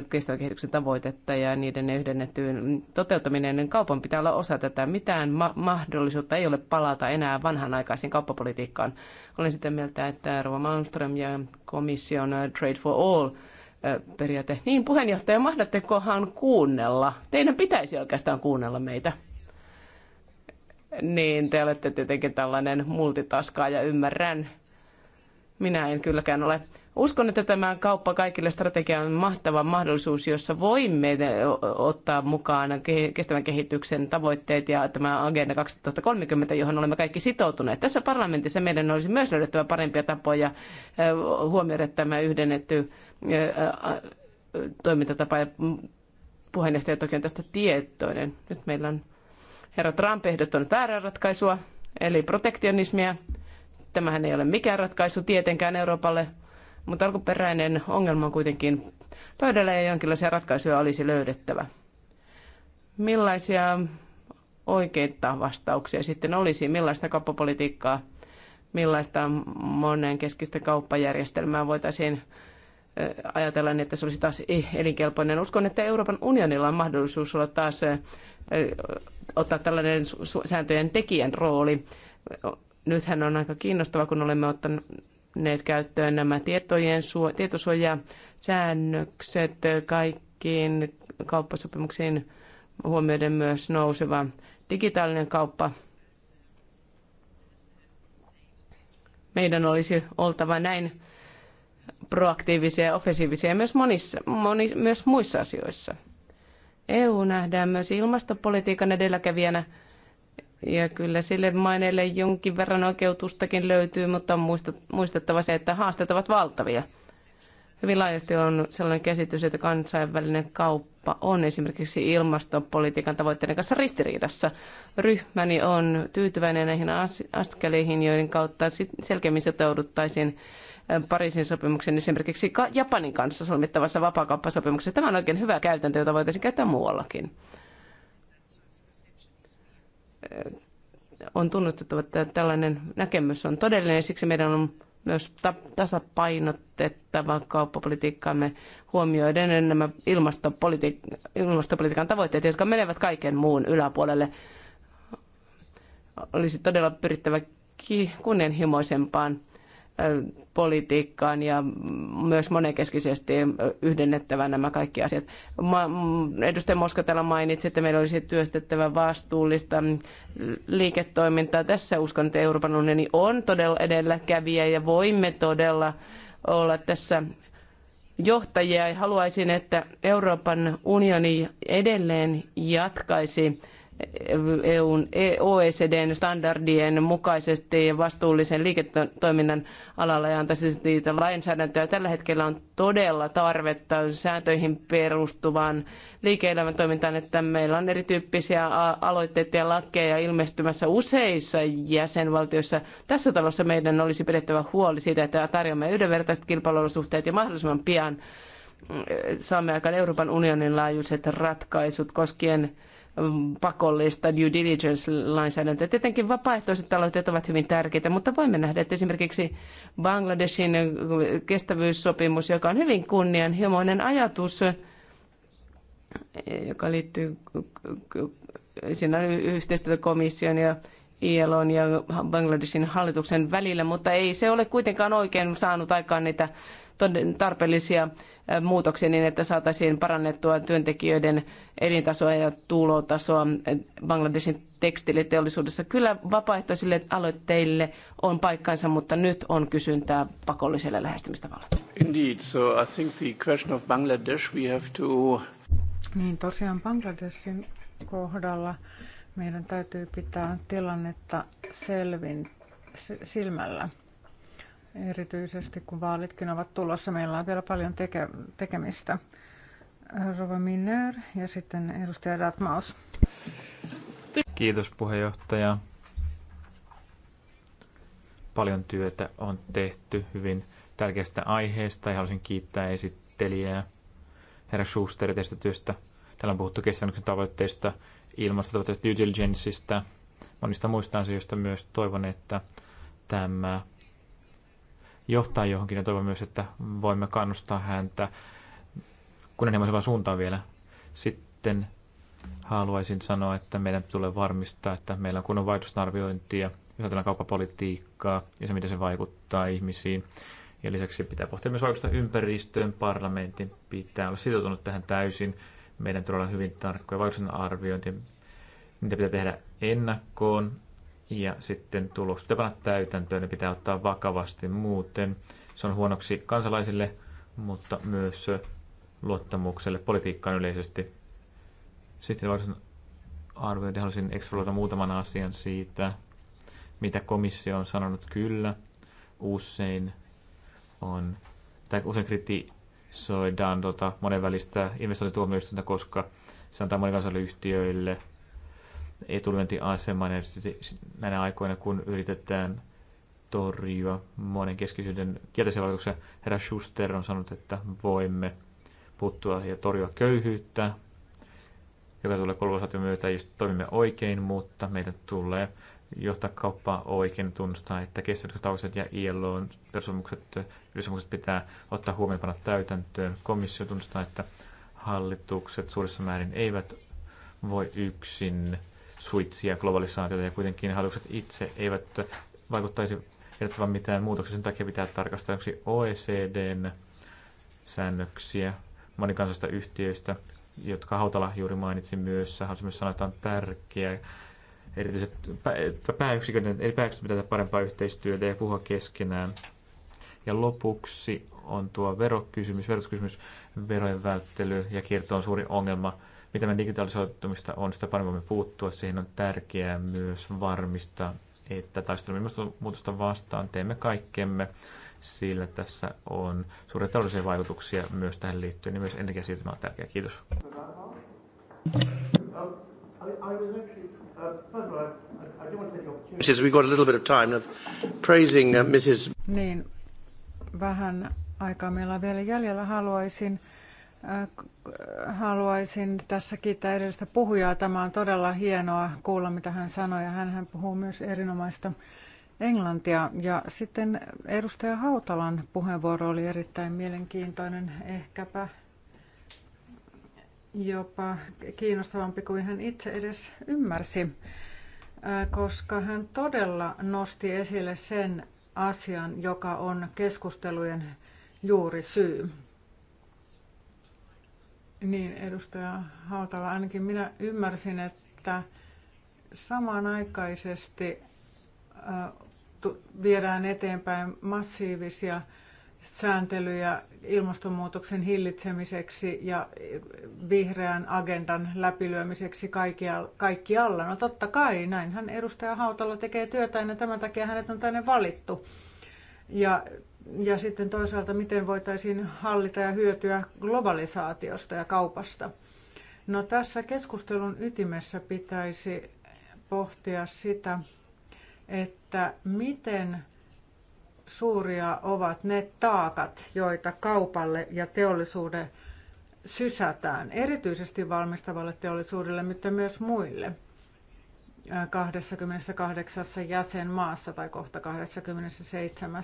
kestävän kehityksen tavoitetta ja niiden yhdennettyyn toteuttaminen, niin kaupan pitää olla osa tätä. Mitään ma- mahdollisuutta ei ole palata enää vanhanaikaisiin kauppapolitiikkaan. Olen sitä mieltä, että Rova Malmström ja komission Trade for All periaate. Niin, puheenjohtaja, mahdattekohan kuunnella? Teidän pitäisi oikeastaan kuunnella meitä. Niin, te olette tietenkin tällainen multitaskaaja, ymmärrän minä en kylläkään ole. Uskon, että tämä kauppa kaikille strategia on mahtava mahdollisuus, jossa voimme ottaa mukaan kestävän kehityksen tavoitteet ja tämä Agenda 2030, johon olemme kaikki sitoutuneet. Tässä parlamentissa meidän olisi myös löydettävä parempia tapoja eh, huomioida tämä yhdennetty eh, toimintatapa ja puheenjohtaja toki on tästä tietoinen. Nyt meillä on herra Trump ehdottanut väärää ratkaisua, eli protektionismia. Tämähän ei ole mikään ratkaisu tietenkään Euroopalle, mutta alkuperäinen ongelma on kuitenkin pöydällä ja jonkinlaisia ratkaisuja olisi löydettävä. Millaisia oikeita vastauksia sitten olisi, millaista kauppapolitiikkaa, millaista monenkeskistä kauppajärjestelmää voitaisiin ajatella, niin, että se olisi taas eh, elinkelpoinen. Uskon, että Euroopan unionilla on mahdollisuus olla taas ottaa tällainen sääntöjen tekijän rooli nythän on aika kiinnostava, kun olemme ottaneet käyttöön nämä tietojen suo- tietosuojasäännökset kaikkiin kauppasopimuksiin huomioiden myös nouseva digitaalinen kauppa. Meidän olisi oltava näin proaktiivisia ja offensiivisia myös, monissa, moni, myös muissa asioissa. EU nähdään myös ilmastopolitiikan edelläkävijänä – ja kyllä sille maineelle jonkin verran oikeutustakin löytyy, mutta on muistettava se, että haasteet ovat valtavia. Hyvin laajasti on sellainen käsitys, että kansainvälinen kauppa on esimerkiksi ilmastopolitiikan tavoitteiden kanssa ristiriidassa. Ryhmäni on tyytyväinen näihin askeleihin, joiden kautta selkeämmin sitouduttaisiin eh, Pariisin sopimuksen esimerkiksi Japanin kanssa solmittavassa vapaakauppasopimuksessa. Tämä on oikein hyvä käytäntö, jota voitaisiin käyttää muuallakin on tunnustettava, että tällainen näkemys on todellinen, siksi meidän on myös ta- tasapainotettava kauppapolitiikkaamme huomioiden nämä ilmastopolitiik- ilmastopolitiikan tavoitteet, jotka menevät kaiken muun yläpuolelle. Olisi todella pyrittävä kunnianhimoisempaan politiikkaan ja myös monenkeskisesti yhdennettävä nämä kaikki asiat. Ma- edustaja Moskatella mainitsi, että meillä olisi työstettävä vastuullista liiketoimintaa. Tässä uskon, että Euroopan unioni on todella edelläkävijä ja voimme todella olla tässä johtajia. Haluaisin, että Euroopan unioni edelleen jatkaisi EUn, e- OECDn standardien mukaisesti vastuullisen liiketoiminnan alalla ja antaisi niitä lainsäädäntöä. Tällä hetkellä on todella tarvetta sääntöihin perustuvaan liike-elämän toimintaan, että meillä on erityyppisiä aloitteita ja lakkeja ilmestymässä useissa jäsenvaltioissa. Tässä talossa meidän olisi pidettävä huoli siitä, että tarjoamme yhdenvertaiset kilpailuolosuhteet ja mahdollisimman pian mm, saamme aikaan Euroopan unionin laajuiset ratkaisut koskien pakollista due diligence-lainsäädäntöä. Tietenkin vapaaehtoiset aloitteet ovat hyvin tärkeitä, mutta voimme nähdä, että esimerkiksi Bangladeshin kestävyyssopimus, joka on hyvin kunnianhimoinen ajatus, joka liittyy siinä yhteistyökomission ja ILOn ja Bangladesin hallituksen välillä, mutta ei se ole kuitenkaan oikein saanut aikaan niitä tarpeellisia muutoksia niin, että saataisiin parannettua työntekijöiden elintasoa ja tulotasoa Bangladesin tekstiiliteollisuudessa. Kyllä vapaaehtoisille aloitteille on paikkansa, mutta nyt on kysyntää pakolliselle lähestymistavalle. Indeed, so I think the question of Bangladesh we have to... Niin tosiaan Bangladesin kohdalla meidän täytyy pitää tilannetta selvin silmällä erityisesti kun vaalitkin ovat tulossa. Meillä on vielä paljon teke- tekemistä. Rova Minner ja sitten edustaja Ratmaus. Kiitos puheenjohtaja. Paljon työtä on tehty hyvin tärkeästä aiheesta ja haluaisin kiittää esittelijää herra Schuster tästä työstä. Täällä on puhuttu kestävyyden tavoitteista, ilmastotavoitteista, due diligenceista, monista muista asioista myös. Toivon, että tämä johtaa johonkin ja toivon myös, että voimme kannustaa häntä kunnianhimoisempaan suuntaan vielä. Sitten haluaisin sanoa, että meidän tulee varmistaa, että meillä on kunnon ja jos ajatellaan kauppapolitiikkaa ja se, miten se vaikuttaa ihmisiin. Ja lisäksi pitää pohtia myös vaikutusta ympäristöön. Parlamentin pitää olla sitoutunut tähän täysin. Meidän tulee olla hyvin tarkkoja vaikutusten arviointia, mitä pitää tehdä ennakkoon ja sitten tulokset pitää panna täytäntöön, ne pitää ottaa vakavasti muuten. Se on huonoksi kansalaisille, mutta myös luottamukselle politiikkaan yleisesti. Sitten varsin arviointi haluaisin eksploida muutaman asian siitä, mitä komissio on sanonut kyllä. Usein on, tai usein kritisoidaan tota monenvälistä investointituomioistuinta, koska se antaa monikansallisille yhtiöille – etulyöntiaseman näinä aikoina, kun yritetään torjua monenkeskisyyden kielteisiä vaikutuksia. Herra Schuster on sanonut, että voimme puuttua ja torjua köyhyyttä, joka tulee kolmosaation myötä, jos toimimme oikein, mutta meidän tulee johtaa kauppaa oikein, tunnustaa, että kestävyyskataukset ja ILOn perusomukset pitää ottaa huomioon panna täytäntöön. Komissio tunnustaa, että hallitukset suurissa määrin eivät voi yksin suitsia globalisaatiota ja kuitenkin hallitukset itse eivät vaikuttaisi ehdottavan mitään muutoksia. Sen takia pitää tarkastella OECDn säännöksiä monikansallisista yhtiöistä, jotka Hautala juuri mainitsi myös. Hän myös sanoa, että on tärkeää erityiset pääyksiköiden, eli pääyksiköiden pitää parempaa yhteistyötä ja puhua keskenään. Ja lopuksi on tuo verokysymys, verotuskysymys, verojen välttely ja kierto on suuri ongelma mitä me digitalisoitumista on, sitä paremmin voimme puuttua. Siihen on tärkeää myös varmistaa, että taistelun ilmastonmuutosta vastaan teemme kaikkemme, sillä tässä on suuria taloudellisia vaikutuksia myös tähän liittyen, niin myös energiasiirtymä on tärkeää. Kiitos. Uh, niin, vähän aikaa meillä on vielä jäljellä. Haluaisin Äh, haluaisin tässä kiittää edellistä puhujaa. Tämä on todella hienoa kuulla, mitä hän sanoi. Ja hän puhuu myös erinomaista englantia. Ja sitten edustaja Hautalan puheenvuoro oli erittäin mielenkiintoinen, ehkäpä jopa kiinnostavampi kuin hän itse edes ymmärsi, äh, koska hän todella nosti esille sen asian, joka on keskustelujen juuri syy. Niin, edustaja Hautala, ainakin minä ymmärsin, että samanaikaisesti äh, viedään eteenpäin massiivisia sääntelyjä ilmastonmuutoksen hillitsemiseksi ja äh, vihreän agendan läpilyömiseksi kaikkialla. No totta kai, näinhän edustaja Hautala tekee työtä ja tämän takia hänet on tänne valittu. Ja ja sitten toisaalta, miten voitaisiin hallita ja hyötyä globalisaatiosta ja kaupasta. No tässä keskustelun ytimessä pitäisi pohtia sitä, että miten suuria ovat ne taakat, joita kaupalle ja teollisuuden sysätään, erityisesti valmistavalle teollisuudelle, mutta myös muille. 28 jäsenmaassa tai kohta 27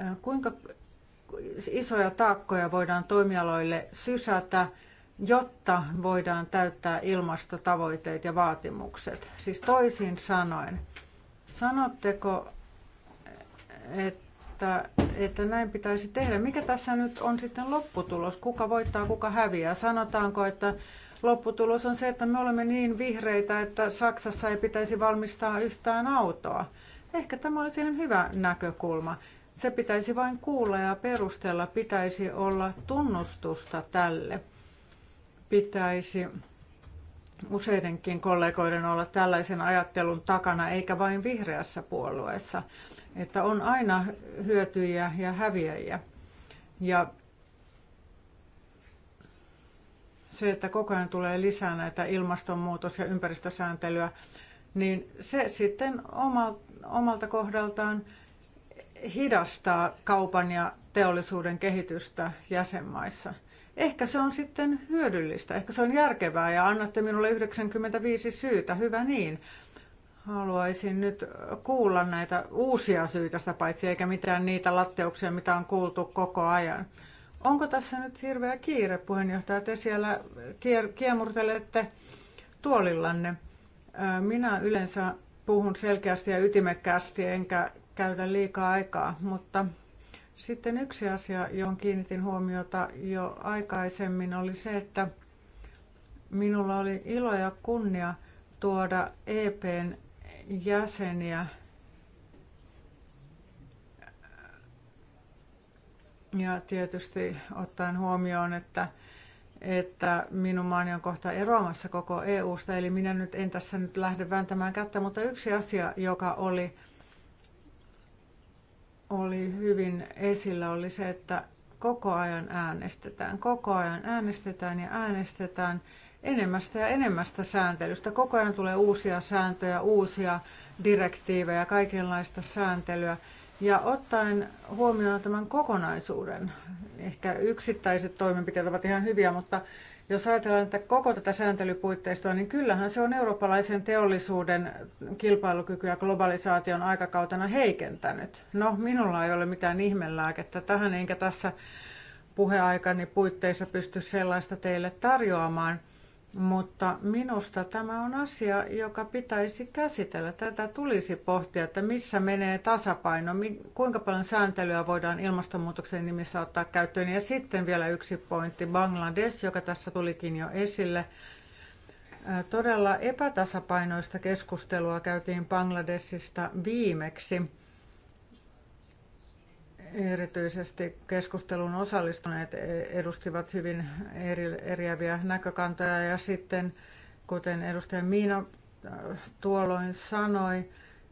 Äh, kuinka isoja taakkoja voidaan toimialoille sysätä, jotta voidaan täyttää ilmastotavoitteet ja vaatimukset? Siis toisin sanoen, sanotteko, että, että näin pitäisi tehdä? Mikä tässä nyt on sitten lopputulos? Kuka voittaa, kuka häviää? Sanotaanko, että lopputulos on se, että me olemme niin vihreitä, että Saksassa ei pitäisi valmistaa yhtään autoa. Ehkä tämä olisi ihan hyvä näkökulma. Se pitäisi vain kuulla ja perustella, pitäisi olla tunnustusta tälle. Pitäisi useidenkin kollegoiden olla tällaisen ajattelun takana, eikä vain vihreässä puolueessa, että on aina hyötyjiä ja häviäjiä. Ja se, että koko ajan tulee lisää näitä ilmastonmuutos- ja ympäristösääntelyä, niin se sitten omalta kohdaltaan hidastaa kaupan ja teollisuuden kehitystä jäsenmaissa. Ehkä se on sitten hyödyllistä, ehkä se on järkevää ja annatte minulle 95 syytä, hyvä niin. Haluaisin nyt kuulla näitä uusia syitä sitä paitsi, eikä mitään niitä latteuksia, mitä on kuultu koko ajan. Onko tässä nyt hirveä kiire, puheenjohtaja? Te siellä kier- kiemurtelette tuolillanne. Minä yleensä puhun selkeästi ja ytimekkäästi, enkä käytä liikaa aikaa, mutta sitten yksi asia, johon kiinnitin huomiota jo aikaisemmin, oli se, että minulla oli ilo ja kunnia tuoda EPn jäseniä ja tietysti ottaen huomioon, että, että minun maani on kohta eroamassa koko EUsta, eli minä nyt en tässä nyt lähde vääntämään kättä, mutta yksi asia, joka oli oli hyvin esillä, oli se, että koko ajan äänestetään, koko ajan äänestetään ja äänestetään enemmästä ja enemmästä sääntelystä. Koko ajan tulee uusia sääntöjä, uusia direktiivejä, kaikenlaista sääntelyä. Ja ottaen huomioon tämän kokonaisuuden, ehkä yksittäiset toimenpiteet ovat ihan hyviä, mutta jos ajatellaan että koko tätä sääntelypuitteistoa, niin kyllähän se on eurooppalaisen teollisuuden kilpailukykyä globalisaation aikakautena heikentänyt. No, minulla ei ole mitään ihmelääkettä tähän, enkä tässä puheaikani puitteissa pysty sellaista teille tarjoamaan – mutta minusta tämä on asia, joka pitäisi käsitellä. Tätä tulisi pohtia, että missä menee tasapaino, kuinka paljon sääntelyä voidaan ilmastonmuutoksen nimissä ottaa käyttöön. Ja sitten vielä yksi pointti, Bangladesh, joka tässä tulikin jo esille. Todella epätasapainoista keskustelua käytiin Bangladesista viimeksi erityisesti keskustelun osallistuneet e, edustivat hyvin eri, eriäviä näkökantoja ja sitten, kuten edustaja Miina äh, tuolloin sanoi,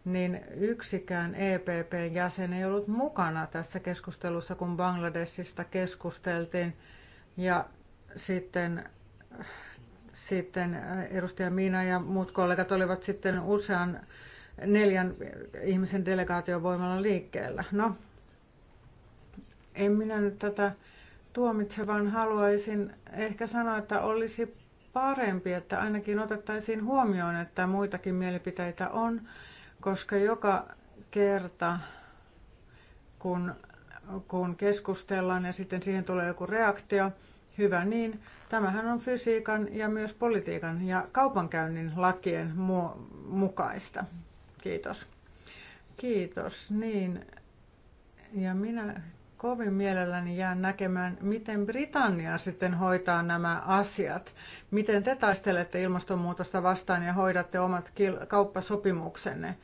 niin yksikään EPP-jäsen ei ollut mukana tässä keskustelussa, kun Bangladesista keskusteltiin. Ja sitten, sitten edustaja Miina ja muut kollegat olivat sitten usean neljän ihmisen delegaation voimalla liikkeellä. No, en minä nyt tätä tuomitse, vaan haluaisin ehkä sanoa, että olisi parempi, että ainakin otettaisiin huomioon, että muitakin mielipiteitä on, koska joka kerta, kun, kun keskustellaan ja sitten siihen tulee joku reaktio, hyvä niin, tämähän on fysiikan ja myös politiikan ja kaupankäynnin lakien mukaista. Kiitos. Kiitos, niin. Ja minä kovin mielelläni jään näkemään, miten Britannia sitten hoitaa nämä asiat. Miten te taistelette ilmastonmuutosta vastaan ja hoidatte omat kauppasopimuksenne?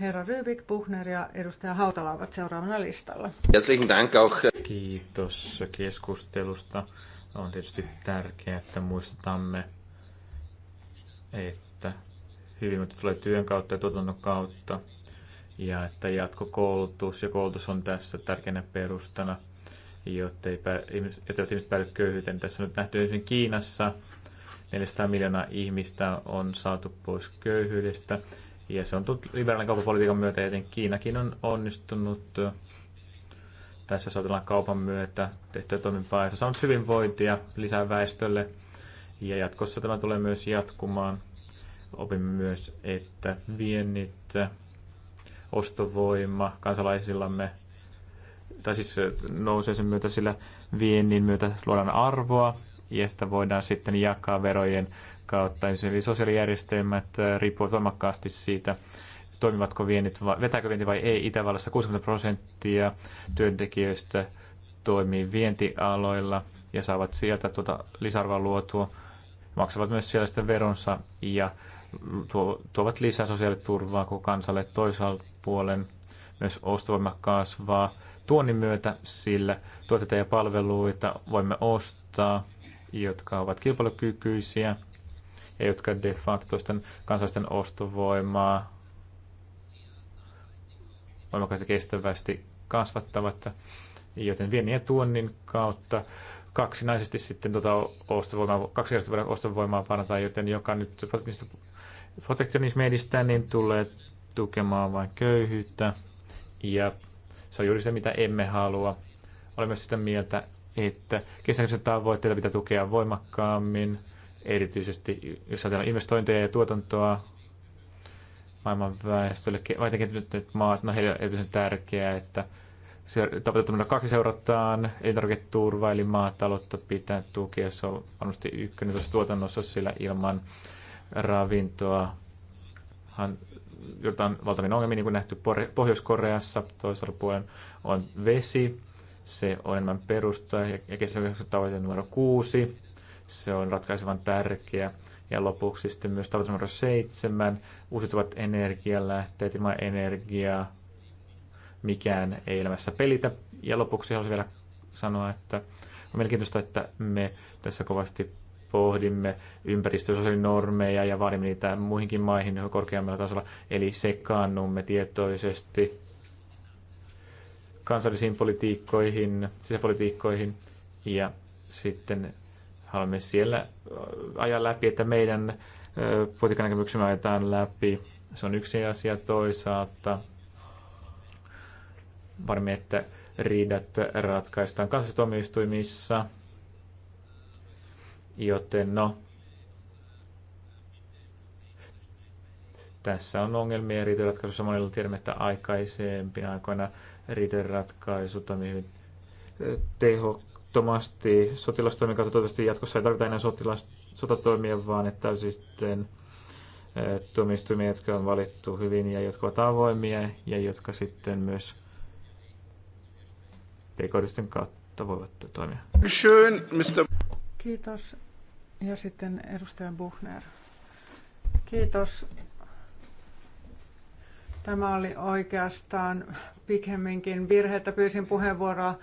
Herra Rybik, Puhner ja edustaja Hautala ovat seuraavana listalla. Kiitos keskustelusta. On tietysti tärkeää, että muistamme, että hyvinvointi tulee työn kautta ja tuotannon kautta ja että jatkokoulutus ja koulutus on tässä tärkeänä perustana, jotta ihmiset, ihmiset päädy köyhyyteen. Tässä on nyt nähty esimerkiksi Kiinassa, 400 miljoonaa ihmistä on saatu pois köyhyydestä. Ja se on tullut liberaalin kauppapolitiikan myötä, joten Kiinakin on onnistunut tässä saatellaan kaupan myötä tehtyä toimimpaa. Ja se on hyvinvointia lisää väestölle. Ja jatkossa tämä tulee myös jatkumaan. Opimme myös, että viennit ostovoima kansalaisillamme, tai siis äh, nousee sen myötä sillä viennin myötä luodaan arvoa, ja sitä voidaan sitten jakaa verojen kautta. Eli sosiaalijärjestelmät äh, riippuvat voimakkaasti siitä, toimivatko viennit, vetääkö vienti vai ei. Itävallassa 60 prosenttia työntekijöistä toimii vientialoilla ja saavat sieltä tuota lisäarvoa luotua. Maksavat myös siellä sitten veronsa ja tuovat lisää sosiaaliturvaa kuin kansalle toisaalta puolen. Myös ostovoima kasvaa tuonnin myötä, sillä tuotteita ja palveluita voimme ostaa, jotka ovat kilpailukykyisiä ja jotka de facto kansallisten ostovoimaa voimakkaasti kestävästi kasvattavat. Joten viennin ja tuonnin kautta kaksinaisesti sitten tuota ostovoimaa, kaksi ostovoimaa parantaa, joten joka nyt protektionismi edistää, niin tulee tukemaan vain köyhyyttä. Ja se on juuri se, mitä emme halua. Olen myös sitä mieltä, että kestävyyden tavoitteita pitää tukea voimakkaammin, erityisesti jos ajatellaan investointeja ja tuotantoa maailman väestölle. Vaitenkin maat, no heille on erityisen tärkeää, että tavoitetta numero kaksi seurataan, elintarviketurva eli maataloutta pitää tukea, se on varmasti ykkönen tuossa tuotannossa, sillä ilman ravintoa hän joudutaan valtavin ongelmia, niin kuin nähty Pohjois-Koreassa toisella puolen on vesi, se on enemmän perusta ja kestävän tavoite numero kuusi, se on ratkaisevan tärkeä. Ja lopuksi sitten myös tavoite numero seitsemän, uusiutuvat energialähteet ilman energiaa, mikään ei elämässä pelitä. Ja lopuksi haluaisin vielä sanoa, että on mielenkiintoista, että me tässä kovasti pohdimme ympäristö- ja normeja ja vaadimme niitä muihinkin maihin korkeammalla tasolla, eli sekaannumme tietoisesti kansallisiin politiikkoihin, sisäpolitiikkoihin ja sitten haluamme siellä äh, ajaa läpi, että meidän äh, politiikan näkemyksemme ajetaan läpi. Se on yksi asia toisaalta. Varmi, että riidat ratkaistaan kansallistuomioistuimissa Joten no, tässä on ongelmia riitojenratkaisussa. Monilla tiedämme, että aikaisempina aikoina riitojenratkaisut on hyvin eh, tehottomasti. Sotilastoimien kautta toivottavasti jatkossa ei tarvita enää sotilas, sotatoimia, vaan että on sitten eh, tuomioistuimia, jotka on valittu hyvin ja jotka ovat avoimia ja jotka sitten myös pk kautta voivat toimia. Schön, Mr. Kiitos ja sitten edustaja Buchner. Kiitos. Tämä oli oikeastaan pikemminkin virhe, että pyysin puheenvuoroa.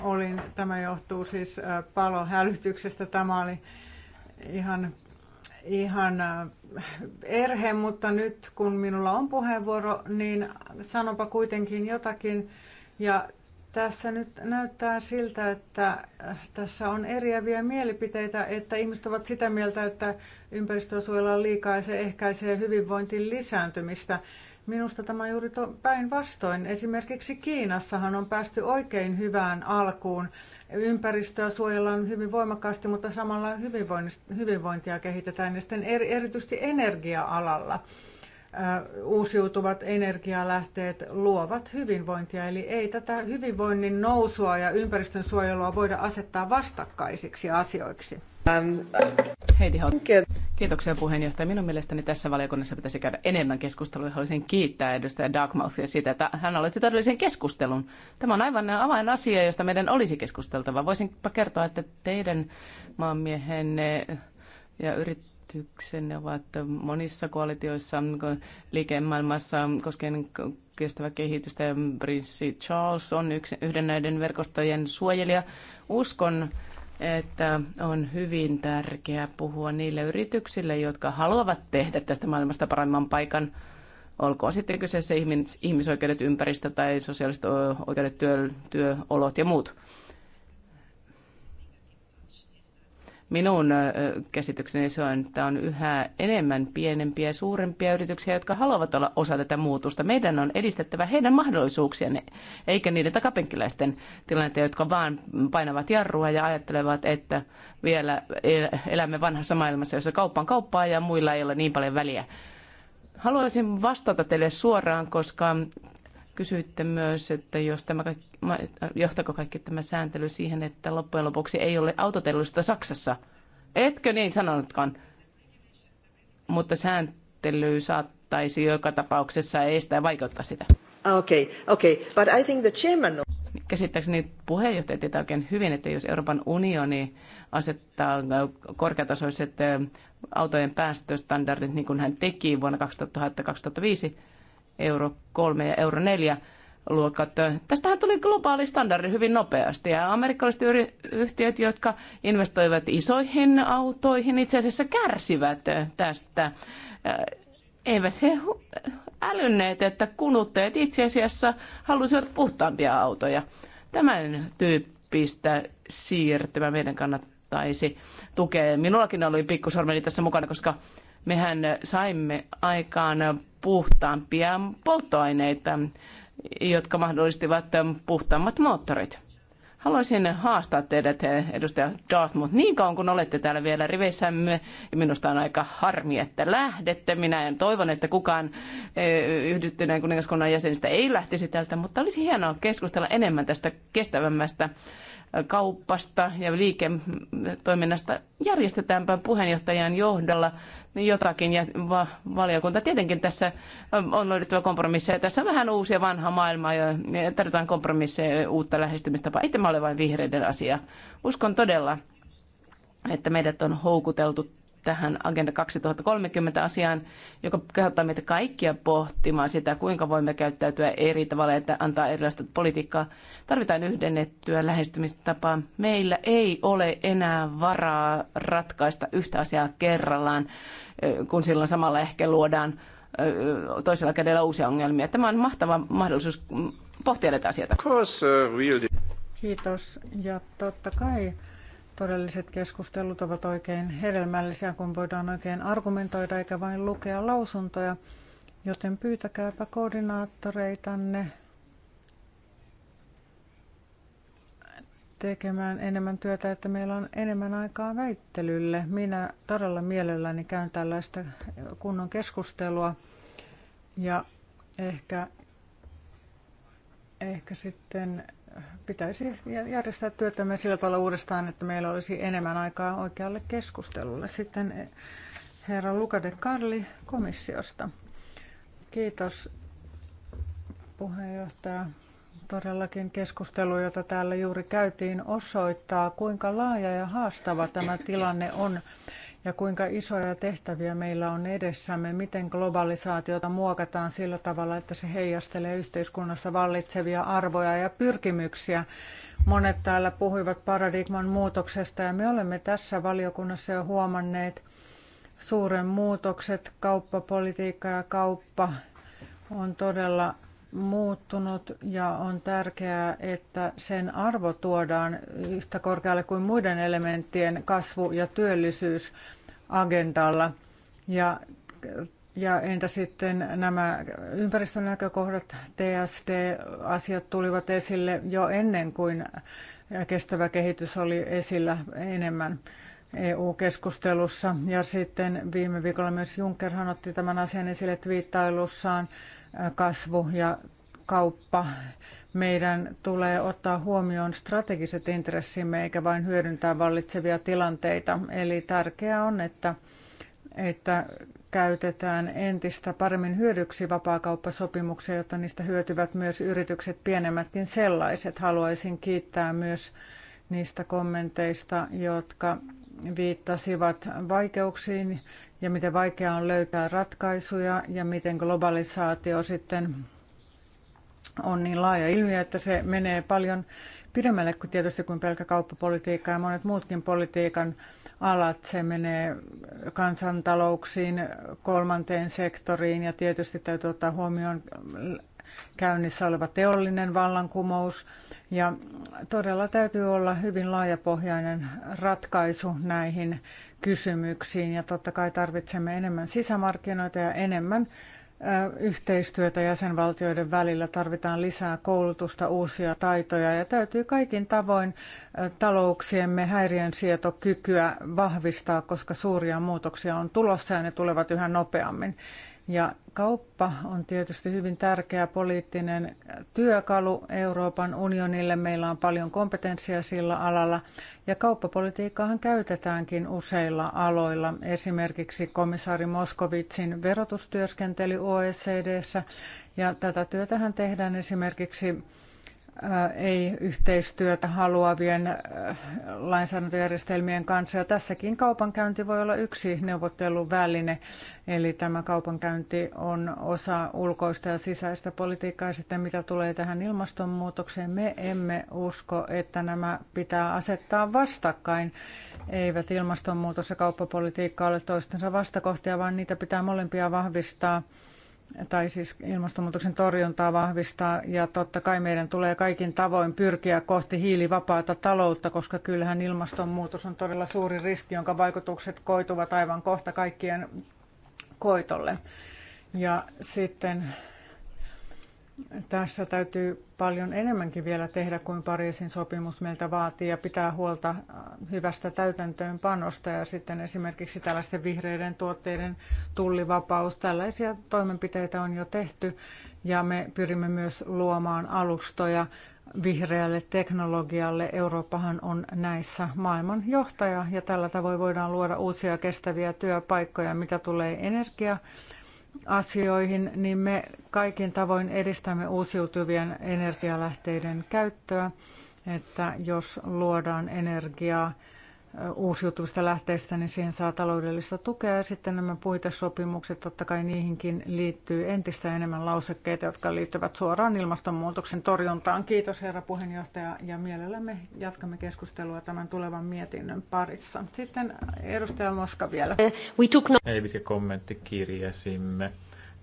Olin, tämä johtuu siis äh, palohälytyksestä. Tämä oli ihan, ihan äh, erhe, mutta nyt kun minulla on puheenvuoro, niin sanonpa kuitenkin jotakin ja tässä nyt näyttää siltä, että äh, tässä on eriäviä mielipiteitä, että ihmiset ovat sitä mieltä, että ympäristöä suojellaan liikaa ja se ehkäisee hyvinvointin lisääntymistä. Minusta tämä on juuri päinvastoin. Esimerkiksi Kiinassahan on päästy oikein hyvään alkuun. Ympäristöä suojellaan hyvin voimakkaasti, mutta samalla hyvinvointia kehitetään ja sitten erityisesti energia-alalla uusiutuvat energialähteet luovat hyvinvointia. Eli ei tätä hyvinvoinnin nousua ja ympäristön suojelua voida asettaa vastakkaisiksi asioiksi. Ähm, Heidi Haut. Kiitoksia puheenjohtaja. Minun mielestäni tässä valiokunnassa pitäisi käydä enemmän keskustelua. Haluaisin kiittää edustaja Darkmouthia siitä, että hän aloitti todellisen keskustelun. Tämä on aivan avainasia, josta meidän olisi keskusteltava. Voisinpa kertoa, että teidän maanmiehenne ja yrittäjät ne ovat monissa koalitioissa liikemaailmassa koskien kestävää kehitystä. Prinssi Charles on yksi, yhden näiden verkostojen suojelija. Uskon, että on hyvin tärkeää puhua niille yrityksille, jotka haluavat tehdä tästä maailmasta paremman paikan. Olkoon sitten kyseessä ihmisoikeudet, ympäristö tai sosiaaliset oikeudet, työ, työolot ja muut Minun käsitykseni se on, että on yhä enemmän pienempiä ja suurempia yrityksiä, jotka haluavat olla osa tätä muutosta. Meidän on edistettävä heidän mahdollisuuksiaan, eikä niiden takapenkkiläisten tilanteita, jotka vaan painavat jarrua ja ajattelevat, että vielä elämme vanhassa maailmassa, jossa kauppa on kauppaa ja muilla ei ole niin paljon väliä. Haluaisin vastata teille suoraan, koska Kysyitte myös, että jos tämä kaikki, johtako kaikki tämä sääntely siihen, että loppujen lopuksi ei ole autotelusta Saksassa. Etkö niin sanonutkaan? Mutta sääntely saattaisi joka tapauksessa estää ja vaikeuttaa sitä. okay, Okay. But I think the chairman... Käsittääkseni puheenjohtaja tietää oikein hyvin, että jos Euroopan unioni asettaa korkeatasoiset autojen päästöstandardit, niin kuin hän teki vuonna 2005 euro 3 ja euro 4 luokat. Tästähän tuli globaali standardi hyvin nopeasti ja amerikkalaiset yhtiöt, jotka investoivat isoihin autoihin, itse asiassa kärsivät tästä. Äh, eivät he älynneet, että kuluttajat itse asiassa halusivat puhtaampia autoja. Tämän tyyppistä siirtymä meidän kannattaisi tukea. Minullakin oli pikkusormeni tässä mukana, koska mehän saimme aikaan puhtaampia polttoaineita, jotka mahdollistivat puhtaammat moottorit. Haluaisin haastaa teidät, edustaja Dartmouth, niin kauan kun olette täällä vielä riveissämme. minusta on aika harmi, että lähdette. Minä en toivon, että kukaan eh, yhdyttyneen kuningaskunnan jäsenistä ei lähtisi tältä, mutta olisi hienoa keskustella enemmän tästä kestävämmästä eh, kauppasta ja liiketoiminnasta. Järjestetäänpä puheenjohtajan johdolla niin jotakin. Ja va- valiokunta tietenkin tässä on löydettävä kompromisseja. Tässä on vähän uusia vanha maailma ja tarvitaan kompromisseja ja uutta lähestymistapaa. Ei mä olen vain vihreiden asia. Uskon todella, että meidät on houkuteltu tähän Agenda 2030 asiaan, joka kehottaa meitä kaikkia pohtimaan sitä, kuinka voimme käyttäytyä eri tavalla, että antaa erilaista politiikkaa. Tarvitaan yhdennettyä lähestymistapaa. Meillä ei ole enää varaa ratkaista yhtä asiaa kerrallaan, kun silloin samalla ehkä luodaan toisella kädellä uusia ongelmia. Tämä on mahtava mahdollisuus pohtia näitä asioita. Uh, Kiitos ja totta kai todelliset keskustelut ovat oikein hedelmällisiä, kun voidaan oikein argumentoida eikä vain lukea lausuntoja. Joten pyytäkääpä koordinaattoreitanne tekemään enemmän työtä, että meillä on enemmän aikaa väittelylle. Minä todella mielelläni käyn tällaista kunnon keskustelua ja ehkä, ehkä sitten pitäisi järjestää työtämme sillä tavalla uudestaan, että meillä olisi enemmän aikaa oikealle keskustelulle. Sitten eh, herra Luca de Karli komissiosta. Kiitos puheenjohtaja. Todellakin keskustelu, jota täällä juuri käytiin, osoittaa, kuinka laaja ja haastava tämä tilanne on ja kuinka isoja tehtäviä meillä on edessämme, miten globalisaatiota muokataan sillä tavalla, että se heijastelee yhteiskunnassa vallitsevia arvoja ja pyrkimyksiä. Monet täällä puhuivat paradigman muutoksesta ja me olemme tässä valiokunnassa jo huomanneet suuren muutokset. Kauppapolitiikka ja kauppa on todella muuttunut ja on tärkeää, että sen arvo tuodaan yhtä korkealle kuin muiden elementtien kasvu- ja työllisyysagendalla. Ja, ja entä sitten nämä ympäristönäkökohdat, TSD-asiat tulivat esille jo ennen kuin kestävä kehitys oli esillä enemmän. EU-keskustelussa. Ja sitten viime viikolla myös Junckerhan otti tämän asian esille viittailussaan kasvu ja kauppa. Meidän tulee ottaa huomioon strategiset intressimme eikä vain hyödyntää vallitsevia tilanteita. Eli tärkeää on, että, että käytetään entistä paremmin hyödyksi vapaakauppasopimuksia, jotta niistä hyötyvät myös yritykset, pienemmätkin sellaiset. Haluaisin kiittää myös niistä kommenteista, jotka viittasivat vaikeuksiin, ja miten vaikeaa on löytää ratkaisuja ja miten globalisaatio sitten on niin laaja ilmiö, että se menee paljon pidemmälle kuin tietysti kuin pelkä kauppapolitiikka ja monet muutkin politiikan alat. Se menee kansantalouksiin, kolmanteen sektoriin ja tietysti täytyy ottaa huomioon käynnissä oleva teollinen vallankumous. Ja todella täytyy olla hyvin laajapohjainen ratkaisu näihin kysymyksiin. Ja totta kai tarvitsemme enemmän sisämarkkinoita ja enemmän yhteistyötä jäsenvaltioiden välillä. Tarvitaan lisää koulutusta, uusia taitoja ja täytyy kaikin tavoin talouksiemme häiriönsietokykyä vahvistaa, koska suuria muutoksia on tulossa ja ne tulevat yhä nopeammin. Ja kauppa on tietysti hyvin tärkeä poliittinen työkalu Euroopan unionille. Meillä on paljon kompetenssia sillä alalla ja kauppapolitiikkaahan käytetäänkin useilla aloilla. Esimerkiksi komissaari Moskovitsin verotustyöskentely OECDssä ja tätä työtähän tehdään esimerkiksi Äh, ei yhteistyötä haluavien äh, lainsäädäntöjärjestelmien kanssa. Ja tässäkin kaupankäynti voi olla yksi neuvottelun väline, eli tämä kaupankäynti on osa ulkoista ja sisäistä politiikkaa. Sitten mitä tulee tähän ilmastonmuutokseen, me emme usko, että nämä pitää asettaa vastakkain. Eivät ilmastonmuutos ja kauppapolitiikka ole toistensa vastakohtia, vaan niitä pitää molempia vahvistaa tai siis ilmastonmuutoksen torjuntaa vahvistaa ja totta kai meidän tulee kaikin tavoin pyrkiä kohti hiilivapaata taloutta, koska kyllähän ilmastonmuutos on todella suuri riski, jonka vaikutukset koituvat aivan kohta kaikkien koitolle. Ja sitten tässä täytyy paljon enemmänkin vielä tehdä kuin Pariisin sopimus meiltä vaatii ja pitää huolta äh, hyvästä täytäntöönpanosta ja sitten esimerkiksi tällaisten vihreiden tuotteiden tullivapaus. Tällaisia toimenpiteitä on jo tehty ja me pyrimme myös luomaan alustoja vihreälle teknologialle. Eurooppahan on näissä maailman johtaja ja tällä tavoin voidaan luoda uusia kestäviä työpaikkoja, mitä tulee energiaa asioihin, niin me kaikin tavoin edistämme uusiutuvien energialähteiden käyttöä, että jos luodaan energiaa uusiutuvista lähteistä, niin siihen saa taloudellista tukea. Ja sitten nämä puitesopimukset, totta kai niihinkin liittyy entistä enemmän lausekkeita, jotka liittyvät suoraan ilmastonmuutoksen torjuntaan. Kiitos herra puheenjohtaja ja mielellämme jatkamme keskustelua tämän tulevan mietinnön parissa. Sitten edustaja Moska vielä. We took no- kommentti kirjasimme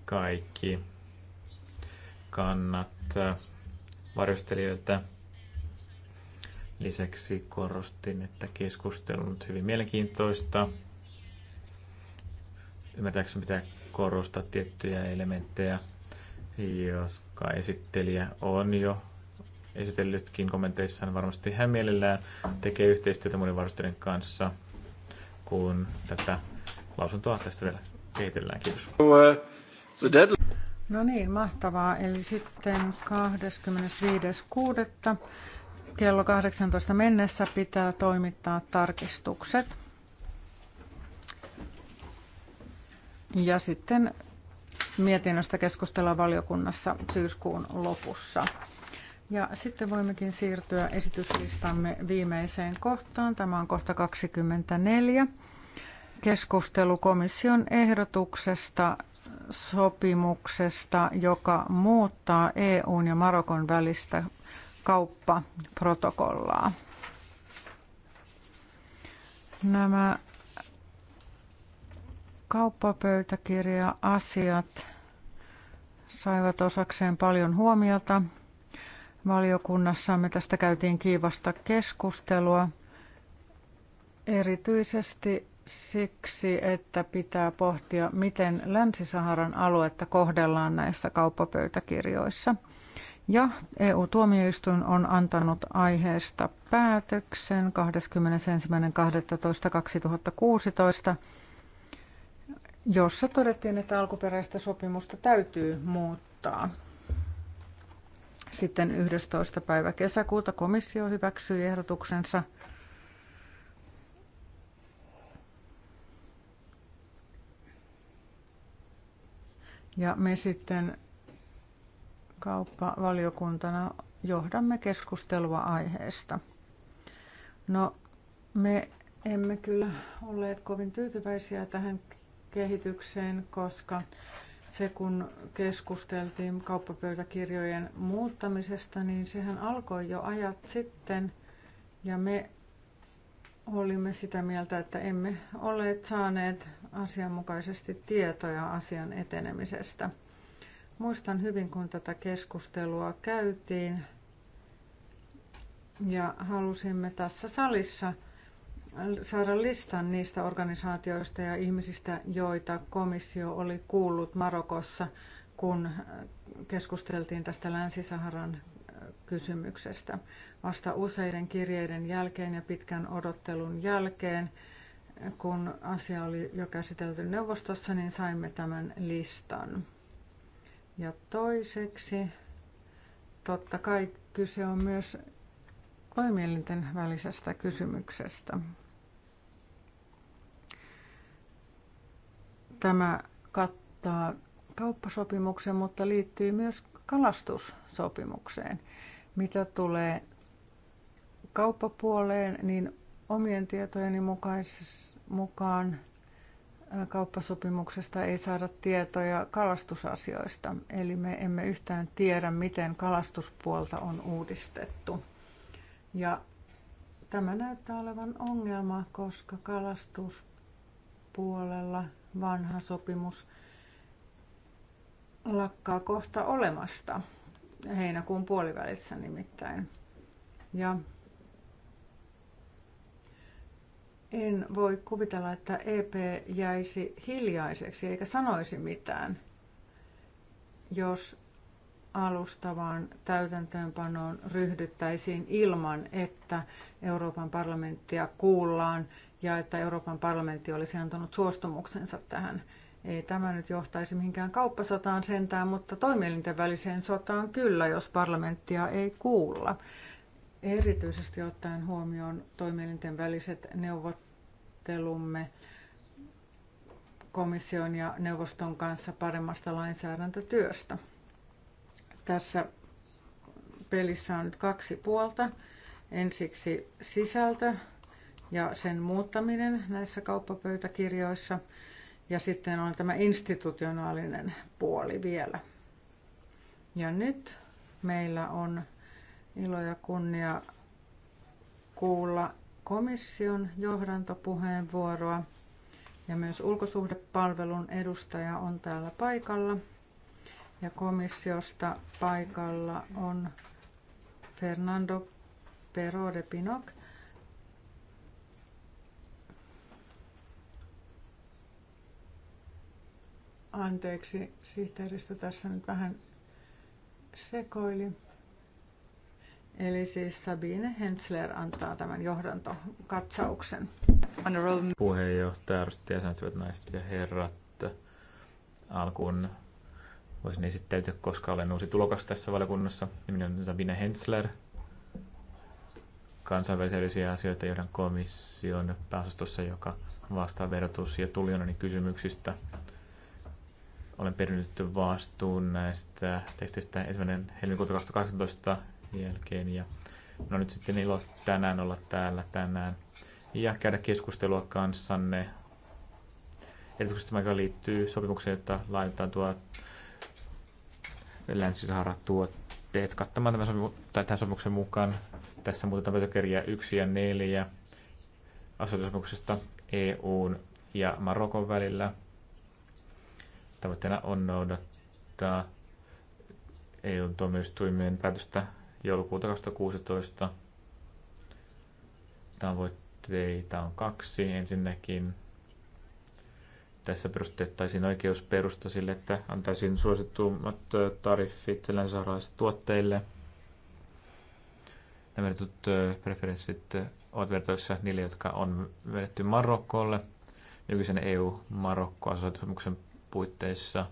kaikki kannat varjostelijoilta Lisäksi korostin, että keskustelu on hyvin mielenkiintoista. Ymmärtääkseni pitää korostaa tiettyjä elementtejä, jotka esittelijä on jo esitellytkin kommenteissaan. Varmasti hän mielellään tekee yhteistyötä muiden varusteiden kanssa, kun tätä lausuntoa tästä vielä kehitellään. Kiitos. No niin, mahtavaa. Eli sitten 25.6 kello 18 mennessä pitää toimittaa tarkistukset. Ja sitten mietinnöstä keskustellaan valiokunnassa syyskuun lopussa. Ja sitten voimmekin siirtyä esityslistamme viimeiseen kohtaan. Tämä on kohta 24. Keskustelu komission ehdotuksesta sopimuksesta, joka muuttaa EUn ja Marokon välistä kauppaprotokollaa. Nämä kauppapöytäkirja-asiat saivat osakseen paljon huomiota. Valiokunnassamme tästä käytiin kiivasta keskustelua. Erityisesti siksi, että pitää pohtia, miten Länsi-Saharan aluetta kohdellaan näissä kauppapöytäkirjoissa – ja EU-tuomioistuin on antanut aiheesta päätöksen 21.12.2016, jossa todettiin, että alkuperäistä sopimusta täytyy muuttaa. Sitten 11. päivä kesäkuuta komissio hyväksyi ehdotuksensa Ja me sitten kauppavaliokuntana johdamme keskustelua aiheesta. No, me emme kyllä olleet kovin tyytyväisiä tähän kehitykseen, koska se kun keskusteltiin kauppapöytäkirjojen muuttamisesta, niin sehän alkoi jo ajat sitten ja me olimme sitä mieltä, että emme olleet saaneet asianmukaisesti tietoja asian etenemisestä. Muistan hyvin, kun tätä keskustelua käytiin ja halusimme tässä salissa saada listan niistä organisaatioista ja ihmisistä, joita komissio oli kuullut Marokossa, kun keskusteltiin tästä Länsi-Saharan äh, kysymyksestä. Vasta useiden kirjeiden jälkeen ja pitkän odottelun jälkeen, kun asia oli jo käsitelty neuvostossa, niin saimme tämän listan. Ja toiseksi, totta kai kyse on myös toimielinten välisestä kysymyksestä. Tämä kattaa kauppasopimuksen, mutta liittyy myös kalastussopimukseen. Mitä tulee kauppapuoleen, niin omien tietojeni mukaan kauppasopimuksesta ei saada tietoja kalastusasioista, eli me emme yhtään tiedä, miten kalastuspuolta on uudistettu. Ja tämä näyttää olevan ongelma, koska kalastuspuolella vanha sopimus lakkaa kohta olemasta heinäkuun puolivälissä nimittäin. Ja En voi kuvitella, että EP jäisi hiljaiseksi eikä sanoisi mitään, jos alustavaan täytäntöönpanoon ryhdyttäisiin ilman, että Euroopan parlamenttia kuullaan ja että Euroopan parlamentti olisi antanut suostumuksensa tähän. Ei tämä nyt johtaisi mihinkään kauppasotaan sentään, mutta toimielinten väliseen sotaan kyllä, jos parlamenttia ei kuulla erityisesti ottaen huomioon toimielinten väliset neuvottelumme komission ja neuvoston kanssa paremmasta lainsäädäntötyöstä. Tässä pelissä on nyt kaksi puolta. Ensiksi sisältö ja sen muuttaminen näissä kauppapöytäkirjoissa. Ja sitten on tämä institutionaalinen puoli vielä. Ja nyt meillä on ilo ja kunnia kuulla komission johdantopuheenvuoroa ja myös ulkosuhdepalvelun edustaja on täällä paikalla. Ja komissiosta paikalla on Fernando Pero de Pinoc. Anteeksi, sihteeristö tässä nyt vähän sekoili. Eli siis Sabine Hensler antaa tämän johdantokatsauksen. Puheenjohtaja, arvostajat ja naiset ja herrat. Alkuun voisin esittäytyä, koska olen uusi tulokas tässä valiokunnassa. Nimeni niin on Sabine Hensler. kansainvälisiä asioita johdan komission pääosastossa, joka vastaa verotus- ja tulijoiden kysymyksistä. Olen perinnyt vastuun näistä teksteistä ensimmäinen helmikuuta 2018 jälkeen. Ja no nyt sitten ilo tänään olla täällä tänään ja käydä keskustelua kanssanne. Erityisesti tämä liittyy sopimukseen, että laitetaan tuo Länsi-Sahara tuotteet kattamaan tämän sopimu- tai tämän sopimuksen mukaan. Tässä muutetaan pöytäkirjaa 1 ja 4 asetusopimuksesta EUn ja Marokon välillä. Tavoitteena on noudattaa EUn tuomioistuimien päätöstä joulukuuta 2016. Tavoitteita on kaksi. Ensinnäkin tässä perustettaisiin oikeusperusta sille, että antaisiin suosittuimmat tariffit länsisaharalaisille tuotteille. Nämä vedetut preferenssit ovat vertailussa niille, jotka on vedetty Marokkoolle nykyisen EU-Marokko-asetuksen puitteissa.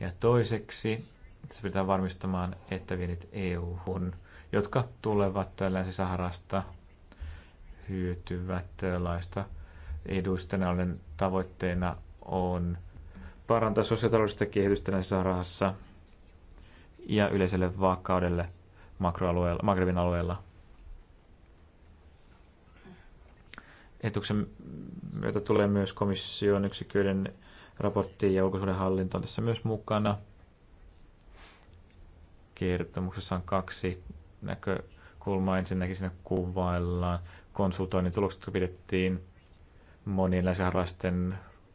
Ja toiseksi tässä pyritään varmistamaan, että viedit eu jotka tulevat Länsi-Saharasta, hyötyvät laista eduista. Näiden tavoitteena on parantaa sosiaalista kehitystä Länsi-Saharassa ja yleiselle vakaudelle makroalueella, Magrebin alueella. Ehdotuksen myötä tulee myös komission yksiköiden raportti ja hallinto on tässä myös mukana – kertomuksessa on kaksi näkökulmaa. Ensinnäkin siinä kuvaillaan konsultoinnin tulokset, jotka pidettiin monien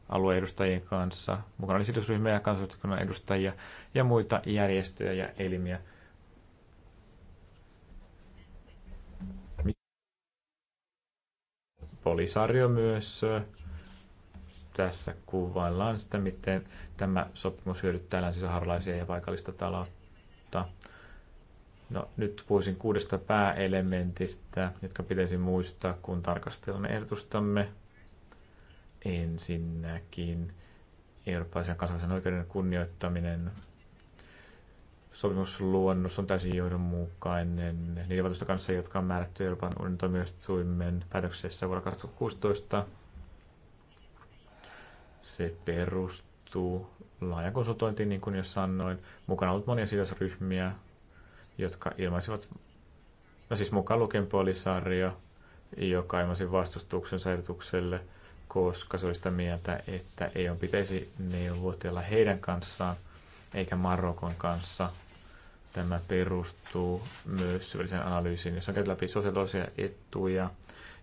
alueen edustajien kanssa. Mukana oli sidosryhmiä ja kansallisyhteiskunnan edustajia ja muita järjestöjä ja elimiä. Polisario myös tässä kuvaillaan sitä, miten tämä sopimus hyödyttää länsisaharlaisia ja paikallista taloutta mutta no, nyt puhuisin kuudesta pääelementistä, jotka pitäisi muistaa, kun tarkastelemme ehdotustamme. Ensinnäkin eurooppalaisen kansallisen oikeuden kunnioittaminen. Sopimusluonnos on täysin johdonmukainen niiden valtuusten kanssa, jotka on määrätty Euroopan unionin toimijoistuimen päätöksessä vuonna 2016. Se perustuu laaja konsultointi, niin kuin jo sanoin. Mukana on ollut monia sidosryhmiä, jotka ilmaisivat, no siis mukaan lukien polisarjo, joka ilmaisi vastustuksen säilytykselle, koska se oli sitä mieltä, että ei on pitäisi neuvotella heidän kanssaan eikä Marokon kanssa. Tämä perustuu myös syvälliseen analyysiin, jossa on käyty läpi sosiaalisia etuja,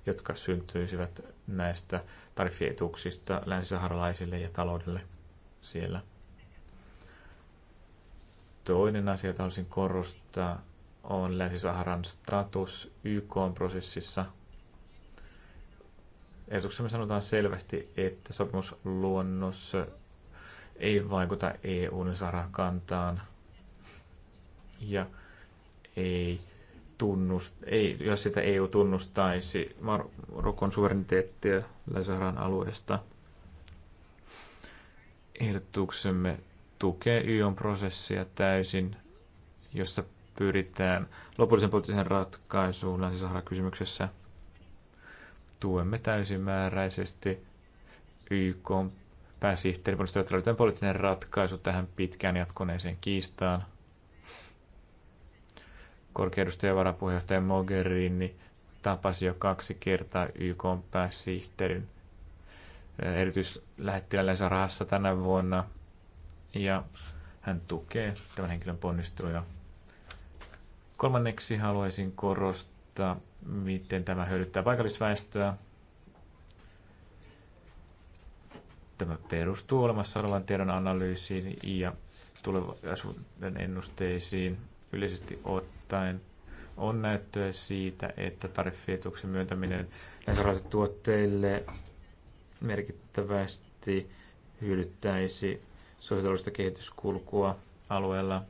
jotka syntyisivät näistä tariffietuuksista länsisaharalaisille ja taloudelle – siellä. Toinen asia, jota haluaisin korostaa, on Länsi-Saharan status YK-prosessissa. Ehdotuksessa sanotaan selvästi, että sopimusluonnos ei vaikuta EUn sarakantaan ja ei, tunnust, ei jos sitä EU tunnustaisi Marokon suvereniteettia Länsi-Saharan alueesta – ehdotuksemme tukee YOn prosessia täysin, jossa pyritään lopullisen poliittisen ratkaisuun länsi kysymyksessä Tuemme täysimääräisesti YK pääsihteerin puolesta löydetään poliittinen ratkaisu tähän pitkään jatkuneeseen kiistaan. Korkeudustaja varapuheenjohtaja Mogherini tapasi jo kaksi kertaa YK pääsihteerin eh, erityis lähettiläillensä rahassa tänä vuonna. Ja hän tukee tämän henkilön ponnisteluja. Kolmanneksi haluaisin korostaa, miten tämä hyödyttää paikallisväestöä. Tämä perustuu olemassa olevan tiedon analyysiin ja tulevaisuuden ennusteisiin yleisesti ottaen on näyttöä siitä, että tariffietuksen myöntäminen näissä tuotteille merkittävästi merkittävästi hyödyttäisi sosiaalista kehityskulkua alueella.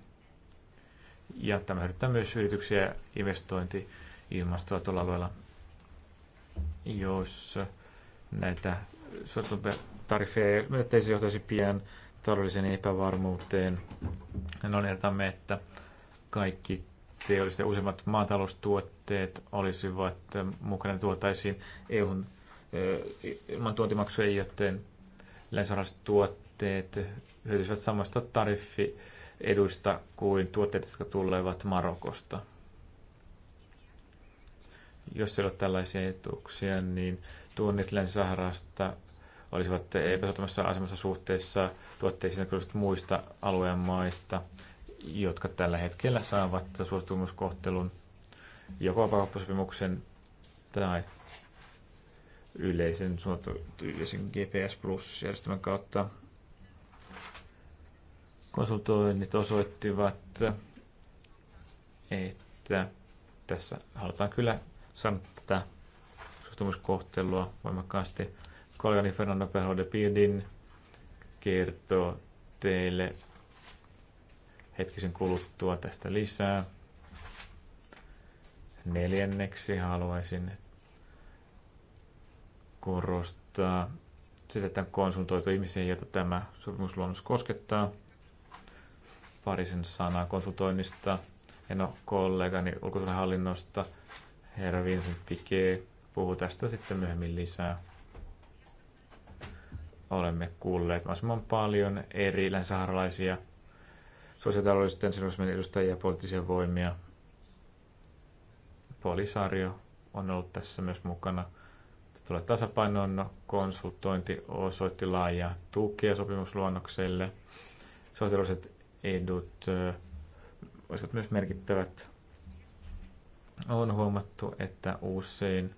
Ja tämä hyödyttää myös yrityksiä investointi ilmastoa tuolla alueella. Jos näitä tariffeja ei se johtaisi pian taloudelliseen epävarmuuteen, no niin me että kaikki teolliset ja useimmat maataloustuotteet olisivat mukana tuotaisiin EUn e, ilman tuontimaksuja, joten länsiaralliset tuotteet hyötyisivät samoista tariffieduista kuin tuotteet, jotka tulevat Marokosta. Jos ei ole tällaisia etuuksia, niin tuonnit Länsi-Saharasta olisivat epäsuotumassa asemassa suhteessa tuotteisiin muista alueen maista, jotka tällä hetkellä saavat suostumuskohtelun joko vapakauppasopimuksen tai yleisen, suunnattu, yleisen GPS Plus-järjestelmän kautta. Konsultoinnit osoittivat, että tässä halutaan kyllä saada tätä suostumuskohtelua voimakkaasti. Kollegani Fernando Perro de Piedin kertoo teille hetkisen kuluttua tästä lisää. Neljänneksi haluaisin, korostaa sitä, että on konsultoitu ihmisiä, joita tämä sopimusluonnos koskettaa. Parisen sanaa konsultoinnista. En ole kollegani ulkosuhdehallinnosta. Herra Vincent Piquet puhuu tästä sitten myöhemmin lisää. Olemme kuulleet mahdollisimman paljon eri länsaharalaisia sosiaalitaloudellisten sidosmen edustajia ja poliittisia voimia. Polisario on ollut tässä myös mukana – tulla tasapainoon. No, konsultointi osoitti laajaa tukea sopimusluonnokselle. Sosiaaliset edut olisivat myös merkittävät. On huomattu, että usein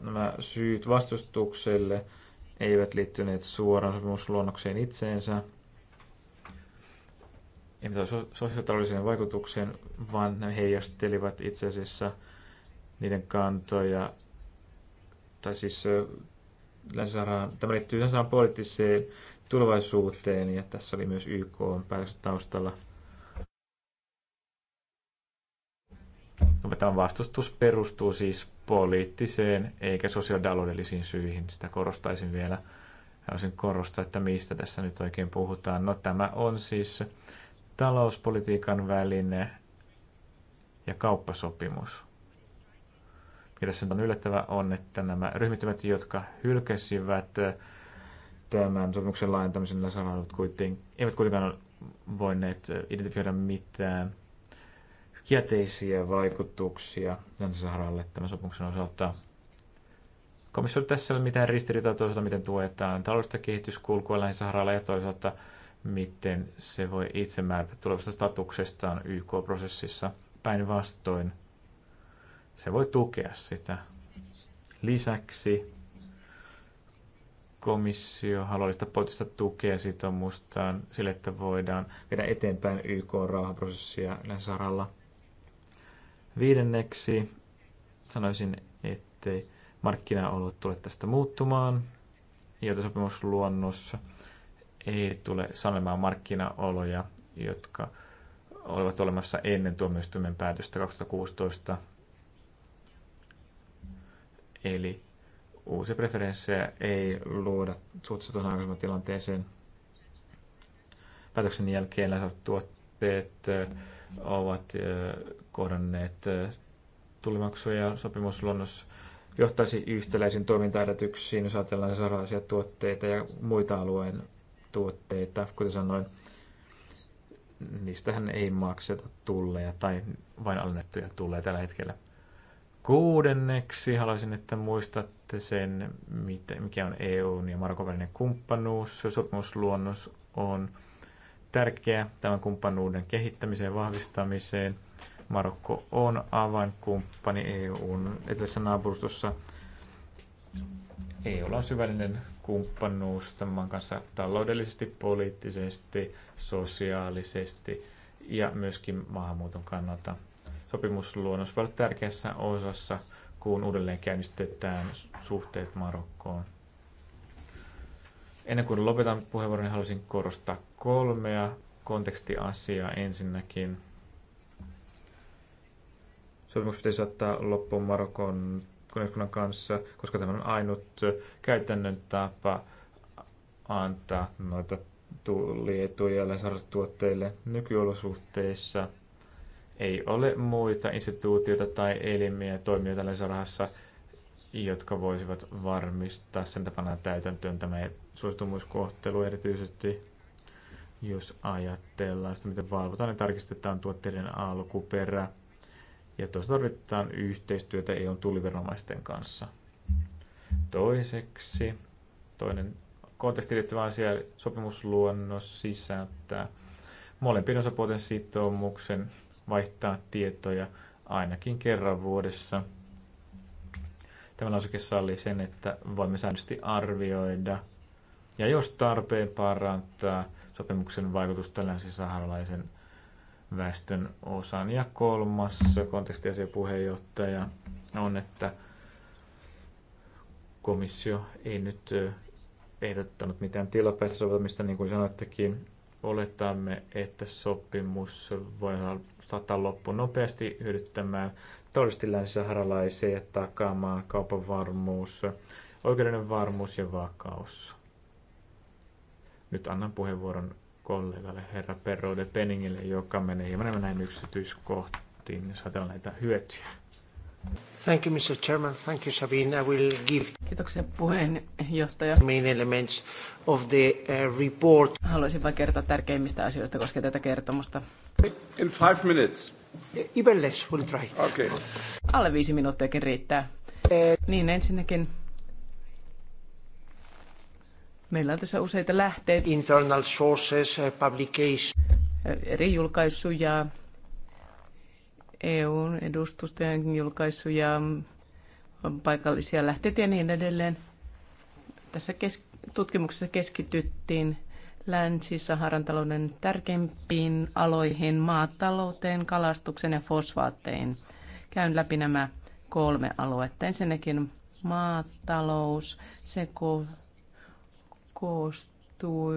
nämä syyt vastustukselle eivät liittyneet suoraan sopimusluonnokseen itseensä, ei sosiotaloudelliseen vaikutukseen, vaan ne heijastelivat itse asiassa niiden kantoja tai siis Länsi-Saharaan, tämä liittyy länsi poliittiseen tulevaisuuteen ja tässä oli myös YK päässyt taustalla. No, tämä vastustus perustuu siis poliittiseen eikä sosiaalitaloudellisiin syihin, sitä korostaisin vielä. Haluaisin korostaa, että mistä tässä nyt oikein puhutaan. No tämä on siis talouspolitiikan väline ja kauppasopimus tässä on yllättävää on, että nämä ryhmittymät, jotka hylkäsivät äh, tämän sopimuksen laajentamisen sanoivat kuitenkin, eivät kuitenkaan voineet äh, identifioida mitään kielteisiä vaikutuksia Länsi-Saharalle tämän sopimuksen osalta. Komissio tässä ole mitään ristiriitaa toisaalta, miten tuetaan taloudellista kehityskulkua Länsi-Saharalla ja toisaalta miten se voi itse määrätä tulevasta statuksestaan YK-prosessissa. Päinvastoin se voi tukea sitä. Lisäksi komissio haluaa sitä tukea sitoumustaan sille, että voidaan viedä eteenpäin YK-rauhaprosessia saralla. Viidenneksi sanoisin, ettei markkinaolot tule tästä muuttumaan, joten sopimusluonnossa ei tule sanomaan markkinaoloja, jotka olivat olemassa ennen tuomioistuimen päätöstä 2016 Eli uusia preferenssejä ei luoda suhteessa tuohon aikaisemman tilanteeseen. Päätöksen jälkeen tuotteet ovat kohdanneet tullimaksuja. Sopimusluonnos johtaisi yhtäläisiin toimintaedätyksiin, jos ajatellaan saralaisia tuotteita ja muita alueen tuotteita. Kuten sanoin, niistähän ei makseta tulleja tai vain alennettuja tulleja tällä hetkellä. Kuudenneksi haluaisin, että muistatte sen, mikä on EUn ja Marokon välinen kumppanuus. Sopimusluonnos on tärkeä tämän kumppanuuden kehittämiseen ja vahvistamiseen. Marokko on avainkumppani EUn etelässä naapurustossa. EU on syvällinen kumppanuus tämän kanssa taloudellisesti, poliittisesti, sosiaalisesti ja myöskin maahanmuuton kannalta – sopimusluonnos voi olla tärkeässä osassa, kun uudelleen käynnistetään suhteet Marokkoon. Ennen kuin lopetan puheenvuoron, niin haluaisin korostaa kolmea kontekstiasiaa ensinnäkin. Sopimus pitäisi saattaa loppuun Marokon kuningaskunnan kanssa, koska tämä on ainut käytännön tapa antaa noita ja tuotteille nykyolosuhteissa – ei ole muita instituutioita tai elimiä toimia tällaisessa rahassa, jotka voisivat varmistaa sen tapana täytäntöön tämä suostumuskohtelu erityisesti, jos ajatellaan sitä, miten valvotaan ja niin tarkistetaan tuotteiden alkuperä. Ja tuossa tarvitaan yhteistyötä EUn tulliviranomaisten kanssa. Toiseksi, toinen kontekstiin liittyvä asia, sopimusluonnos sisältää molempien osapuolten sitoumuksen vaihtaa tietoja ainakin kerran vuodessa. Tämä lauseke sallii sen, että voimme säännöllisesti arvioida ja jos tarpeen parantaa sopimuksen vaikutusta länsisaharalaisen väestön osan. Ja kolmas kontekstiasian puheenjohtaja on, että komissio ei nyt ehdottanut mitään tilapäistä soveltamista, niin kuin sanoittekin. Oletamme, että sopimus voi saattaa loppua nopeasti hyödyttämään todellisesti länsisaharalaisia takaamaan kaupan varmuus, oikeudellinen varmuus ja vakaus. Nyt annan puheenvuoron kollegalle herra Perro de Peningille, joka menee hieman näin yksityiskohtiin, jos ajatellaan näitä hyötyjä. Thank you, Mr. Chairman. Thank you, Sabine. I will give... Kiitoksia puheenjohtaja. Main elements of the uh, report. Haluaisin vain kertoa tärkeimmistä asioista koskien tätä kertomusta. In five minutes. Uh, even less, we'll try. Okay. Alle viisi minuuttiakin riittää. Eh. Niin ensinnäkin Meillä on tässä useita lähteitä. Internal sources, publication. Eri julkaisuja, EUn edustustojen julkaisuja, paikallisia lähteitä ja niin edelleen. Tässä kes- tutkimuksessa keskityttiin Länsi-Saharan talouden tärkeimpiin aloihin, maatalouteen, kalastukseen ja fosfaatteihin. Käyn läpi nämä kolme aluetta. Ensinnäkin maatalous, se ko- koostuu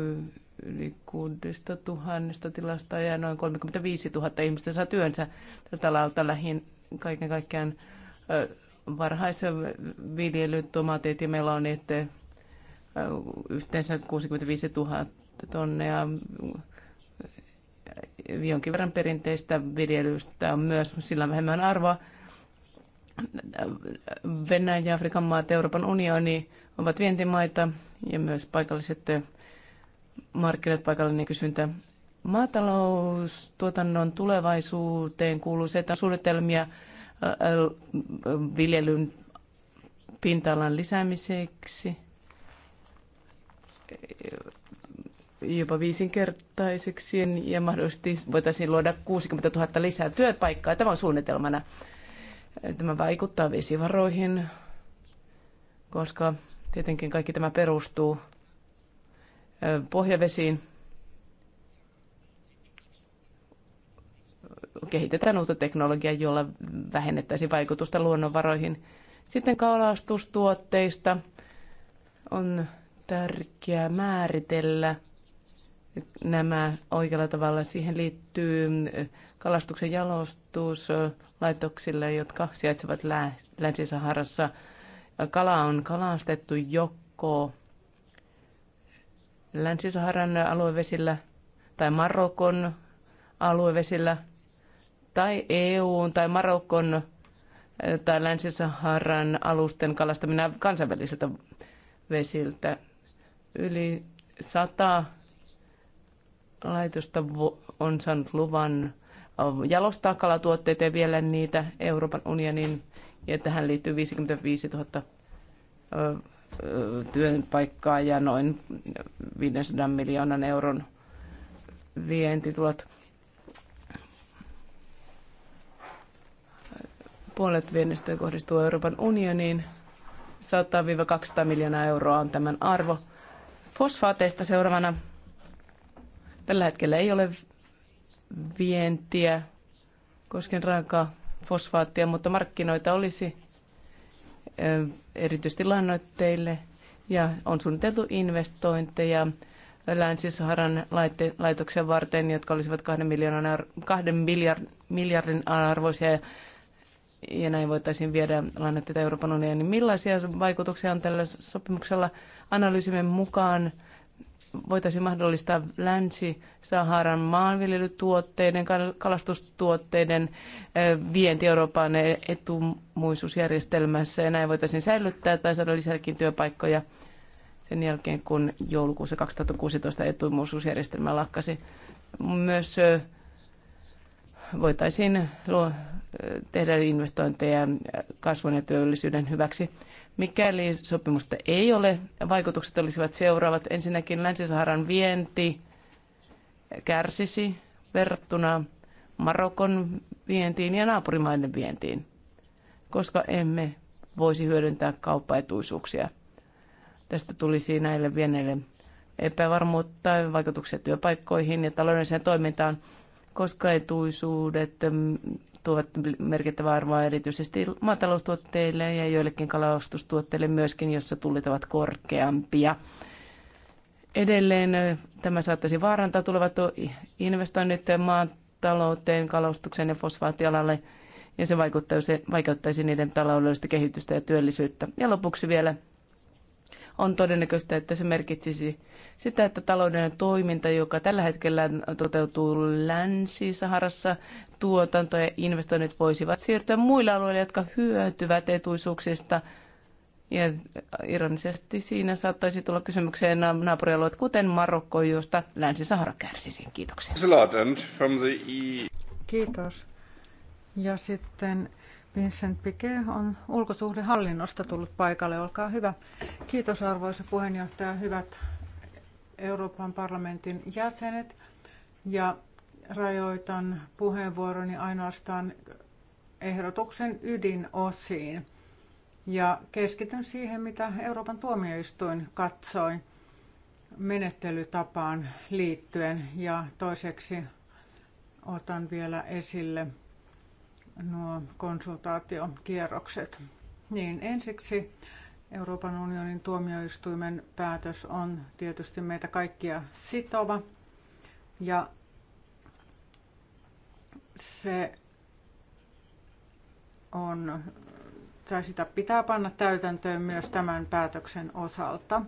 yli 6 tuhannesta tilasta ja noin 35 000 ihmistä saa työnsä tätä lauta lähin kaiken kaikkiaan varhaisen viljelyt, tomaatit ja melonit yhteensä 65 000 ja Jonkin verran perinteistä viljelystä on myös, sillä vähemmän arvoa. Venäjä, Afrikan maat, Euroopan unioni ovat vientimaita ja myös paikalliset markkinat niin kysyntä. Maataloustuotannon tulevaisuuteen kuuluu se, että on suunnitelmia viljelyn pinta-alan lisäämiseksi jopa viisinkertaiseksi ja mahdollisesti voitaisiin luoda 60 000 lisää työpaikkaa. Tämä on suunnitelmana. Tämä vaikuttaa vesivaroihin, koska tietenkin kaikki tämä perustuu pohjavesiin. Kehitetään uutta teknologiaa, jolla vähennettäisiin vaikutusta luonnonvaroihin. Sitten kalastustuotteista on tärkeää määritellä nämä oikealla tavalla. Siihen liittyy kalastuksen jalostus laitoksille, jotka sijaitsevat Länsi-Saharassa. Kala on kalastettu joko Länsi-Saharan aluevesillä tai Marokon aluevesillä tai EUn tai Marokon eh, tai Länsi-Saharan alusten kalastaminen kansainvälisiltä vesiltä. Yli sata laitosta on saanut luvan eh, jalostaa kalatuotteita ja vielä niitä Euroopan unionin ja tähän liittyy 55 000 eh, työpaikkaa ja noin 500 miljoonan euron vientitulot. Puolet viennistä kohdistuu Euroopan unioniin. 100-200 miljoonaa euroa on tämän arvo. Fosfaateista seuraavana. Tällä hetkellä ei ole vientiä koskien raakaa fosfaattia, mutta markkinoita olisi erityisesti lannoitteille ja on suunniteltu investointeja Länsi-Saharan laitoksen varten, jotka olisivat kahden, miljoonan, kahden miljard, miljardin arvoisia ja näin voitaisiin viedä lannoitteita Euroopan unioniin. Millaisia vaikutuksia on tällä sopimuksella analyysimme mukaan? voitaisiin mahdollistaa Länsi-Saharan maanviljelytuotteiden, kalastustuotteiden vienti Euroopan etumuisuusjärjestelmässä ja näin voitaisiin säilyttää tai saada lisääkin työpaikkoja sen jälkeen, kun joulukuussa 2016 etumuisuusjärjestelmä lakkasi. Myös voitaisiin tehdä investointeja kasvun ja työllisyyden hyväksi. Mikäli sopimusta ei ole, vaikutukset olisivat seuraavat. Ensinnäkin Länsi-Saharan vienti kärsisi verrattuna Marokon vientiin ja naapurimaiden vientiin, koska emme voisi hyödyntää kauppaetuisuuksia. Tästä tulisi näille vienneille epävarmuutta, ja vaikutuksia työpaikkoihin ja taloudelliseen toimintaan, koska etuisuudet tuovat merkittävää arvoa erityisesti maataloustuotteille ja joillekin kalastustuotteille myöskin, jossa tullit ovat korkeampia. Edelleen tämä saattaisi vaarantaa tulevat investoinnit maatalouteen, kalastukseen ja fosfaatialalle, ja se vaikeuttaisi niiden taloudellista kehitystä ja työllisyyttä. Ja lopuksi vielä on todennäköistä, että se merkitsisi sitä, että taloudellinen toiminta, joka tällä hetkellä toteutuu Länsi-Saharassa, tuotanto ja investoinnit voisivat siirtyä muille alueille, jotka hyötyvät etuisuuksista. Ja ironisesti siinä saattaisi tulla kysymykseen naapurialueet, kuten Marokko, josta Länsi-Sahara kärsisi. Kiitoksia. E Kiitos. Ja sitten Vincent Pique on ulkosuhdehallinnosta tullut paikalle. Olkaa hyvä. Kiitos arvoisa puheenjohtaja, hyvät Euroopan parlamentin jäsenet. Ja rajoitan puheenvuoroni ainoastaan ehdotuksen ydinosiin. Ja keskityn siihen, mitä Euroopan tuomioistuin katsoi menettelytapaan liittyen. Ja toiseksi otan vielä esille nuo konsultaatiokierrokset. Niin ensiksi Euroopan unionin tuomioistuimen päätös on tietysti meitä kaikkia sitova ja se on, tai sitä pitää panna täytäntöön myös tämän päätöksen osalta.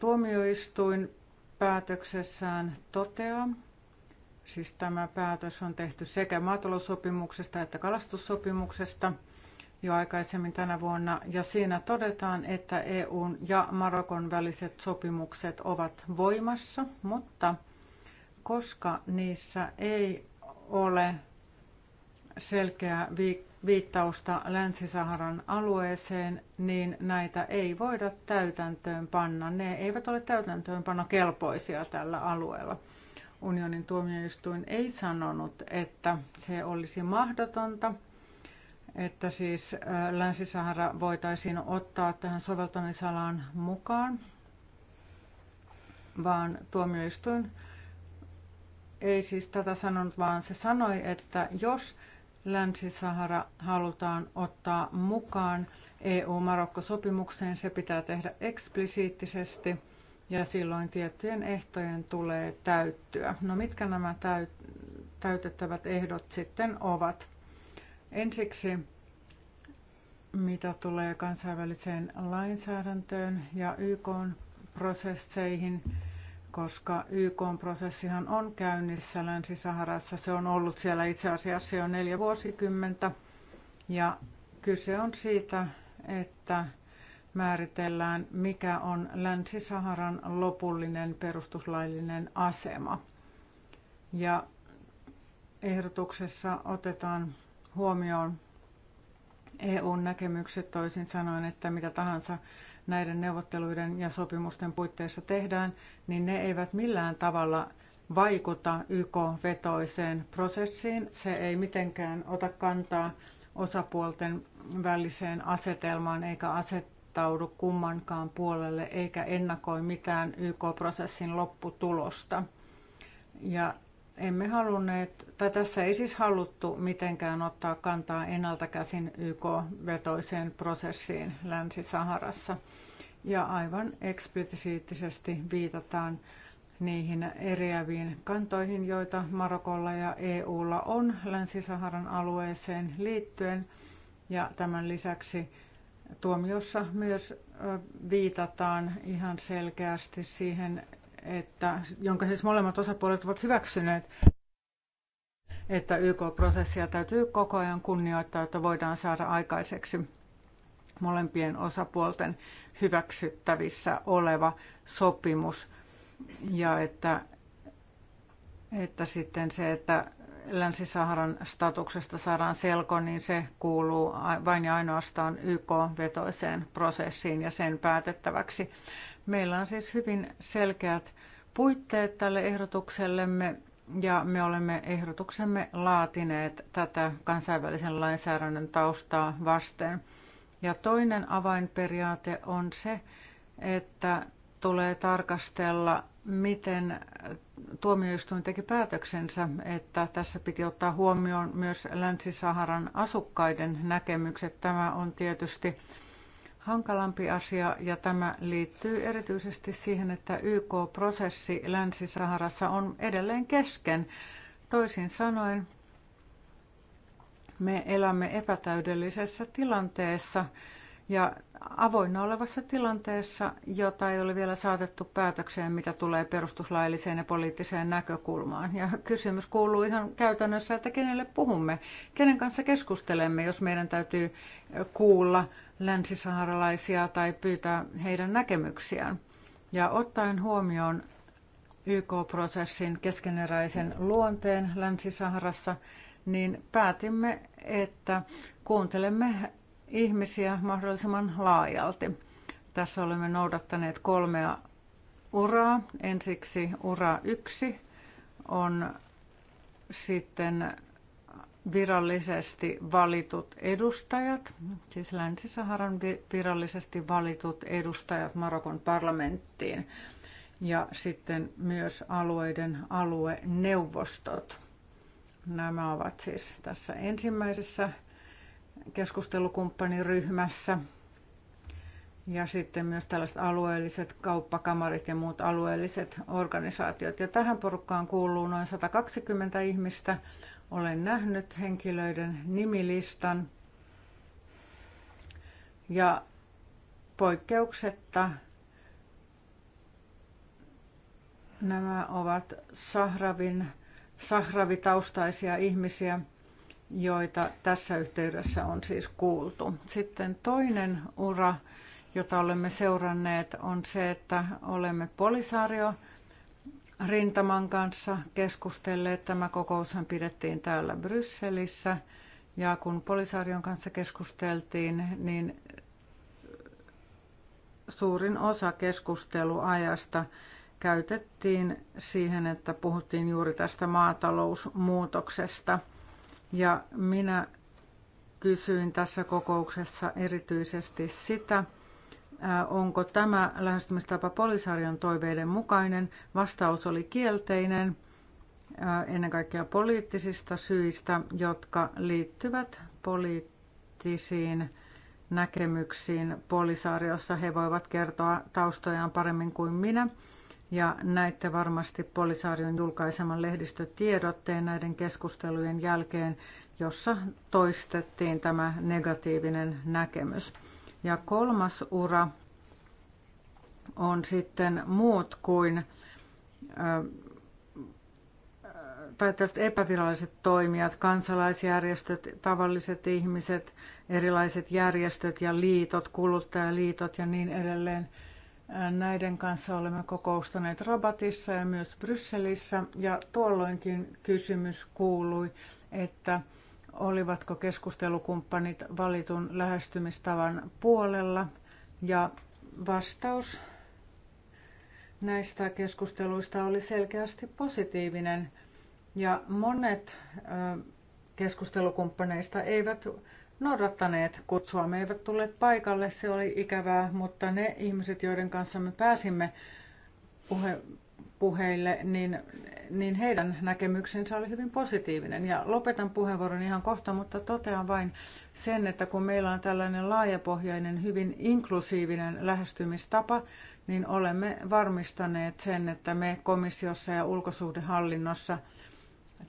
Tuomioistuin päätöksessään toteaa, Siis tämä päätös on tehty sekä maataloussopimuksesta että kalastussopimuksesta jo aikaisemmin tänä vuonna. Ja siinä todetaan, että EUn ja Marokon väliset sopimukset ovat voimassa, mutta koska niissä ei ole selkeää viittausta Länsi-Saharan alueeseen, niin näitä ei voida täytäntöön panna. Ne eivät ole täytäntöönpanokelpoisia tällä alueella unionin tuomioistuin ei sanonut, että se olisi mahdotonta, että siis Länsi-Sahara voitaisiin ottaa tähän soveltamisalaan mukaan, vaan tuomioistuin ei siis tätä sanonut, vaan se sanoi, että jos Länsi-Sahara halutaan ottaa mukaan EU-Marokko-sopimukseen, se pitää tehdä eksplisiittisesti – ja silloin tiettyjen ehtojen tulee täyttyä. No mitkä nämä täytettävät ehdot sitten ovat? Ensiksi mitä tulee kansainväliseen lainsäädäntöön ja YK-prosesseihin, koska YK-prosessihan on käynnissä Länsi-Saharassa. Se on ollut siellä itse asiassa jo neljä vuosikymmentä. Ja kyse on siitä, että määritellään, mikä on Länsi-Saharan lopullinen perustuslaillinen asema. Ja ehdotuksessa otetaan huomioon EUn näkemykset toisin sanoen, että mitä tahansa näiden neuvotteluiden ja sopimusten puitteissa tehdään, niin ne eivät millään tavalla vaikuta YK-vetoiseen prosessiin. Se ei mitenkään ota kantaa osapuolten väliseen asetelmaan eikä aset, asettaudu kummankaan puolelle eikä ennakoi mitään YK-prosessin lopputulosta. Ja emme halunneet, tai tässä ei siis haluttu mitenkään ottaa kantaa ennalta käsin YK-vetoiseen prosessiin Länsi-Saharassa. Ja aivan eksplisiittisesti viitataan niihin eriäviin kantoihin, joita Marokolla ja EUlla on Länsi-Saharan alueeseen liittyen. Ja tämän lisäksi Tuomiossa myös viitataan ihan selkeästi siihen, että, jonka siis molemmat osapuolet ovat hyväksyneet, että YK-prosessia täytyy koko ajan kunnioittaa, että voidaan saada aikaiseksi molempien osapuolten hyväksyttävissä oleva sopimus. Ja että, että sitten se, että Länsi-Saharan statuksesta saadaan selko, niin se kuuluu vain ja ainoastaan YK-vetoiseen prosessiin ja sen päätettäväksi. Meillä on siis hyvin selkeät puitteet tälle ehdotuksellemme ja me olemme ehdotuksemme laatineet tätä kansainvälisen lainsäädännön taustaa vasten. Ja toinen avainperiaate on se, että tulee tarkastella, miten tuomioistuin teki päätöksensä, että tässä piti ottaa huomioon myös Länsi-Saharan asukkaiden näkemykset. Tämä on tietysti hankalampi asia ja tämä liittyy erityisesti siihen, että YK-prosessi Länsi-Saharassa on edelleen kesken. Toisin sanoen, me elämme epätäydellisessä tilanteessa – ja avoinna olevassa tilanteessa, jota ei ole vielä saatettu päätökseen, mitä tulee perustuslailliseen ja poliittiseen näkökulmaan. Ja kysymys kuuluu ihan käytännössä, että kenelle puhumme, kenen kanssa keskustelemme, jos meidän täytyy kuulla länsisaharalaisia tai pyytää heidän näkemyksiään. Ja ottaen huomioon YK-prosessin keskeneräisen luonteen Länsi-Saharassa, niin päätimme, että kuuntelemme ihmisiä mahdollisimman laajalti. Tässä olemme noudattaneet kolmea uraa. Ensiksi ura yksi on sitten virallisesti valitut edustajat, siis Länsi-Saharan virallisesti valitut edustajat Marokon parlamenttiin ja sitten myös alueiden alueneuvostot. Nämä ovat siis tässä ensimmäisessä keskustelukumppaniryhmässä. Ja sitten myös tällaiset alueelliset kauppakamarit ja muut alueelliset organisaatiot. Ja tähän porukkaan kuuluu noin 120 ihmistä. Olen nähnyt henkilöiden nimilistan. Ja poikkeuksetta nämä ovat Sahravin, sahravitaustaisia ihmisiä – joita tässä yhteydessä on siis kuultu. Sitten toinen ura, jota olemme seuranneet, on se, että olemme polisaario rintaman kanssa keskustelleet. Tämä kokoushan pidettiin täällä Brysselissä. Ja kun Polisaarion kanssa keskusteltiin, niin suurin osa keskusteluajasta käytettiin siihen, että puhuttiin juuri tästä maatalousmuutoksesta – ja minä kysyin tässä kokouksessa erityisesti sitä, äh, onko tämä lähestymistapa poliisarion toiveiden mukainen. Vastaus oli kielteinen äh, ennen kaikkea poliittisista syistä, jotka liittyvät poliittisiin näkemyksiin polisaariossa. He voivat kertoa taustojaan paremmin kuin minä. Ja näitte varmasti Polisaarion julkaiseman lehdistötiedotteen näiden keskustelujen jälkeen, jossa toistettiin tämä negatiivinen näkemys. Ja kolmas ura on sitten muut kuin äh, tai tällaiset epäviralliset toimijat, kansalaisjärjestöt, tavalliset ihmiset, erilaiset järjestöt ja liitot, kuluttajaliitot ja niin edelleen – Näiden kanssa olemme kokoustaneet Rabatissa ja myös Brysselissä ja tuolloinkin kysymys kuului, että olivatko keskustelukumppanit valitun lähestymistavan puolella ja vastaus näistä keskusteluista oli selkeästi positiivinen ja monet keskustelukumppaneista eivät noudattaneet kutsua. Me eivät tulleet paikalle, se oli ikävää, mutta ne ihmiset, joiden kanssa me pääsimme puhe, puheille, niin, niin heidän näkemyksensä oli hyvin positiivinen. Ja lopetan puheenvuoron ihan kohta, mutta totean vain sen, että kun meillä on tällainen laajapohjainen, hyvin inklusiivinen lähestymistapa, niin olemme varmistaneet sen, että me komissiossa ja ulkosuhdehallinnossa –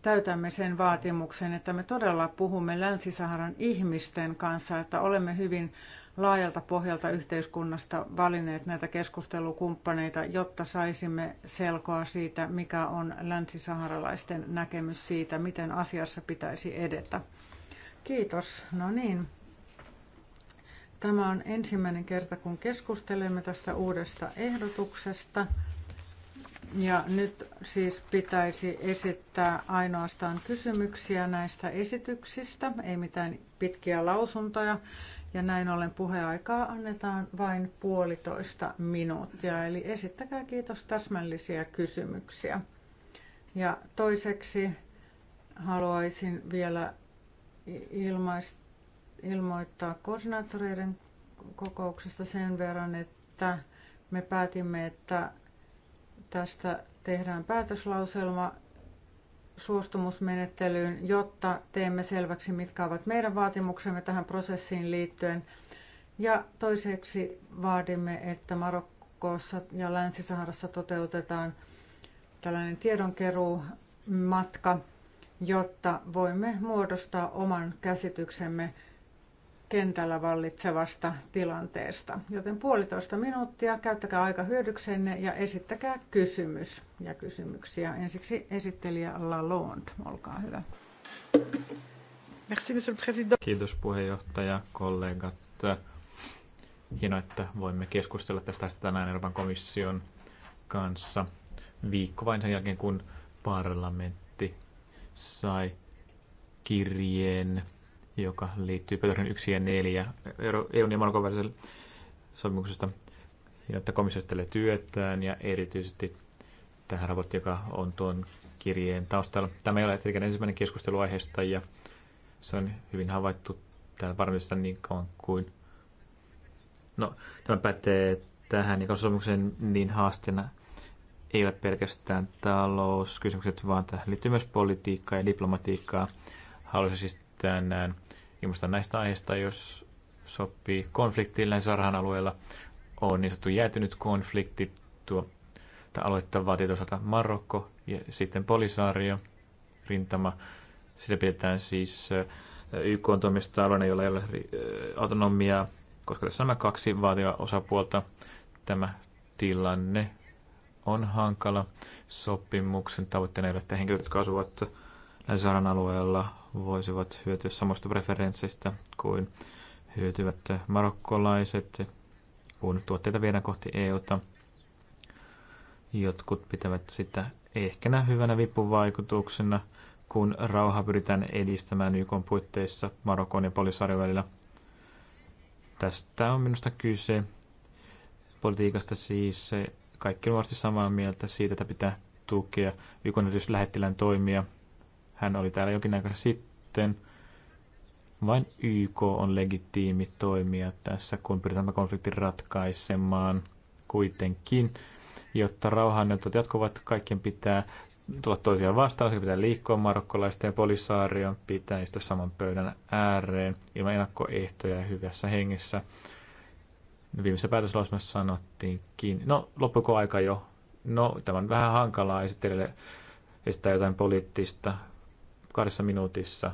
täytämme sen vaatimuksen, että me todella puhumme Länsi-Saharan ihmisten kanssa, että olemme hyvin laajalta pohjalta yhteiskunnasta valinneet näitä keskustelukumppaneita, jotta saisimme selkoa siitä, mikä on länsisaharalaisten näkemys siitä, miten asiassa pitäisi edetä. Kiitos. No niin. Tämä on ensimmäinen kerta, kun keskustelemme tästä uudesta ehdotuksesta. Ja nyt siis pitäisi esittää ainoastaan kysymyksiä näistä esityksistä, ei mitään pitkiä lausuntoja. Ja näin ollen puheaikaa annetaan vain puolitoista minuuttia. Eli esittäkää kiitos täsmällisiä kysymyksiä. Ja toiseksi haluaisin vielä ilmoittaa koordinaattoreiden kokouksesta sen verran, että me päätimme, että Tästä tehdään päätöslauselma suostumusmenettelyyn, jotta teemme selväksi, mitkä ovat meidän vaatimuksemme tähän prosessiin liittyen. Ja toiseksi vaadimme, että Marokkoossa ja Länsi-Saharassa toteutetaan tällainen tiedonkeruumatka, jotta voimme muodostaa oman käsityksemme kentällä vallitsevasta tilanteesta. Joten puolitoista minuuttia, käyttäkää aika hyödyksenne ja esittäkää kysymys ja kysymyksiä. Ensiksi esittelijä Lalonde, olkaa hyvä. Merci, monsieur le président. Kiitos puheenjohtaja, kollegat. Hienoa, että voimme keskustella tästä tänään Euroopan komission kanssa viikko vain sen jälkeen, kun parlamentti sai kirjeen joka liittyy pöytäkirjan 1 ja 4 EUn ja Marokon välisellä sopimuksesta, siinä, että esittelee työtään ja erityisesti tähän raportti, joka on tuon kirjeen taustalla. Tämä ei ole tietenkään ensimmäinen keskustelu aiheesta ja se on hyvin havaittu täällä varmista niin kauan kuin... No, tämä pätee tähän niin sopimukseen niin haasteena ei ole pelkästään talouskysymykset, vaan tähän liittyy myös politiikkaa ja diplomatiikkaa. Haluaisin siis tänään ilmaista näistä aiheista, jos sopii. konfliktiin länsi alueella on niin sanottu jäätynyt konflikti. Tuo tai aloittavaa Marokko ja sitten Polisaario rintama. Sitä pidetään siis eh, YK on toimista alueena, jolla ei ole eh, autonomiaa, koska tässä on nämä kaksi vaativaa osapuolta. Tämä tilanne on hankala. Sopimuksen tavoitteena ei ole, että henkilöt, jotka asuvat länsi alueella, voisivat hyötyä samoista preferensseistä kuin hyötyvät marokkolaiset, kun tuotteita viedään kohti EUta. Jotkut pitävät sitä ehkänä hyvänä vipuvaikutuksena, kun rauha pyritään edistämään YK puitteissa Marokon ja Polisarion välillä. Tästä on minusta kyse. Politiikasta siis kaikki on varmasti samaa mieltä siitä, että pitää tukea YK lähettilään toimia. Hän oli täällä jokin aika sitten joten vain YK on legitiimi toimija tässä, kun pyritään konfliktin ratkaisemaan kuitenkin. Jotta rauhanneuvot jatkuvat, kaikkien pitää tulla toisiaan vastaan, se pitää liikkua marokkolaisten ja polisaarion, pitää istua saman pöydän ääreen ilman ennakkoehtoja ja hyvässä hengessä. Viimeisessä päätöslausumassa sanottiinkin, no loppuko aika jo? No tämä on vähän hankalaa esitellä esittää jotain poliittista kahdessa minuutissa,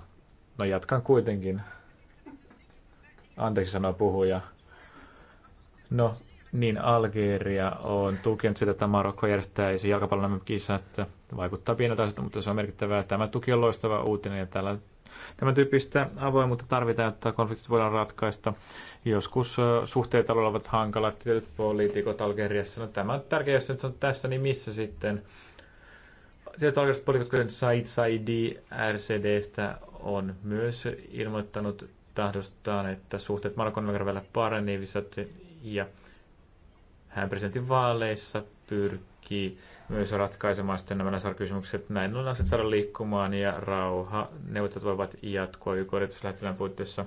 No jatkan kuitenkin. Anteeksi sanoa puhuja. No, niin Algeria on tukenut sitä, että Marokko järjestäisi jalkapallon kisat. Vaikuttaa pieneltä asioita, mutta se on merkittävää. Tämä tuki on loistava uutinen ja täällä Tämän tyyppistä avoimuutta tarvitaan, että konfliktit voidaan ratkaista. Joskus suhteet alueella ovat hankalat, poliitikot Algeriassa. No, tämä on tärkeää, jos nyt on tässä, niin missä sitten? tietoalkaiset poliitikot, kuten Said Saidi RCDstä, on myös ilmoittanut tahdostaan, että suhteet Marokon välillä paranisivat ja hän presidentin vaaleissa pyrkii myös ratkaisemaan sitten nämä kysymykset Näin ollen asiat saada liikkumaan ja rauha. Neuvottelut voivat jatkua yk puitteissa.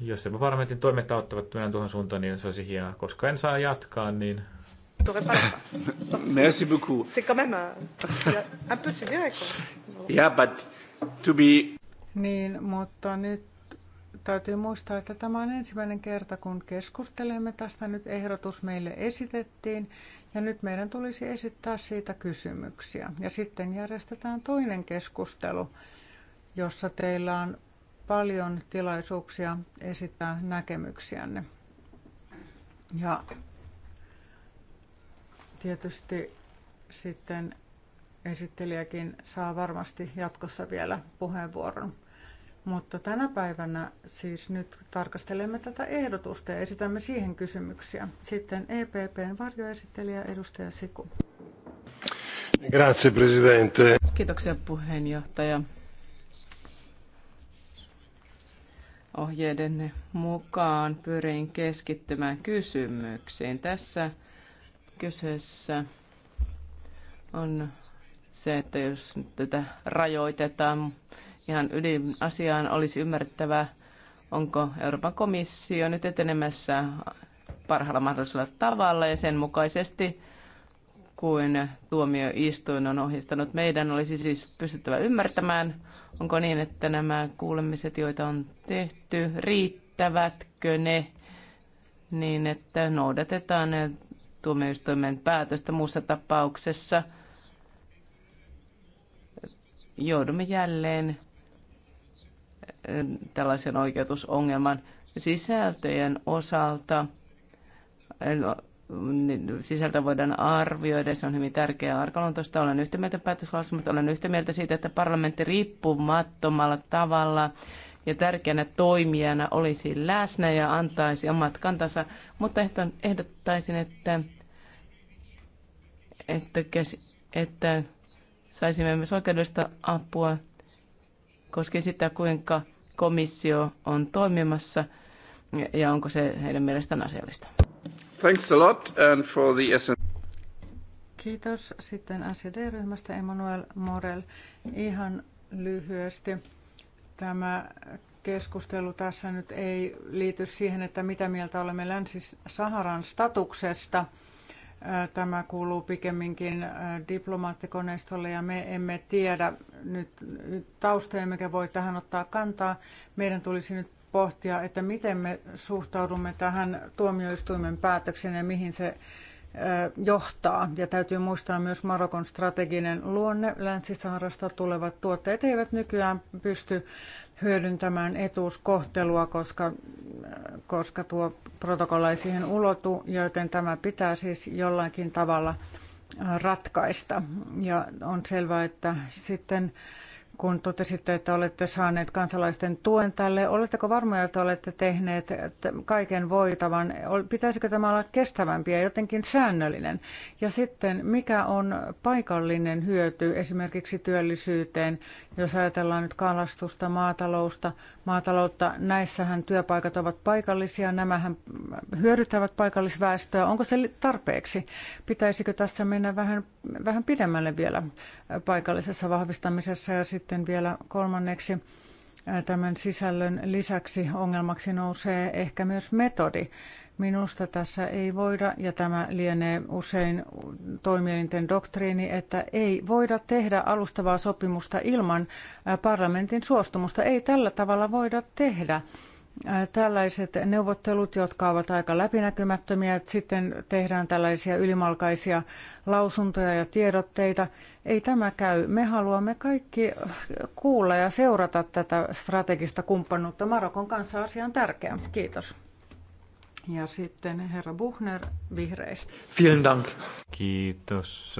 Jos se parlamentin toimet auttavat mennään tuohon suuntaan, niin se olisi hienoa. Koska en saa jatkaa, niin n'aurais pas la fin. Merci beaucoup. C'est quand même un, un peu sévère. Yeah, but to be... Niin, mutta nyt täytyy muistaa, että tämä on ensimmäinen kerta, kun keskustelemme tästä. Nyt ehdotus meille esitettiin ja nyt meidän tulisi esittää siitä kysymyksiä. Ja sitten järjestetään toinen keskustelu, jossa teillä on paljon tilaisuuksia esittää näkemyksiänne. Ja Tietysti sitten esittelijäkin saa varmasti jatkossa vielä puheenvuoron. Mutta tänä päivänä siis nyt tarkastelemme tätä ehdotusta ja esitämme siihen kysymyksiä. Sitten EPPn varjoesittelijä edustaja Siku. Grazie, presidente. Kiitoksia puheenjohtaja. Ohjeidenne mukaan pyrin keskittymään kysymyksiin. Tässä Kyseessä on se, että jos tätä rajoitetaan ihan ydinasiaan, olisi ymmärrettävää, onko Euroopan komissio nyt etenemässä parhaalla mahdollisella tavalla ja sen mukaisesti kuin tuomioistuin on ohjeistanut meidän, olisi siis pystyttävä ymmärtämään, onko niin, että nämä kuulemiset, joita on tehty, riittävätkö ne niin, että noudatetaan tuomioistuimen päätöstä. Muussa tapauksessa joudumme jälleen eh, tällaisen oikeutusongelman sisältöjen osalta. Eh, no, niin sisältö voidaan arvioida, se on hyvin tärkeää tuosta. Olen yhtä mieltä päätöslausumasta, olen yhtä mieltä siitä, että parlamentti riippumattomalla tavalla ja tärkeänä toimijana olisi läsnä ja antaisi omat kantansa, mutta ehdottaisin, että että, että saisimme myös oikeudellista apua koskien sitä, kuinka komissio on toimimassa ja onko se heidän mielestään asiallista. Thanks a lot and for the Kiitos. Sitten SED-ryhmästä Emmanuel Morel. Ihan lyhyesti. Tämä keskustelu tässä nyt ei liity siihen, että mitä mieltä olemme Länsi-Saharan statuksesta – Tämä kuuluu pikemminkin diplomaattikoneistolle ja me emme tiedä nyt taustoja, mikä voi tähän ottaa kantaa. Meidän tulisi nyt pohtia, että miten me suhtaudumme tähän tuomioistuimen päätökseen ja mihin se johtaa. Ja täytyy muistaa myös Marokon strateginen luonne. Länsi-Saharasta tulevat tuotteet eivät nykyään pysty hyödyntämään etuuskohtelua, koska, koska tuo protokolla ei siihen ulotu, joten tämä pitää siis jollakin tavalla äh, ratkaista. Ja on selvää, että sitten kun totesitte, että olette saaneet kansalaisten tuen tälle, oletteko varmoja, että olette tehneet kaiken voitavan? Pitäisikö tämä olla kestävämpi ja jotenkin säännöllinen? Ja sitten, mikä on paikallinen hyöty esimerkiksi työllisyyteen jos ajatellaan nyt kalastusta, maatalousta, maataloutta, näissähän työpaikat ovat paikallisia, nämähän hyödyttävät paikallisväestöä. Onko se tarpeeksi? Pitäisikö tässä mennä vähän, vähän pidemmälle vielä paikallisessa vahvistamisessa ja sitten vielä kolmanneksi? Tämän sisällön lisäksi ongelmaksi nousee ehkä myös metodi. Minusta tässä ei voida, ja tämä lienee usein toimielinten doktriini, että ei voida tehdä alustavaa sopimusta ilman parlamentin suostumusta. Ei tällä tavalla voida tehdä. Tällaiset neuvottelut, jotka ovat aika läpinäkymättömiä, että sitten tehdään tällaisia ylimalkaisia lausuntoja ja tiedotteita. Ei tämä käy. Me haluamme kaikki kuulla ja seurata tätä strategista kumppanuutta. Marokon kanssa asia on tärkeä. Kiitos. Ja sitten herra Buchner vihreistä. Vielen dank. Kiitos.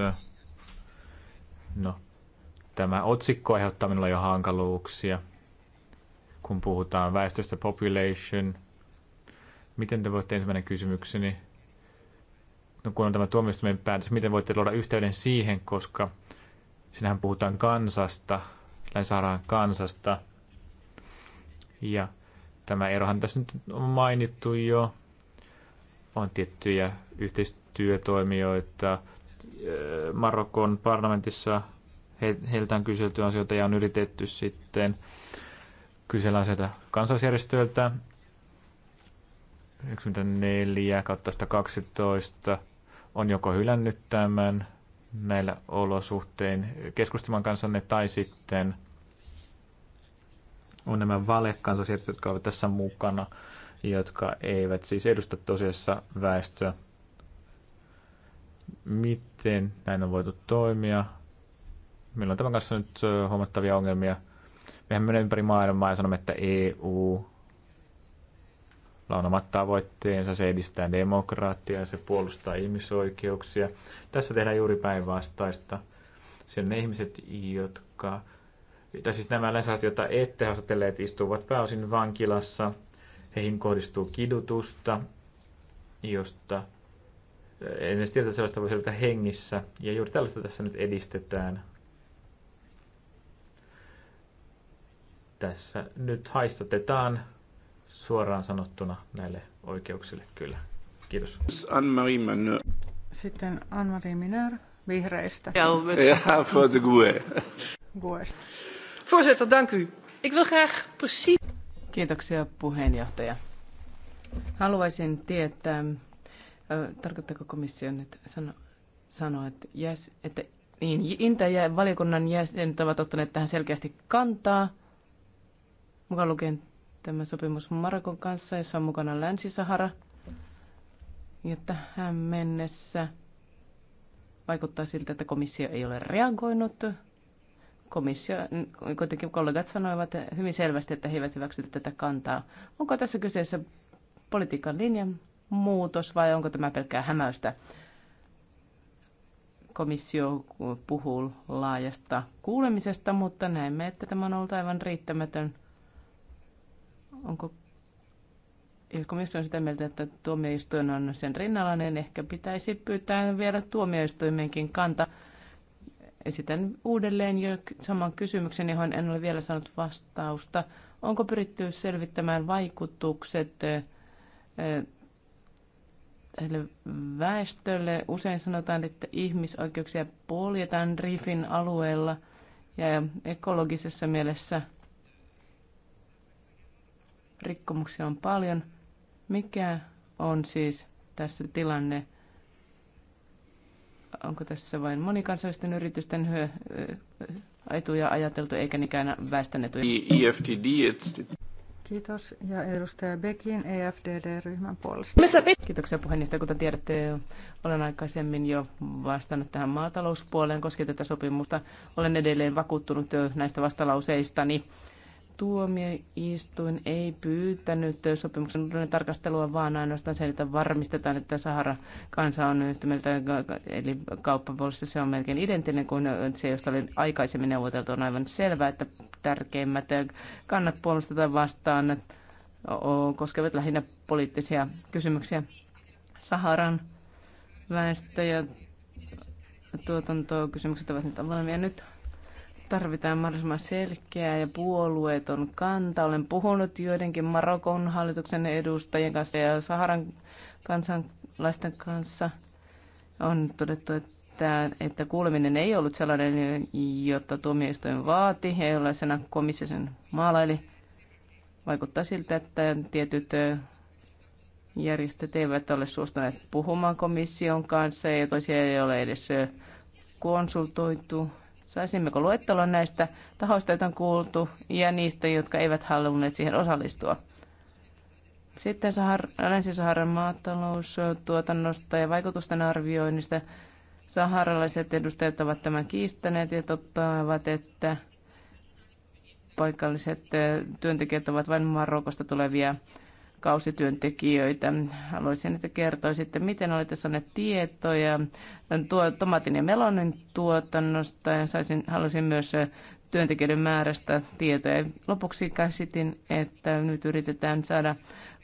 No, tämä otsikko aiheuttaa minulle jo hankaluuksia, kun puhutaan väestöstä population. Miten te voitte ensimmäinen kysymykseni, no kun on tämä tuomioistuimen päätös, miten voitte luoda yhteyden siihen, koska sinähän puhutaan kansasta, länsaharaan kansasta. Ja tämä erohan tässä nyt on mainittu jo on tiettyjä yhteistyötoimijoita. Marokon parlamentissa heiltä on kyselty asioita ja on yritetty sitten kysellä asioita kansallisjärjestöiltä. 94 12 on joko hylännyt tämän näillä olosuhteen keskustelman ne tai sitten on nämä valekansasjärjestöt, jotka ovat tässä mukana – jotka eivät siis edusta tosiasiassa väestöä. Miten näin on voitu toimia? Meillä on tämän kanssa nyt huomattavia ongelmia. Mehän menemme ympäri maailmaa ja sanomme, että EU on omat tavoitteensa, se edistää ja se puolustaa ihmisoikeuksia. Tässä tehdään juuri päinvastaista. Siellä ne ihmiset, jotka, tai siis nämä länsiläiset, joita ette haastatelleet, istuvat pääosin vankilassa – heihin kohdistuu kidutusta, josta en edes tiedä, että sellaista voi selvitä hengissä. Ja juuri tällaista tässä nyt edistetään. Tässä nyt haistatetaan suoraan sanottuna näille oikeuksille kyllä. Kiitos. Sitten Anne-Marie Minör vihreistä. Ja, voor de Voorzitter, dank u. Ik wil graag precies... Kiitoksia puheenjohtaja. Haluaisin tietää, tarkoittaako komissio nyt sano, sanoa, että, jäs, että niin, Intä ja valiokunnan jäsenet ovat ottaneet tähän selkeästi kantaa, mukaan lukien tämä sopimus Marokon kanssa, jossa on mukana Länsi-Sahara. Ja tähän mennessä vaikuttaa siltä, että komissio ei ole reagoinut komissio, kuitenkin kollegat sanoivat hyvin selvästi, että he eivät hyväksy tätä kantaa. Onko tässä kyseessä politiikan linjan muutos vai onko tämä pelkkää hämäystä? Komissio puhuu laajasta kuulemisesta, mutta näemme, että tämä on ollut aivan riittämätön. Onko jos komissio on sitä mieltä, että tuomioistuin on sen rinnalla, niin ehkä pitäisi pyytää vielä tuomioistuimenkin kanta Esitän uudelleen jo saman kysymyksen, johon en ole vielä saanut vastausta. Onko pyritty selvittämään vaikutukset väestölle? Usein sanotaan, että ihmisoikeuksia poljetaan Rifin alueella ja ekologisessa mielessä rikkomuksia on paljon. Mikä on siis tässä tilanne? onko tässä vain monikansallisten yritysten hyö, etuja ajateltu eikä niinkään väestön etuja? EFTD, it's... Kiitos. Ja edustaja Bekin EFDD-ryhmän puolesta. Kiitoksia puheenjohtaja. Kuten tiedätte, olen aikaisemmin jo vastannut tähän maatalouspuoleen koskien tätä sopimusta. Olen edelleen vakuuttunut näistä vastalauseistani tuomioistuin ei pyytänyt sopimuksen tarkastelua, vaan ainoastaan sen, että varmistetaan, että Sahara-kansa on yhtä mieltä, eli kauppapuolissa se on melkein identtinen kuin se, josta oli aikaisemmin neuvoteltu. On aivan selvää, että tärkeimmät kannat puolustetaan vastaan koskevat lähinnä poliittisia kysymyksiä. Saharan väestö ja tuotantokysymykset ovat nyt avoimia. Nyt Tarvitaan mahdollisimman selkeä ja puolueeton kanta. Olen puhunut joidenkin Marokon hallituksen edustajien kanssa ja Saharan kansanlaisten kanssa. On todettu, että, että kuuleminen ei ollut sellainen, jota tuomioistuin vaati ja jollaisena komissio sen maalaili. Vaikuttaa siltä, että tietyt järjestöt eivät ole suostuneet puhumaan komission kanssa ja toisia ei ole edes konsultoitu. Saisimmeko luettelon näistä tahoista, joita on kuultu, ja niistä, jotka eivät halunneet siihen osallistua? Sitten Sahar, Länsi-Saharan maataloustuotannosta ja vaikutusten arvioinnista. Saharalaiset edustajat ovat tämän kiistäneet ja tottavat, että paikalliset työntekijät ovat vain Marokosta tulevia kausityöntekijöitä. Haluaisin, että kertoisitte, miten olette saaneet tietoja tuo, tomatin ja melonin tuotannosta ja saisin, haluaisin myös työntekijöiden määrästä tietoja. Lopuksi käsitin, että nyt yritetään saada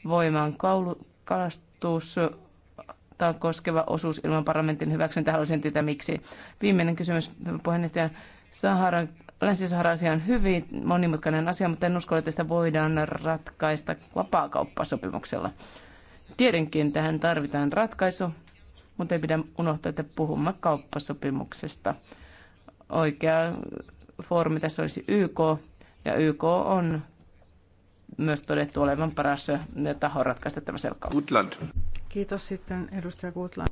voimaan kaulu, kalastus koskeva osuus ilman parlamentin hyväksyntää. Haluaisin tietää miksi. Viimeinen kysymys, puheenjohtaja. Saharan Länsi-Sahara-asia on hyvin monimutkainen asia, mutta en usko, että sitä voidaan ratkaista vapaakauppasopimuksella. Tietenkin tähän tarvitaan ratkaisu, mutta ei pidä unohtaa, että puhumme kauppasopimuksesta. Oikea foorumi tässä olisi YK, ja YK on myös todettu olevan paras taho ratkaista tämä selkkaus. Kiitos sitten edustaja Gutland.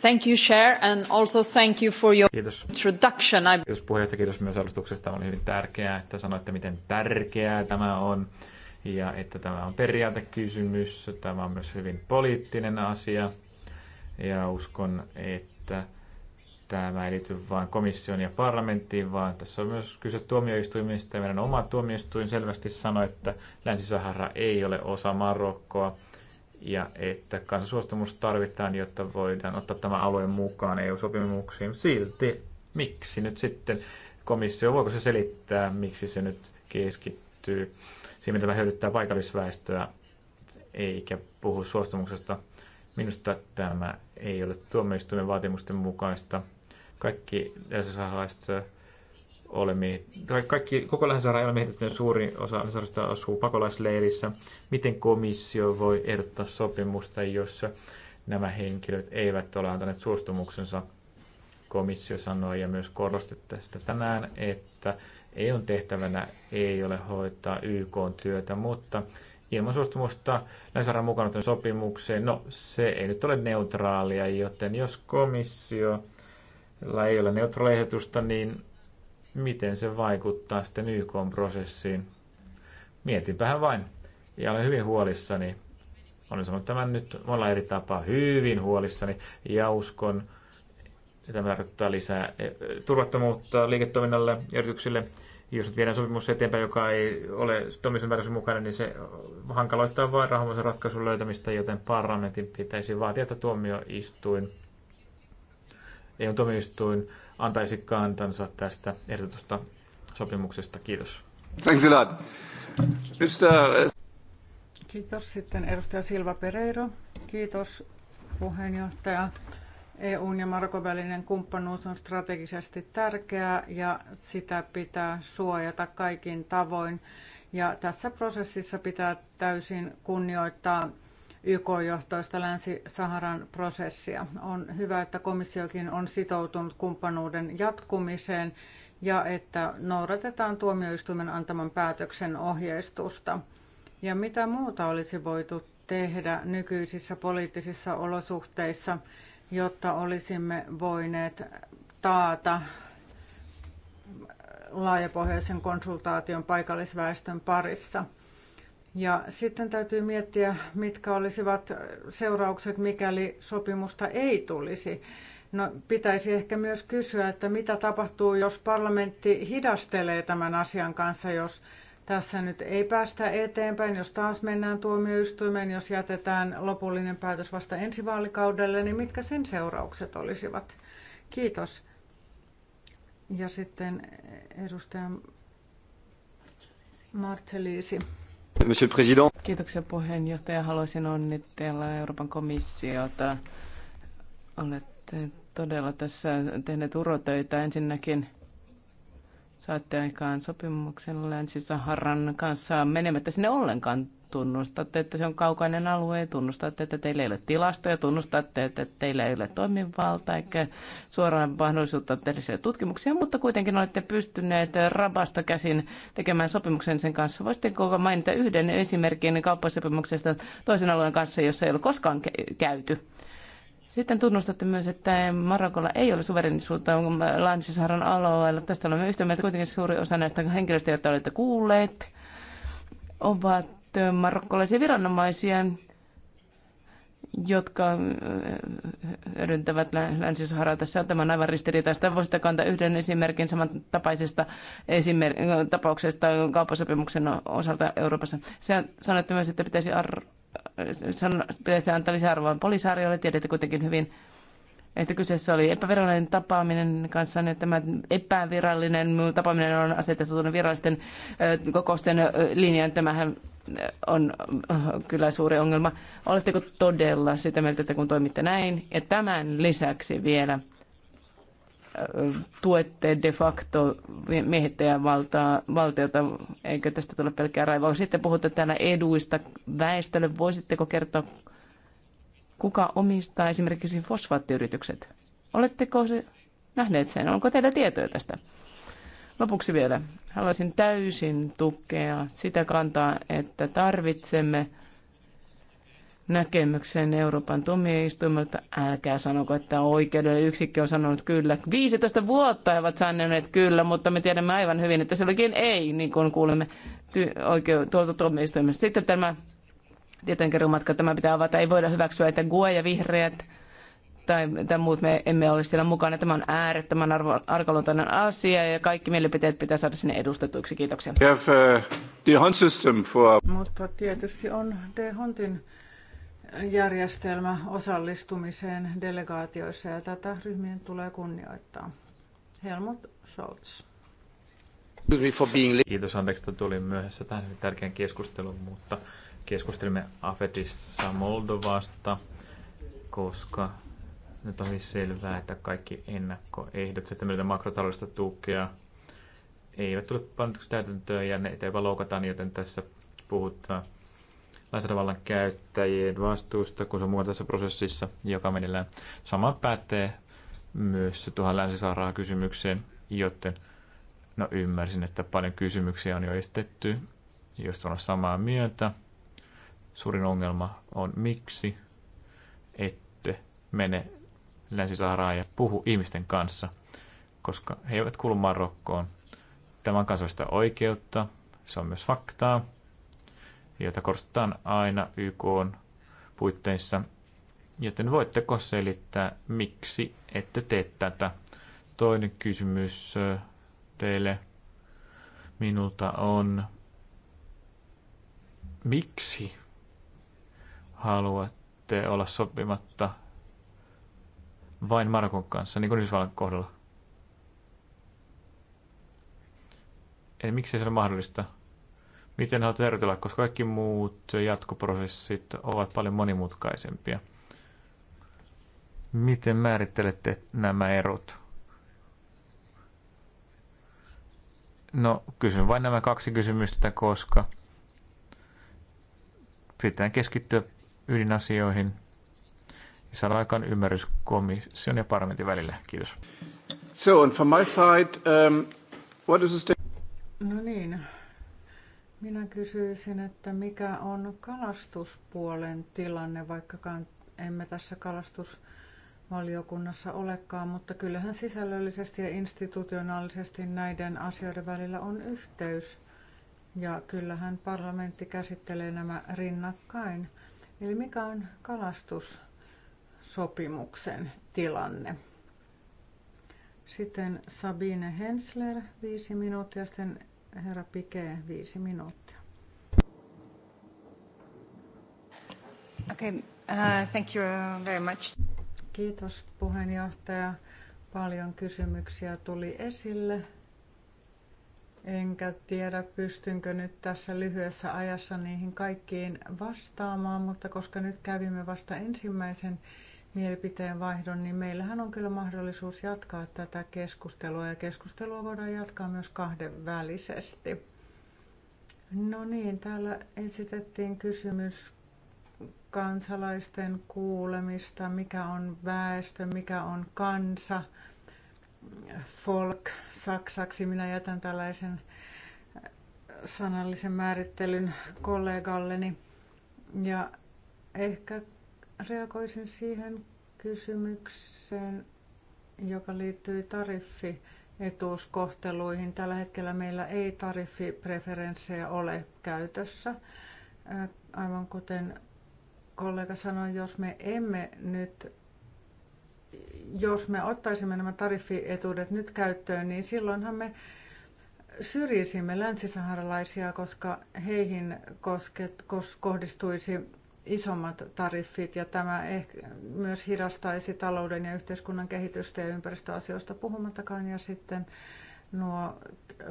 Thank you, and also thank you for your kiitos. introduction. I... Kiitos puheenjohtaja, kiitos myös alustuksesta. oli hyvin tärkeää, että sanoitte, miten tärkeää tämä on ja että tämä on periaatekysymys. Tämä on myös hyvin poliittinen asia ja uskon, että tämä ei liity vain komission ja parlamenttiin, vaan tässä on myös kyse tuomioistuimista. Meidän oma tuomioistuin selvästi sanoi, että Länsi-Sahara ei ole osa Marokkoa ja että kansansuostumus tarvitaan, jotta voidaan ottaa tämä alue mukaan EU-sopimuksiin. Silti, miksi nyt sitten komissio, voiko se selittää, miksi se nyt keskittyy siihen, mitä hyödyttää paikallisväestöä, eikä puhu suostumuksesta. Minusta tämä ei ole tuomioistuimen vaatimusten mukaista. Kaikki jäsenhaalaiset ole Kaikki, koko länsisaara ei ole miehitetty, suuri osa länsisaarista asuu pakolaisleirissä. Miten komissio voi ehdottaa sopimusta, jossa nämä henkilöt eivät ole antaneet suostumuksensa? Komissio sanoi ja myös korosti tästä tänään, että EUn tehtävänä ei ole hoitaa YK työtä, mutta ilman suostumusta länsisaaren mukana sopimukseen, no se ei nyt ole neutraalia, joten jos komissio ei ole neutraalehdotusta, niin miten se vaikuttaa sitten YK-prosessiin. Mietinpähän vain. Ja olen hyvin huolissani. Olen sanonut tämän nyt monella eri tapaa hyvin huolissani ja uskon, että tämä tarkoittaa lisää e, turvattomuutta liiketoiminnalle ja yrityksille. Jos nyt viedään sopimus eteenpäin, joka ei ole tuomisen määräyksen mukainen, niin se hankaloittaa vain rahoituksen ratkaisun löytämistä, joten parlamentin pitäisi vaatia, että tuomioistuin, ei on tuomioistuin, antaisi kantansa tästä ehdotusta sopimuksesta. Kiitos. Thanks a lot. Mr. Kiitos. Sitten edustaja Silva Pereiro. Kiitos puheenjohtaja. EUn ja Marokon välinen kumppanuus on strategisesti tärkeää ja sitä pitää suojata kaikin tavoin. Ja tässä prosessissa pitää täysin kunnioittaa YK-johtoista Länsi-Saharan prosessia. On hyvä, että komissiokin on sitoutunut kumppanuuden jatkumiseen ja että noudatetaan tuomioistuimen antaman päätöksen ohjeistusta. Ja mitä muuta olisi voitu tehdä nykyisissä poliittisissa olosuhteissa, jotta olisimme voineet taata laajapohjaisen konsultaation paikallisväestön parissa – ja sitten täytyy miettiä, mitkä olisivat seuraukset, mikäli sopimusta ei tulisi. No, pitäisi ehkä myös kysyä, että mitä tapahtuu, jos parlamentti hidastelee tämän asian kanssa, jos tässä nyt ei päästä eteenpäin, jos taas mennään tuomioistuimeen, jos jätetään lopullinen päätös vasta ensi vaalikaudelle, niin mitkä sen seuraukset olisivat? Kiitos. Ja sitten edustaja Marceliisi. Monsieur le Président. Kiitoksia puheenjohtaja. Haluaisin onnitella Euroopan komissiota. Olette todella tässä tehneet urotöitä. Ensinnäkin saatte aikaan sopimuksen Länsi-Saharan kanssa menemättä sinne ollenkaan tunnustatte, että se on kaukainen alue, tunnustatte, että teillä ei ole tilastoja, tunnustatte, että teillä ei ole toimivaltaa eikä suoraan mahdollisuutta tehdä tutkimuksia, mutta kuitenkin olette pystyneet rabasta käsin tekemään sopimuksen sen kanssa. Voisitteko mainita yhden esimerkin kauppasopimuksesta toisen alueen kanssa, jossa ei ole koskaan käyty? Sitten tunnustatte myös, että Marokolla ei ole suverenisuutta länsi alueella. Tästä olemme yhtä mieltä kuitenkin suuri osa näistä henkilöistä, joita olette kuulleet, ovat marokkolaisia viranomaisia, jotka hyödyntävät Länsi-Saharaa. Tässä tämä on aivan ristiriitaista. Voisitteko kantaa yhden esimerkin samantapaisesta esimer- tapauksesta kauppasopimuksen osalta Euroopassa? Se sanoitte myös, että pitäisi, ar- san- pitäisi antaa lisäarvoa polisaariolle. Tiedätte kuitenkin hyvin, että kyseessä oli epävirallinen tapaaminen kanssa, niin tämä epävirallinen tapaaminen on asetettu virallisten kokousten linjaan. Tämähän on äh, kyllä suuri ongelma. Oletteko todella sitä mieltä, että kun toimitte näin, ja tämän lisäksi vielä äh, tuette de facto valtaa, valtiota, eikö tästä tule pelkkää raivoa. Sitten puhutte täällä eduista väestölle. Voisitteko kertoa, kuka omistaa esimerkiksi fosfaattiyritykset? Oletteko se, nähneet sen? Onko teillä tietoja tästä? Lopuksi vielä haluaisin täysin tukea sitä kantaa, että tarvitsemme näkemyksen Euroopan tuomioistuimelta. Älkää sanoko, että oikeudelle yksikkö on sanonut kyllä. 15 vuotta he ovat sanoneet kyllä, mutta me tiedämme aivan hyvin, että se olikin ei, niin kuin kuulemme ty- oikeu- tuolta tuomioistuimesta. Sitten tämä tietojenkeruumatka, tämä pitää avata. Ei voida hyväksyä, että GUE ja vihreät tai, tai muut me emme ole siellä mukana. Tämä on äärettömän arvo, arkaluontoinen asia ja kaikki mielipiteet pitää saada sinne edustetuiksi. Kiitoksia. have, uh, system for... Mutta tietysti on D-Hontin järjestelmä osallistumiseen delegaatioissa ja tätä ryhmien tulee kunnioittaa. Helmut Scholz. Kiitos anteeksi, että tulin myöhässä tähän tärkeän keskusteluun, mutta keskustelimme Afetissa Moldovasta, koska nyt on siis selvää, että kaikki ennakkoehdot, että myötä makrotaloudellista tukea eivät tule pannetuksi täytäntöön ja ne vaan loukataan, joten tässä puhutaan lainsäädävallan käyttäjien vastuusta, kun se on mukana tässä prosessissa, joka meneillään. Sama pätee myös tuohon länsisaaraa kysymykseen, joten no ymmärsin, että paljon kysymyksiä on jo estetty, jos on samaa mieltä. Suurin ongelma on miksi ette mene Länsi-Saharaa ja puhu ihmisten kanssa, koska he eivät kuulu Marokkoon. Tämä on kansallista oikeutta, se on myös faktaa, jota korostetaan aina YK puitteissa. Joten voitteko selittää, miksi ette tee tätä? Toinen kysymys teille minulta on, miksi haluatte olla sopimatta vain Marokon kanssa, niin kuin Yhdysvallan kohdalla. Eli miksi se on mahdollista? Miten haluat erotella, koska kaikki muut jatkoprosessit ovat paljon monimutkaisempia. Miten määrittelette nämä erot? No, kysyn vain nämä kaksi kysymystä, koska pitää keskittyä ydinasioihin – saada aikaan ymmärrys komission ja parlamentin välillä. Kiitos. So, on from my side, um, what is the No niin. Minä kysyisin, että mikä on kalastuspuolen tilanne, vaikkakaan emme tässä kalastus valiokunnassa olekaan, mutta kyllähän sisällöllisesti ja institutionaalisesti näiden asioiden välillä on yhteys. Ja kyllähän parlamentti käsittelee nämä rinnakkain. Eli mikä on kalastus sopimuksen tilanne. Sitten Sabine Hensler, viisi minuuttia, sitten herra Pike, viisi minuuttia. Okay, uh, thank you uh, very much. Kiitos puheenjohtaja. Paljon kysymyksiä tuli esille. Enkä tiedä, pystynkö nyt tässä lyhyessä ajassa niihin kaikkiin vastaamaan, mutta koska nyt kävimme vasta ensimmäisen mielipiteen vaihdon, niin meillähän on kyllä mahdollisuus jatkaa tätä keskustelua ja keskustelua voidaan jatkaa myös kahdenvälisesti. No niin, täällä esitettiin kysymys kansalaisten kuulemista, mikä on väestö, mikä on kansa, folk saksaksi. Minä jätän tällaisen sanallisen määrittelyn kollegalleni. Ja ehkä reagoisin siihen kysymykseen, joka liittyy tariffi etuuskohteluihin. Tällä hetkellä meillä ei tariffipreferenssejä ole käytössä. Aivan kuten kollega sanoi, jos me emme nyt jos me ottaisimme nämä tariffietuudet nyt käyttöön, niin silloinhan me syrjisimme länsisaharalaisia, koska heihin kosket, kos, kohdistuisi isommat tariffit ja tämä ehkä myös hidastaisi talouden ja yhteiskunnan kehitystä ja ympäristöasioista puhumattakaan ja sitten nuo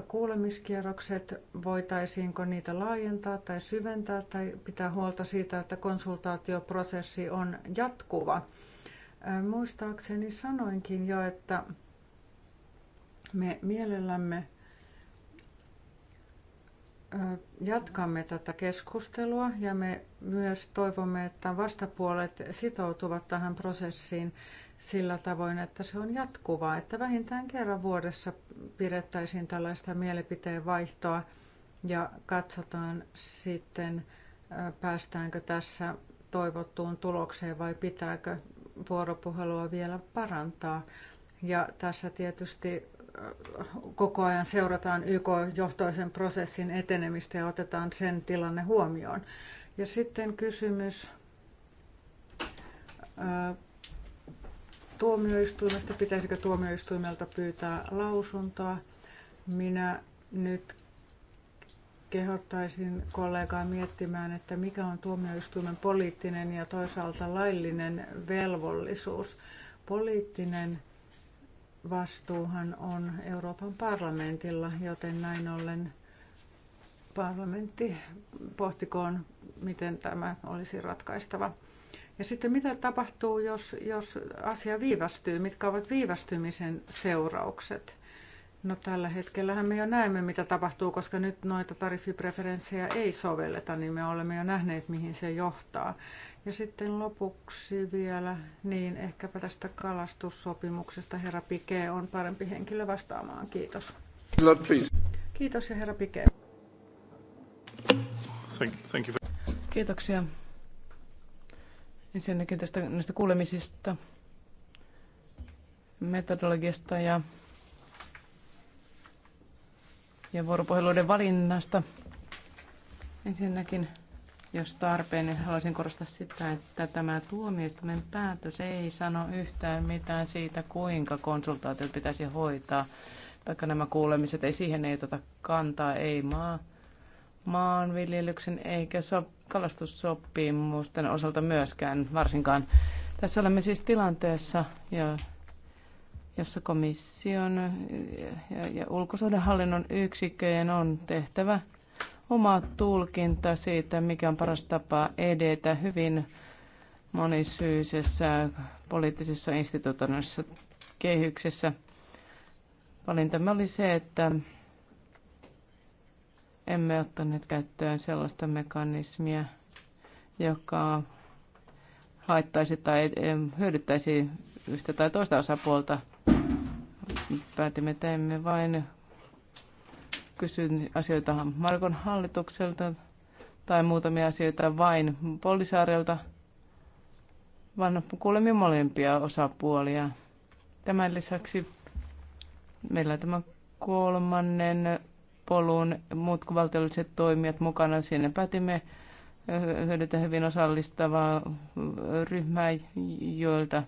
kuulemiskierrokset, voitaisiinko niitä laajentaa tai syventää tai pitää huolta siitä, että konsultaatioprosessi on jatkuva. Muistaakseni sanoinkin jo, että me mielellämme jatkamme tätä keskustelua ja me myös toivomme, että vastapuolet sitoutuvat tähän prosessiin sillä tavoin, että se on jatkuvaa, että vähintään kerran vuodessa pidettäisiin tällaista mielipiteen vaihtoa ja katsotaan sitten, päästäänkö tässä toivottuun tulokseen vai pitääkö vuoropuhelua vielä parantaa. Ja tässä tietysti koko ajan seurataan YK-johtoisen prosessin etenemistä ja otetaan sen tilanne huomioon. Ja sitten kysymys tuomioistuimesta. Pitäisikö tuomioistuimelta pyytää lausuntoa? Minä nyt kehottaisin kollegaa miettimään, että mikä on tuomioistuimen poliittinen ja toisaalta laillinen velvollisuus. Poliittinen vastuuhan on Euroopan parlamentilla, joten näin ollen parlamentti pohtikoon, miten tämä olisi ratkaistava. Ja sitten mitä tapahtuu, jos, jos asia viivästyy, mitkä ovat viivästymisen seuraukset? No tällä hetkellähän me jo näemme, mitä tapahtuu, koska nyt noita tariffipreferenssejä ei sovelleta, niin me olemme jo nähneet, mihin se johtaa. Ja sitten lopuksi vielä, niin ehkäpä tästä kalastussopimuksesta herra Pike on parempi henkilö vastaamaan. Kiitos. Kiitos ja herra Pike. Thank, you. Kiitoksia ensinnäkin tästä näistä kuulemisista, metodologiasta ja ja vuoropuheluiden valinnasta. Ensinnäkin, jos tarpeen, niin haluaisin korostaa sitä, että tämä tuomioistuimen päätös ei sano yhtään mitään siitä, kuinka konsultaatiot pitäisi hoitaa. Vaikka nämä kuulemiset, ei siihen ei tota kantaa, ei maa, maanviljelyksen eikä so, kalastussopimusten osalta myöskään varsinkaan. Tässä olemme siis tilanteessa, ja jossa komission ja ulkosuhdehallinnon yksikköjen on tehtävä oma tulkinta siitä, mikä on paras tapa edetä hyvin monisyisessä poliittisessa instituutioissa kehyksessä. Valintamme oli se, että emme ottaneet käyttöön sellaista mekanismia, joka haittaisi tai hyödyttäisi yhtä tai toista osapuolta – päätimme, että emme vain kysy asioita Markon hallitukselta tai muutamia asioita vain Polisaarelta, vaan kuulemme molempia osapuolia. Tämän lisäksi meillä on tämä kolmannen polun muut kuin valtiolliset toimijat mukana. Siinä päätimme hyödyntää hyvin osallistavaa ryhmää, joilta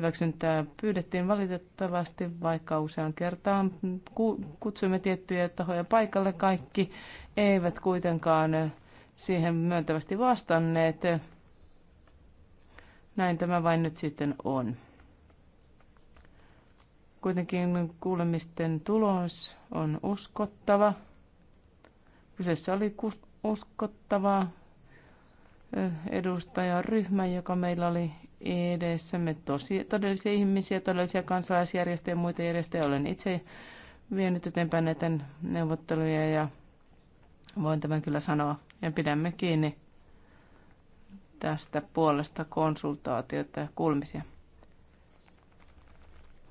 hyväksyntää pyydettiin valitettavasti, vaikka usean kertaan kutsuimme tiettyjä tahoja paikalle. Kaikki eivät kuitenkaan siihen myöntävästi vastanneet. Näin tämä vain nyt sitten on. Kuitenkin kuulemisten tulos on uskottava. Kyseessä oli uskottava edustajaryhmä, joka meillä oli edessämme tosi, todellisia ihmisiä, todellisia kansalaisjärjestöjä ja muita järjestöjä. Olen itse vienyt eteenpäin näitä neuvotteluja ja voin tämän kyllä sanoa. Ja pidämme kiinni tästä puolesta konsultaatioita ja kuulmisia.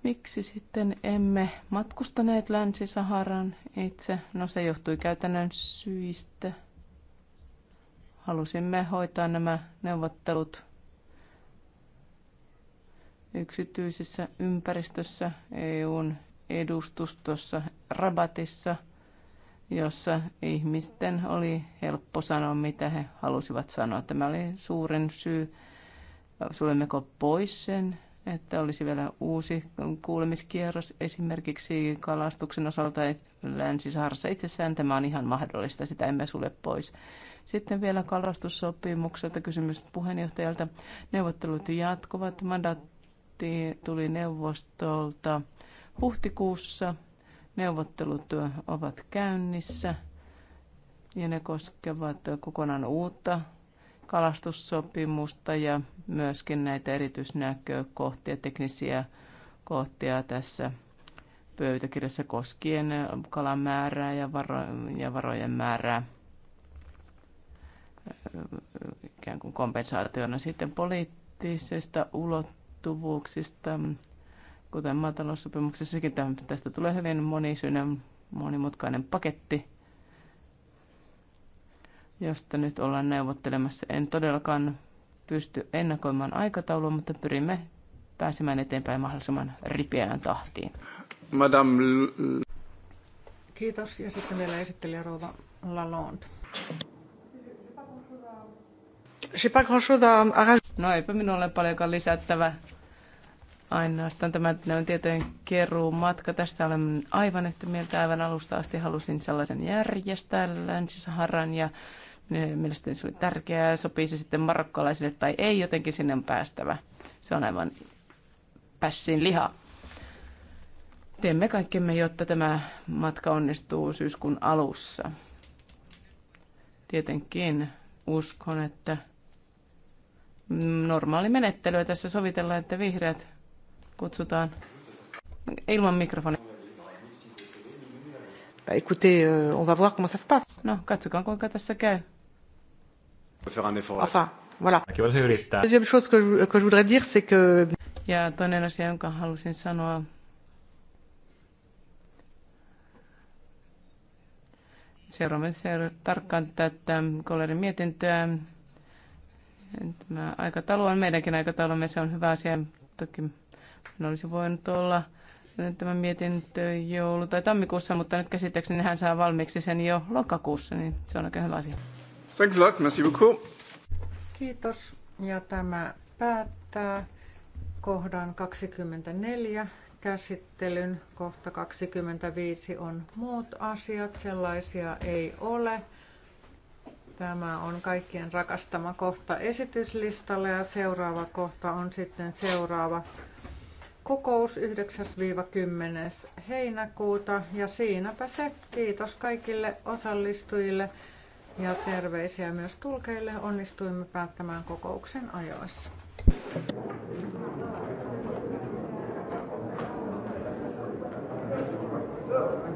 Miksi sitten emme matkustaneet Länsi-Saharan itse? No se johtui käytännön syistä. Halusimme hoitaa nämä neuvottelut yksityisessä ympäristössä, EUn edustustossa Rabatissa, jossa ihmisten oli helppo sanoa, mitä he halusivat sanoa. Tämä oli suurin syy, sulemmeko pois sen, että olisi vielä uusi kuulemiskierros esimerkiksi kalastuksen osalta Länsi-Saharassa itsessään. Tämä on ihan mahdollista, sitä emme sulle pois. Sitten vielä kalastussopimukselta kysymys puheenjohtajalta. Neuvottelut jatkuvat. Mandaat tuli neuvostolta huhtikuussa. Neuvottelut ovat käynnissä ja ne koskevat kokonaan uutta kalastussopimusta ja myöskin näitä erityisnäkökohtia, teknisiä kohtia tässä pöytäkirjassa koskien kalan määrää ja, varo- ja varojen määrää ikään kuin kompensaationa sitten poliittisesta ulottuvuudesta ulottuvuuksista, kuten maataloussopimuksessakin. Tästä tulee hyvin monisyinen, monimutkainen paketti, josta nyt ollaan neuvottelemassa. En todellakaan pysty ennakoimaan aikataulua, mutta pyrimme pääsemään eteenpäin mahdollisimman ripeään tahtiin. Madame... Kiitos. Ja sitten vielä esittelijä Rouva Lalonde. No eipä minulla ole paljonkaan lisättävä ainoastaan tämä on tietojen keruu matka. Tästä olen aivan yhtä mieltä. Aivan alusta asti halusin sellaisen järjestää Länsi-Saharan ja e, mielestäni se oli tärkeää. Sopii se sitten marokkalaisille tai ei, jotenkin sinne on päästävä. Se on aivan pässin liha. Teemme kaikkemme, jotta tämä matka onnistuu syyskuun alussa. Tietenkin uskon, että normaali menettelyä tässä sovitellaan, että vihreät kutsutaan. Ilman mikrofonia. Bah écoutez, euh, on va voir comment ça se passe. No, katsokaa kuinka tässä käy. Enfin, voilà. Voisi yrittää. Deuxième chose que je, que je voudrais dire, c'est que... Ja toinen asia, jonka halusin sanoa, Seuraamme seura- tarkkaan tätä kollerin mietintöä. Tämä aikataulu on meidänkin aikataulumme, se on hyvä asia. Toki ne olisi voinut olla mietin nyt joulu- tai tammikuussa, mutta nyt käsittääkseni niin hän saa valmiiksi sen jo lokakuussa, niin se on oikein hyvä asia. Thanks a lot, merci beaucoup. Kiitos. Ja tämä päättää kohdan 24 käsittelyn. Kohta 25 on muut asiat, sellaisia ei ole. Tämä on kaikkien rakastama kohta esityslistalle ja seuraava kohta on sitten seuraava kokous 9-10. heinäkuuta ja siinäpä se. Kiitos kaikille osallistujille ja terveisiä myös tulkeille. Onnistuimme päättämään kokouksen ajoissa. Thank you.